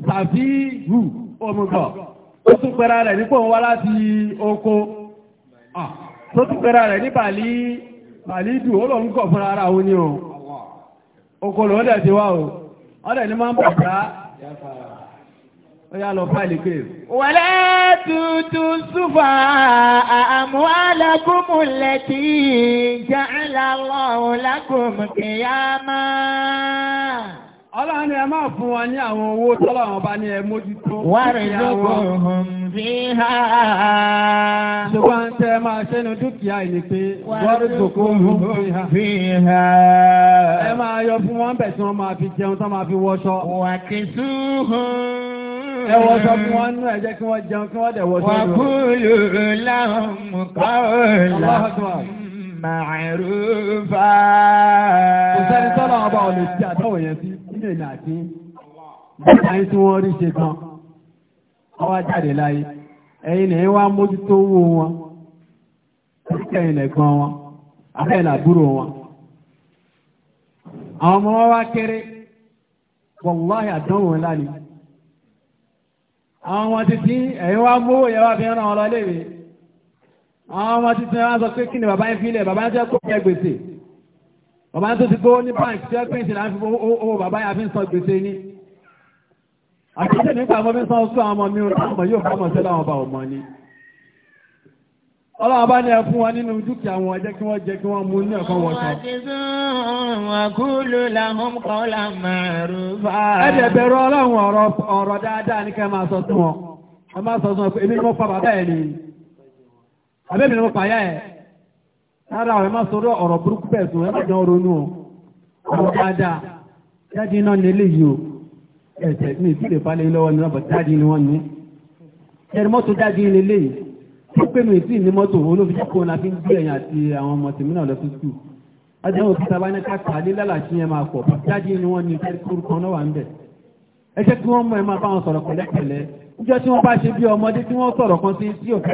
tàbí hù omugọ̀ ó tún pẹ̀lá rẹ̀ nípò wá láti oko tún pẹ̀lá màlídù ó kọ̀ fún ara ni o okòlò ọdẹ ti wá o ọdẹ ni máa ń bàbá ó yá lọ fáìlì pé. wàlẹ́ tuntun súfà àmú lẹ́tí ńlá Ọlọ́run ni ẹ máa fún wọn ní àwọn owó tọ́lọ̀ wọn bá ní ẹ mójútó. Wárẹ̀ lókòhùn fi hà. Ṣùgbọ́n tẹ máa ṣẹ́nu dúkìá ìní pé wárẹ̀ lókòhùn fi hà. Ẹ máa yọ fún wọn bẹ̀ tí wọ́n máa fi jẹun tán máa fi wọṣọ. Wà kì í ẹ wọṣọ fún wọn nú ẹ kí wọ́n jẹun kí wọ́n dẹ̀ wọṣọ lọ. wàkúlù láhùn kọ́ọ̀lá màrúfà. kò sẹ́ni tọ́lá ọba ò lè ti yẹn sí dènà àti bẹ́ẹ̀ ayé tí wọ́n rí ṣe gan wọ́n jáde láyé ẹ̀yin lẹ́yìn wá mójútó owó wọn ẹ̀yin lẹ́gbọ́n wọn abẹ́ẹ̀ làbúrò wọn àwọn ọmọ wọn wá kéré wọláhì àdánwò ńlá ni àwọn ọmọ títí ẹ̀yin wá mówó yẹn wá fi ràn wọn lọ léwe àwọn ọmọ títí wọn sọ pé kí ni bàbá yẹn fi lẹ̀ bàbá yẹn fẹ́ kó fẹ́ gbèsè bàbá tó ti gbówó ní báńkì tí ó pín ìṣẹ̀lẹ̀ àfi owó bàbá yà fi ń san gbèsè ní àti ìṣẹ̀lẹ̀ nípa ọmọ fi ń san sún àwọn ọmọ mi ò tán ọmọ yóò fọ́ ọmọ sílẹ̀ àwọn ọba ọmọ ni ọlọ́wọ́ bá ní ẹ fún wa nínú dúkìá wọn jẹ́ kí wọ́n jẹ́ kí wọ́n mú ní ẹ̀kọ́ wọ̀ṣọ́. ẹ̀jẹ̀ bẹ̀rù ọlọ́run ọ̀rọ̀ dáadáa ní kẹ́ máa sọ sí wọn ẹ máa sọ sí wọn pé èmi ni mo pa bàbá ẹ̀ ni àbẹ́mi ni mo pa ayá ẹ̀ rárá àwọn ẹ má sọ̀rọ̀ ọ̀rọ̀ burúkú bẹ́ẹ̀ sùn ẹ má ronú o àwọn dáadáa jáde náà ní eléyìí o ẹsẹ̀ ní ìdílé balẹ̀ lọ́wọ́ ní ọ̀bọ̀ jáde ni wọ́n ní ẹni mọ́tò jáde ní eléyìí tó pé mi sí ní mọ́tò olófin kó la fi ń gbé ẹ̀yìn àti àwọn ọmọ tèmi náà lọ sí skul ọjọ́ òkè sábà ní ká kàlí lálàsí yẹn máa pọ̀ jáde ni wọ́n ní kúrúkan náà wà ń bẹ̀ ẹ jẹ́ kí wọ́n mọ ẹ máa bá wọn sọ̀rọ̀ pẹ̀lẹ́pẹ̀lẹ́ níjọ́ tí wọ́n bá ṣe bí ọmọdé tí wọ́n sọ̀rọ̀ kan sí sí òkè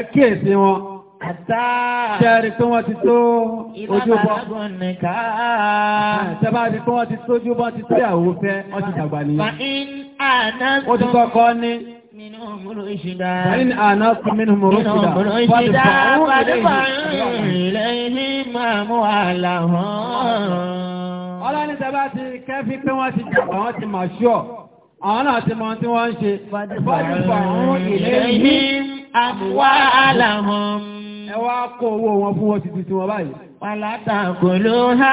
ẹ kíyèsí wọn. Ṣẹ́ẹ̀rí pé wọ́n ti tó ojúbọ. Ṣẹ́bá ti pé wọ́n ti tó ojúbọ ti tó ìyàwó fẹ́, wọ́n ti dàgbà nìyẹn. Ó ti kọ́kọ́ ní. Nínú òmùrò ìṣìdá. Wọ́n ní àná fún mínú òmùrò ìṣìdá. Fàdúfà ń ilé ní máa mú àlàhán. Ọlọ́ni tẹ́bá ti kẹ́fí pé wọ́n ti dàgbà, wọ́n ti màṣúọ̀. Àwọn náà ti mọ tí wọ́n ń ṣe. Fàdúfà ń ilé ní àmúwàlàhùn. ẹ wá kó owó wọn fún wọn títí tí wọn báyìí. wàlá tàkùlù ha.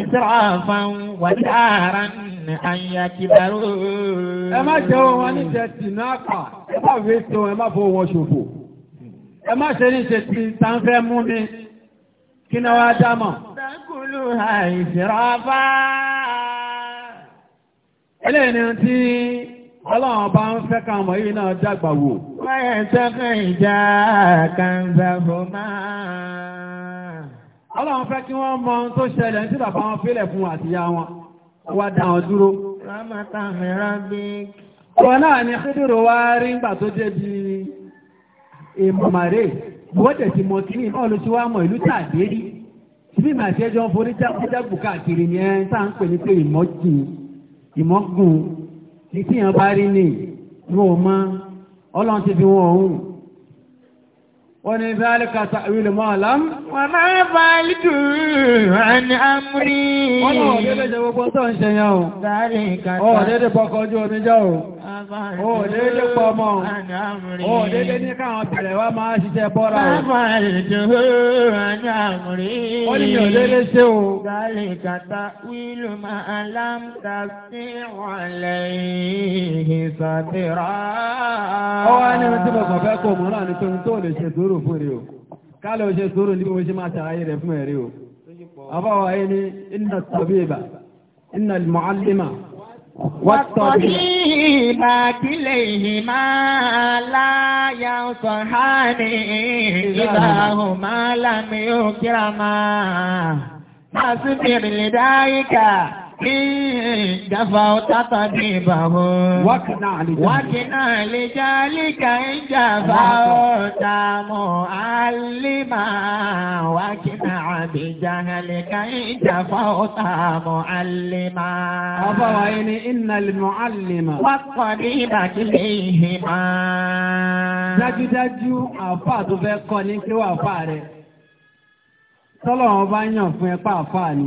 ìsọ̀fàn wàjára àyàkìbàrò. ẹ má jẹ́ wọn wọn ní jẹ tìǹkà ẹ má fi so ẹ má fọwọ́ wọn ṣòfò ẹ má ṣe ní ṣe ti tàǹfẹ́ mú mi kí ni wàá dá mọ̀. tàkùlù ha ìsọ̀fàn. eléyìí ti. Ọlọ́run bá ń fẹ́ káàmọ̀ yìí náà dàgbà wò. Wọ́n ṣẹ́kùn ìjà kàńzà fún máa. Ọlọ́run fẹ́ kí wọ́n mọ ohun tó ṣẹlẹ̀ ní tí bàbá wọn fílẹ̀ fún àtìyá wọn. Wọ́n dá wọn dúró. Rámátà mìíràn bí. Wọ́n náà ni Kídìrò wá rí ńgbà tó dé bí ìmọ̀màrè. Wọ́n tẹ̀ mọ̀ kíní náà ló ti wá mọ̀ ìlú tàdé rí. Ibi màá ṣe jọ ń forí jábùjábù káàkiri ni ẹ ń tà ń pè ní pé ìmọ̀ gùn ìtìyàn bá rí ní wọn ò mọ́ ọlọ́run ti fi wọn òun wọ́n ni záàlìkà tàwílì mọ́ àlám. wọ́n máa bá lùdù àní àmúrí. wọ́n náà ọ̀dẹ́dẹ́ jẹ́ gbogbo tó ń ṣe yẹn o. záàlìkà tàwílì. ojú omi jẹ́ o. Ó dédé pọ̀ mọ́. Ó dédé ní káwọn bẹ̀rẹ̀ wá máa ṣiṣẹ́ bọ́ra o. Bàbá ètò àná àmúrí. Ó ní mi ò dédé ṣe o. Gàlè kàtà wílù máa láǹkà sí wàlẹ̀ ìsàbírà. Ó wá ní ohun tí mo kàn fẹ́ kó mọ́ náà ní tó ń tó lè ṣe sùúrù fún rí o. Ká lè ṣe sùúrù níbi mo ṣe máa ṣàlàyé rẹ̀ fún ẹ̀rí o. Àbáwọ̀ ayé ni, inna tabiba, inna al-mu'allima. وَالطَّبِيبَا كِلَيْهِمَا لَا يَنْصَحَانِ إِذَا هُمَا لَمْ يُكْرَمَا فَاصْبِرْ لِذَلِكَ Ìjàfà ọ̀tátà ní ìbàmú. Wákìnà lè já líka ìjàfà ọ̀tá mọ̀ àlìmà. Wákìnà àbíjà líka ìjàfà ọ̀tá mọ̀ àlìmà. Ọba wa yìí ni iná lèmọ̀ àlìmà. Wákọ̀ ní ìbàkí lè hì máa. Dájúdájú àfáà tó fẹ́ kọ́ ní kí wà fáà rẹ̀. Tọ́lọ̀ wọn bá yàn fún ẹ̀pá àfáà ni.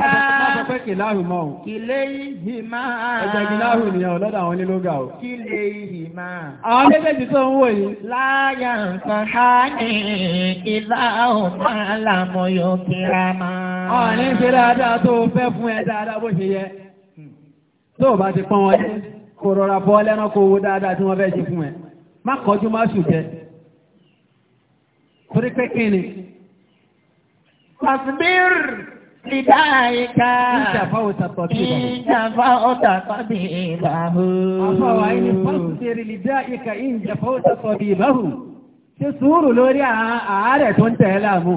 Pàpẹ́ kìláhù mọ́ o. Kìlé ìhì máa. nìyàn lọ́dọ̀ àwọn onílógà o. Kìlé ìhì máa. Àwọn méjèèjì tó ń wò yìí. Láyà nǹkan ká ní ìlà òun àlàmọ̀ yóò kíra máa. Ọ̀ní ṣe dáadáa tó fẹ́ fún ẹ dáadáa bó ṣe yẹ. Tó o bá ti pọ́n wọn kò rọra bọ́ lẹ́nu kó owó dáadáa tí wọ́n fẹ́ ṣe fún ẹ. Má kọjú má sùn jẹ. Torí pé kí ni? Pàṣíbírì. Bidáyíká. Ìjàfá òtàtọ̀ bí ìbàhù. Ìjàfá òtàtọ̀ bí ìbàhù. Àfọwà ìní fásitì bidáyíká ìjàfá òtàtọ̀ bí ìbàhù. Ṣé sùúrù lórí àárẹ̀ tó ń tẹ̀ láàmú?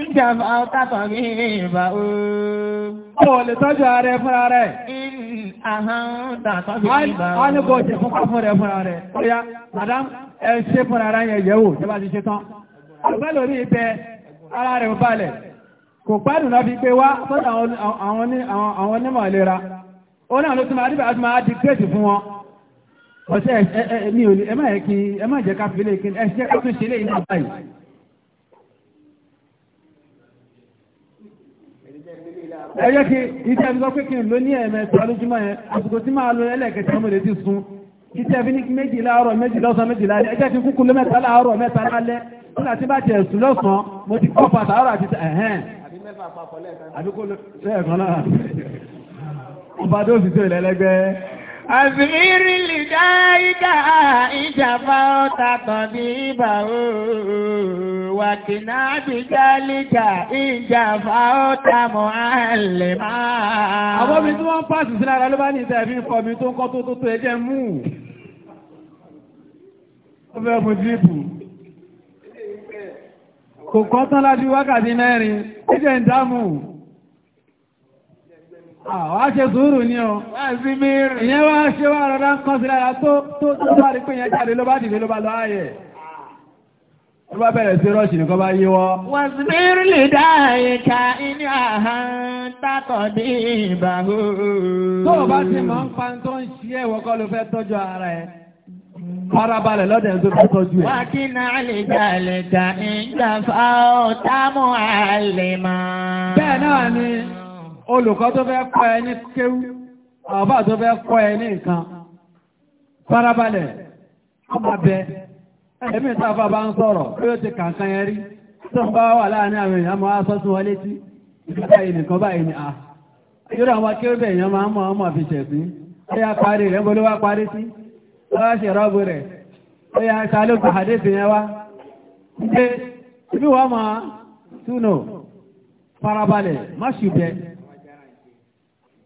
Ìjàmbá ọ̀tàtàn mi ìbà ooo. Ọmọ lè tọ́jú ààrẹ fúnra rẹ̀. Àhán tàtàn mi ìbà ooo. Wọ́n ní kò ṣe fúnpá fún rẹ̀ fúnra rẹ̀. Ó yá, madam, ẹ ṣe fúnra ara yẹn yẹ̀wò tí bá ti ṣe tán. Ọ̀gbẹ́ lórí ibẹ̀ ara rẹ̀ ń balẹ̀. Kò gbádùn náà fi pé wá fọ́nà àwọn onímọ̀ ìlera. Ó náà ló tún máa dìbò àti máa di kírètì fún wọn. Ọ̀sẹ̀ ẹ̀ mi ò ní ẹ má jẹ́ ká fi lé ṣe ká tún ṣe ẹjọ́ kí ìtẹ́ ẹ̀mí lọ́pẹ́ n ló ní ẹ̀mẹ́ta lójúmọ́ ẹ̀ àsìkò tí máa lọ sun ìtẹ́ ní méjì láàárọ̀ méjì lọ́sàn méjì kúkú ló mẹ́ta láàárọ̀ mẹ́ta lálẹ́ bá lọ́sàn mo ti kọ́ àti Àbírí lè dá ìdá ìjàmbá ọ̀tà kan ní ìbà ooo. Wàkìnà àbíjá lìjà ìjàmbá ọ̀tà mọ̀ àlẹ̀ máa. Àwọn obìnrin tí wọ́n ń pàṣẹ sí lára ló bá ní ìta ìfín fọmi tó ń kọ́ tó tó tó ẹjẹ́ mú. Ó fẹ́ mu díìpù. Kò kọ́ tán láti wákàtí mẹ́rin, ó jẹ́ ìdámù. Ah, Àwa ṣe sùúrù ni ọ. Ìyẹn wá ṣe wá rọra ń kọ́ sí lára tó tó tó bá rí pé ìyẹn jáde ló bá dìde ló bá lọ ààyè. Ló bá bẹ̀rẹ̀ sí rọ́ọ̀ṣì nìkan bá yé wọ́. Wàsíbírì lè dá ìka inú àhán tákọ̀ ní ìbàhó. Tó o bá ti máa ń pa tó ń ṣe ẹ̀wọ̀ kọ́ ló fẹ́ tọ́jú ara ẹ̀. Farabalẹ̀ lọ́dẹ̀ tó fẹ́ tọ́jú ẹ̀. Wákínà lè jalè ta ìgbà fáwọn támù àlè máa. Bẹ́ẹ̀ náà ni. olùkọ́ tó fẹ́ kọ́ ẹ ní kéwú àbá tó fẹ́ kọ́ ẹ ní nǹkan farabalẹ̀ ọmọ bẹ ẹ̀mí ìtafà bá ń sọ̀rọ̀ pé ó ti kàǹkan yẹn rí tó ń bá wà láàrin àwọn èèyàn máa sọ sí wọn létí nìkan báyìí ni a àwọn bẹ̀ èèyàn máa ń mọ ọmọ fi ó parí rẹ̀ bó ló wá parí sí ó rẹ̀ ó ibi máa túnú farabalẹ̀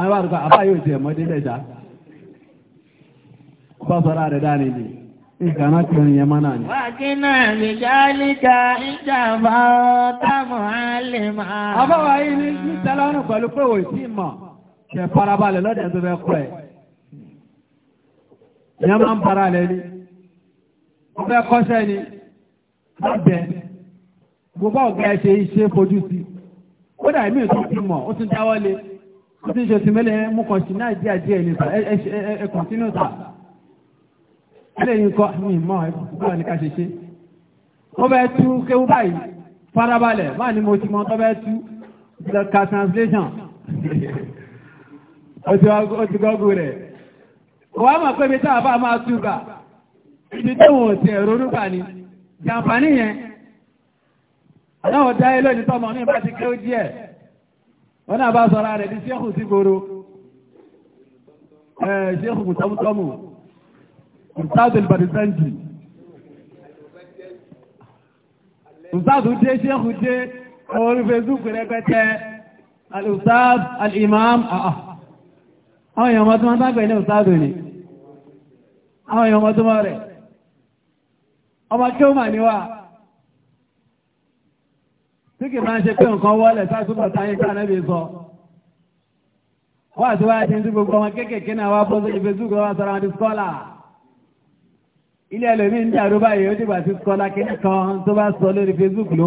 àwọn àrùkọ àbá yóò ti ẹ̀mọ́ délẹ̀ dá bá sọ́rọ̀ rẹ̀ dá níbi ìkànnà tí orin yẹn mọ́ náà ni. wákínà lè jálíjà ìjàmbá táàmù alẹ́ máa. yìí ní ní pẹ̀lú pé òì mọ̀ ṣe farabalẹ̀ fẹ́ kọ́ ẹ̀. ó ti ń ṣe ti mẹ́lẹ̀ mú kàn sí náà díà díẹ̀ ní ẹ kọ̀tínú ta ẹlẹ́yìn kọ́ mi mọ́ ẹ̀kọ́ ní ká ṣe ṣe ó bẹ́ẹ̀ tú kéwú báyìí farabalẹ̀ máa ní mo ti mọ́ tó bẹ́ẹ̀ tú ka translation ó ti gọ́gù rẹ̀ wà á mọ̀ pé bí táà bá máa tú gbà ibi tó wọ̀n ti ẹ̀rọ orúkà ni jàǹfààní yẹn náà dá ilé onítọ́mọ ní ìbá ti kéwú díẹ̀ wọ́n náà bá sọ́ra rẹ̀ ní ṣéhù sí gbòòrò ṣéhù mùtọ́mùtọ́mù mùtádùn bàdìsẹ́ǹjì mùtádùn dé ṣéhù dé orí facebook rẹpẹtẹ alùsáàd alìmáàm àà ah, ah. àwọn èèyàn ọmọdé máa dágbẹ̀ ní òsáàdù ni àwọn èèyàn ọmọdé máa rẹ̀ ọmọ kí ó mà níwàá tí kì máa ń ṣe pé nǹkan wọlé sásùpọ̀ táyé kánẹ́bì sọ wọ́n àti wáyé ti ń tí gbogbo ọmọ kéékèèké náà wá bọ́ sójú facebook lọ́wọ́ sọ̀rọ̀ àti skọ́là ilé ẹlòmíì ń dàrú báyìí ó dìgbà sí skọ́là kíní kan tó bá sọ lórí facebook ló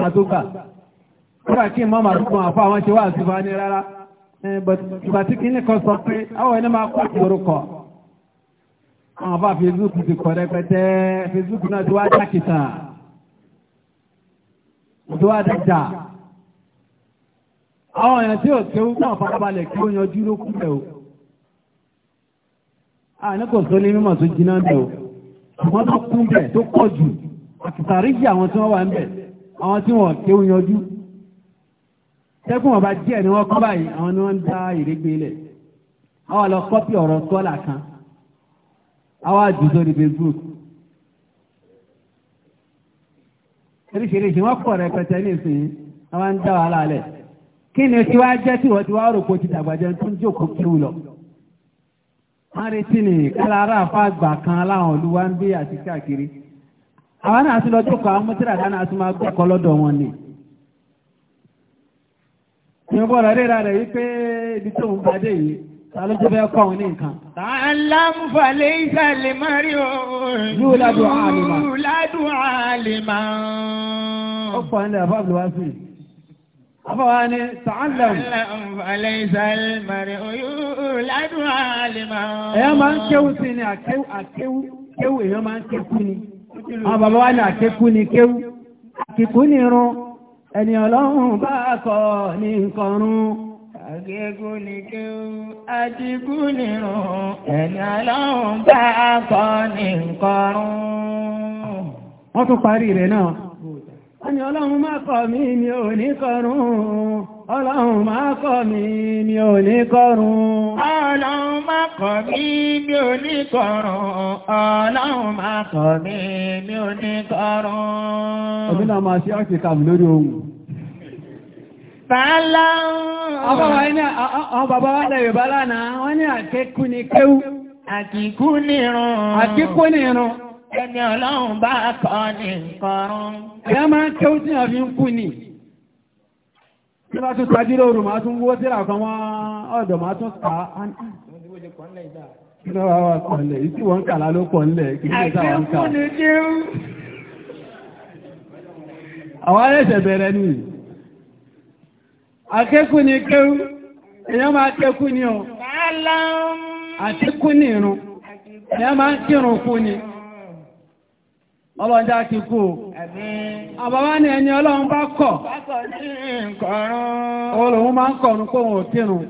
máa tó gbà kúrò kí n mọ́ màá tún àfọ àwọn ṣe wá àtúfà ní rárá ìgbà tí kíní kan sọ pé àwọn ẹni máa kọ́ ìṣòro kọ̀ àwọn àfà facebook ti kọ̀ rẹpẹtẹ facebook náà ti wá jákìtàn òtò wa dáadáa àwọn èèyàn tí ò kéwú náà farabalẹ̀ kí ó yanjú ló kú rẹ̀ o àní kò sọ ní mímọ̀ tó jiná bẹ̀ o àwọn tó kún bẹ̀ tó pọ̀ jù àtìsàrí jì àwọn tí wọ́n wà ń bẹ̀ àwọn tí wọ́n kéwú yanjú tẹ́kùn ọba díẹ̀ ni wọ́n kọ́ báyìí àwọn ni wọ́n ń dá ìrégbé lẹ̀ àwọn lọ kọ́pì ọ̀rọ̀ sọ́là kan àwọn àjùzọ́ ní Facebook oríṣiríṣi wọ́n pọ̀ rẹpẹtẹ ní ìsìn àwọn ń dá wàhálà lẹ̀ kí ni tí wàá jẹ́ tí wọ́n ti wá rò kó ti dàgbà jẹun tó ń jókòó kí wù lọ. wọ́n retí ni kára ara àfa àgbà kan láwọn olúwa ń bí àti káàkiri àwọn náà ti lọ jókòó àwọn mọ́tìrà dáná ti máa gbẹ́kọ̀ lọ́dọ̀ wọn ni. ìyẹn bọ̀rọ̀ rírà rẹ̀ wípé ibi tó ń bá dé yìí Ta ló jẹ́ bẹ́ẹ̀ kọ́ òun ní nǹkan? Tààlám fàlẹ́ ìsàlẹ̀ márì òun. Yóò ládùn àlìmà. Yóò ládùn àlìmà. Ó pọ̀ nílẹ̀ àbá àbúlé wá sí i. Àbáwá ni tààlám. Tààlám fàlẹ́ ìsàlẹ̀ àkékú ni kéwú. Àkìkú ni irun. Ẹni ọlọ́run bá kọ ní nǹkan rún. Agégún ni kí ó adigún nìrùn, ẹ̀yìn aláhùn bá akọ́ ní nkọrún. Wọ́n tún parí rẹ̀ náà. Wọ́n ní ọlọ́run máa kọ́ mi mi ò ní kọrún. Ọlọ́run máa kọ́ mi ni ò ní kọrún. Ọlọ́run máa kọ́ mi mi ò ní kọrún. Ọlọ́run máa kọ́ mi mi ò ní kọrún. Òmìnà máa ṣe ọ́ṣìkàmù Bàálá Àwọn bàbá wá lẹ̀ Yorùbá lánàá, wọ́n ní àkékú ni kéwú. Àkíkú ni irun. Àkíkú ni irun. Ẹni ọlọ́run bá kọ́ ní nǹkan. Ìyá máa ń kéwú tí àfi ń kú ni. Tí bá tún tajú lóru, máa tún wó síra kan wọ́n ọ̀dọ̀ máa tún kà á. Kí ló wá wà kọ̀ ńlẹ̀? Ìtí wọ́n ń ló pọ̀ ńlẹ̀. ni kéwú. Àwọn arẹ́sẹ̀ bẹ̀rẹ̀ nìyí. Akẹ́kù ni kéwú, èyàn máa kẹ́kù ni ọ̀. Àtíkù ni ni. Ọlọ́jà ti kú o. ni ẹni ọlọ́run bá kọ̀. Olùhun máa ń kọ̀run pé òun ò kírun.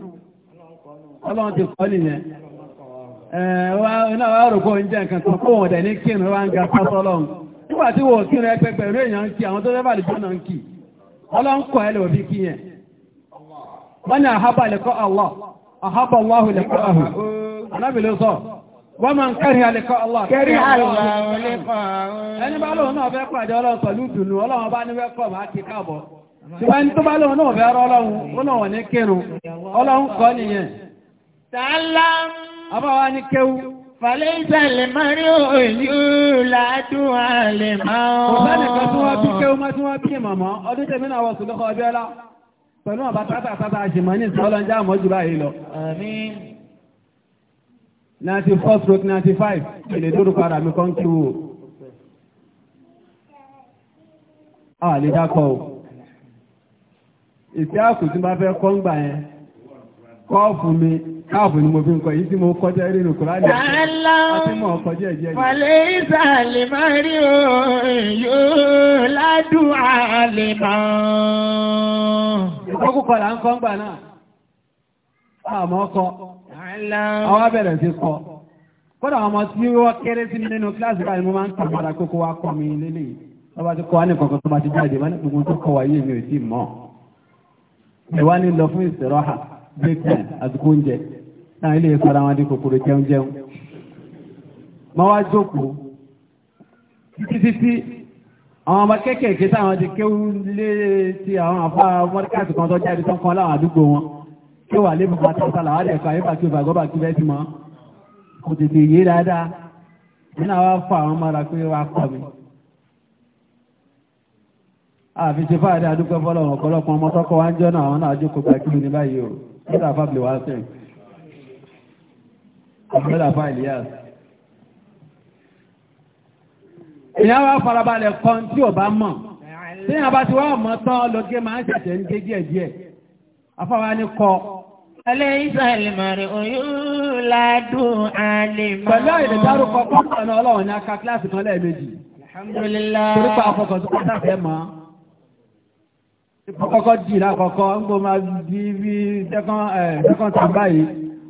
Ọlọ́run ti kọ́ nìyẹn. Ẹ̀wọ́n náà wá rò oúnjẹ nǹkan kan kó òun dẹ̀ ní wá ń ga nígbà tí wọ́n èèyàn ń kí àwọn tó lè jọ́nà ń mọ́nà àhábà lẹ́kọ́ Allah àhábà Allah lẹ́kọ́ ahù anábìlẹ̀ sọ wọ́n máa ń kẹ́rì alẹ́kọ́ Allah kẹ́rì Allah ẹni bá lóun náà fẹ́ pàdé ọlọ́run pẹ̀lú dùnú ọlọ́run bá ní wẹ́kọ̀ máa ti káàbọ̀ ṣùgbọ́n ní tó bá lóun náà fẹ́ rọ́ ọlọ́run ó náà wọ̀ ní kírun ọlọ́run kọ́ nìyẹn àbáwá ní kéwú Fàlẹ́ ìsàlẹ̀ máa rí òyú ládùn àlè máa. Ọ̀sán nìkan tí wọ́n bí kéwú máa tí wọ́n bí màmá ọdún tẹ̀mínà wọ́n sùn lọ́kọ̀ ọbẹ̀ ọlá pẹ̀lú ọba tátàtátà àṣìmọ́ ní ìsọ́lọ́njá àmọ́jú báyìí lọ. Àmín. 94 stroke 95 ilé dúró padà mi kan kí wo. a lè dákọ̀ o. ìpí àkùtì bá fẹ́ kọ́ ń gbà yẹn kọ́ fún mi káàbù ni mo fi ń kọ yìí tí mo kọjá eré nù kúrá ní àtìmọ̀ kọjá ẹ̀jẹ̀ yìí. wàlẹ̀ ìsàlẹ̀ máa rí o yóò ládùn àlè mọ́. ìkókù kọlà ń fọ́ngbà náà àmọ́ kọ àwọn abẹ́rẹ́ sí kọ kódà àwọn ọmọ tí wọ́n kéré sí nínú kíláàsì báyìí mo máa ń kàn kókó wa kọ́ mi lélẹ̀ lọ́ba tó kọ́ wa kankan tó bá ti jáde wọ́n ní tó kọ́ wa mi ò tí ì mọ̀ ẹ̀ wá lọ fún ìsẹ̀rọ̀ ha break time àti náà ilé ìsọ́ra wọn di kòkòrò jẹun jẹun ma wá jókòó títí títí àwọn ọmọ kéékèèké táwọn ti kéwú lé ti àwọn àfá mọ́ríkàtì kan tó jáde tán kan láwọn àdúgbò wọn kí wà lébùn kan tán sálà wálẹ̀ ẹ̀kọ́ ayébà tí ó bàgọ́ bà kí bẹ́ẹ̀ ti mọ́ kò tètè yé dáadáa nínú àwọn afọ àwọn ọmọ rà pé wàá kọ́ mi àfi ṣe fáadé àdúgbò fọlọ́run ọ̀pọ̀lọpọ̀ ọmọ tọkọ wá ń jọ́nà àwọn náà jókòó gbà kí ni báyìí o nígbà fábìlì wá sẹ́yìn ọ̀gbẹ́lá fún Elias. èèyàn wá farabalẹ̀ kan tí ò bá mọ̀ téèyàn bá ti wá ọmọ tán lọ́gẹ́ máa ń ṣẹ̀ṣẹ̀ ń gé díẹ̀ díẹ̀ afáwa ni kọ. ẹlẹ́yìísà ìlmọ̀rì oyún ládùn àlèmọ́. pẹ̀lú àìlè dárúkọ pọ́pọ̀ náà ọlọ́run ní aka kíláàsì kan lẹ́ẹ̀mejì. alhamdulillah. torí pa àfọkàn tó kọ́tà fẹ́ mọ́. kọ́kọ́ jìnnà kọ́kọ́ ń gbọ́ máa di bí sẹ́kọ̀n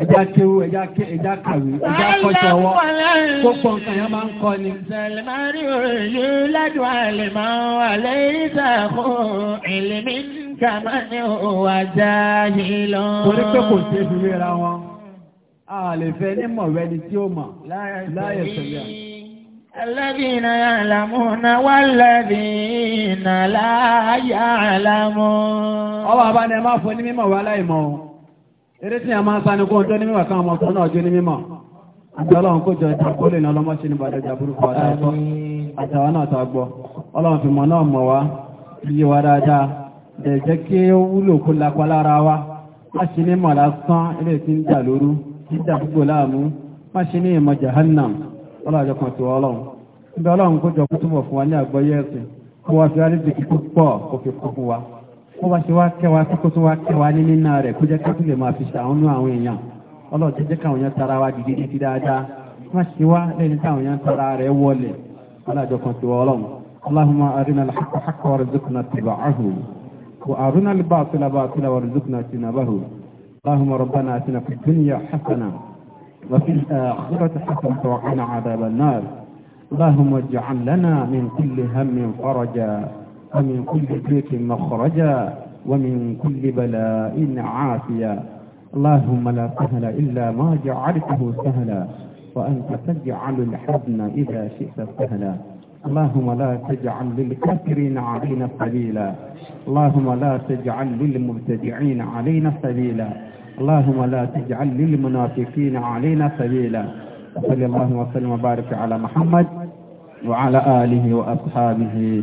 ẹja kéwú ẹja ké ẹja kàwé ẹja kọjọ ọwọ́ gbogbo nǹkan yẹn máa ń kọ́ ni. sàlmárì òye ládùn àlè máa wà lẹ́yìn sàkó ìlèmí kàmá ní òwà jáde lọ. torí pé kò sí ìdúró ra wọn a lè fẹ́ ní mọ̀wé ni tí ó mọ̀ láyé sẹ́yà. الذين يعلمون والذين لا يعلمون. ọba bá ní ẹ máa fọ ní mímọ̀ wá láì mọ̀ o. eré tí a ma ń sani kóhun tó ní mímọ̀ káwọn ọmọkùnrin náà jó ní mímọ̀ àti ọlọ́run kó jọ ìjà kó lè náà lọ́mọ́ṣe ní burúkú náà ọlọ́run fi mọ̀ náà wá Iye wa dáadáa lè kí ó wúlò kó lápá lára wa má ṣe ní mọ̀ lásán eré tí ń jà lóru tí ń jà gbogbo láàmú má ṣe ní ìmọ̀ jahannam kó bá ṣe wá kẹwàá kókó tó wá kẹwàá ní nínú rẹ̀ kó jẹ́ ká tó lè máa fi ṣàánú àwọn èèyàn ọlọ́ọ̀jẹ́ jẹ́ káwọn èèyàn tara wa dìde títí dáadáa má ṣe wá lẹ́ni táwọn èèyàn tara rẹ̀ wọlẹ̀ alájọ kan ti wọ ọlọ́run اللهم أرنا الحق حقا وارزقنا اتباعه وأرنا الباطل باطلا وارزقنا اجتنابه اللهم ربنا آتنا في الدنيا حسنة وفي الآخرة حسنة وقنا عذاب النار اللهم اجعل لنا من كل هم ومن كل ضيق مخرجا ومن كل بلاء عافيا اللهم لا سهل إلا ما جعلته سهلا وأنت تجعل الحزن إذا شئت سهلا اللهم لا تجعل للكافرين علينا سبيلا اللهم لا تجعل للمبتدعين علينا سبيلا اللهم لا تجعل للمنافقين علينا سبيلا صلى الله وسلم وبارك على محمد وعلى آله وأصحابه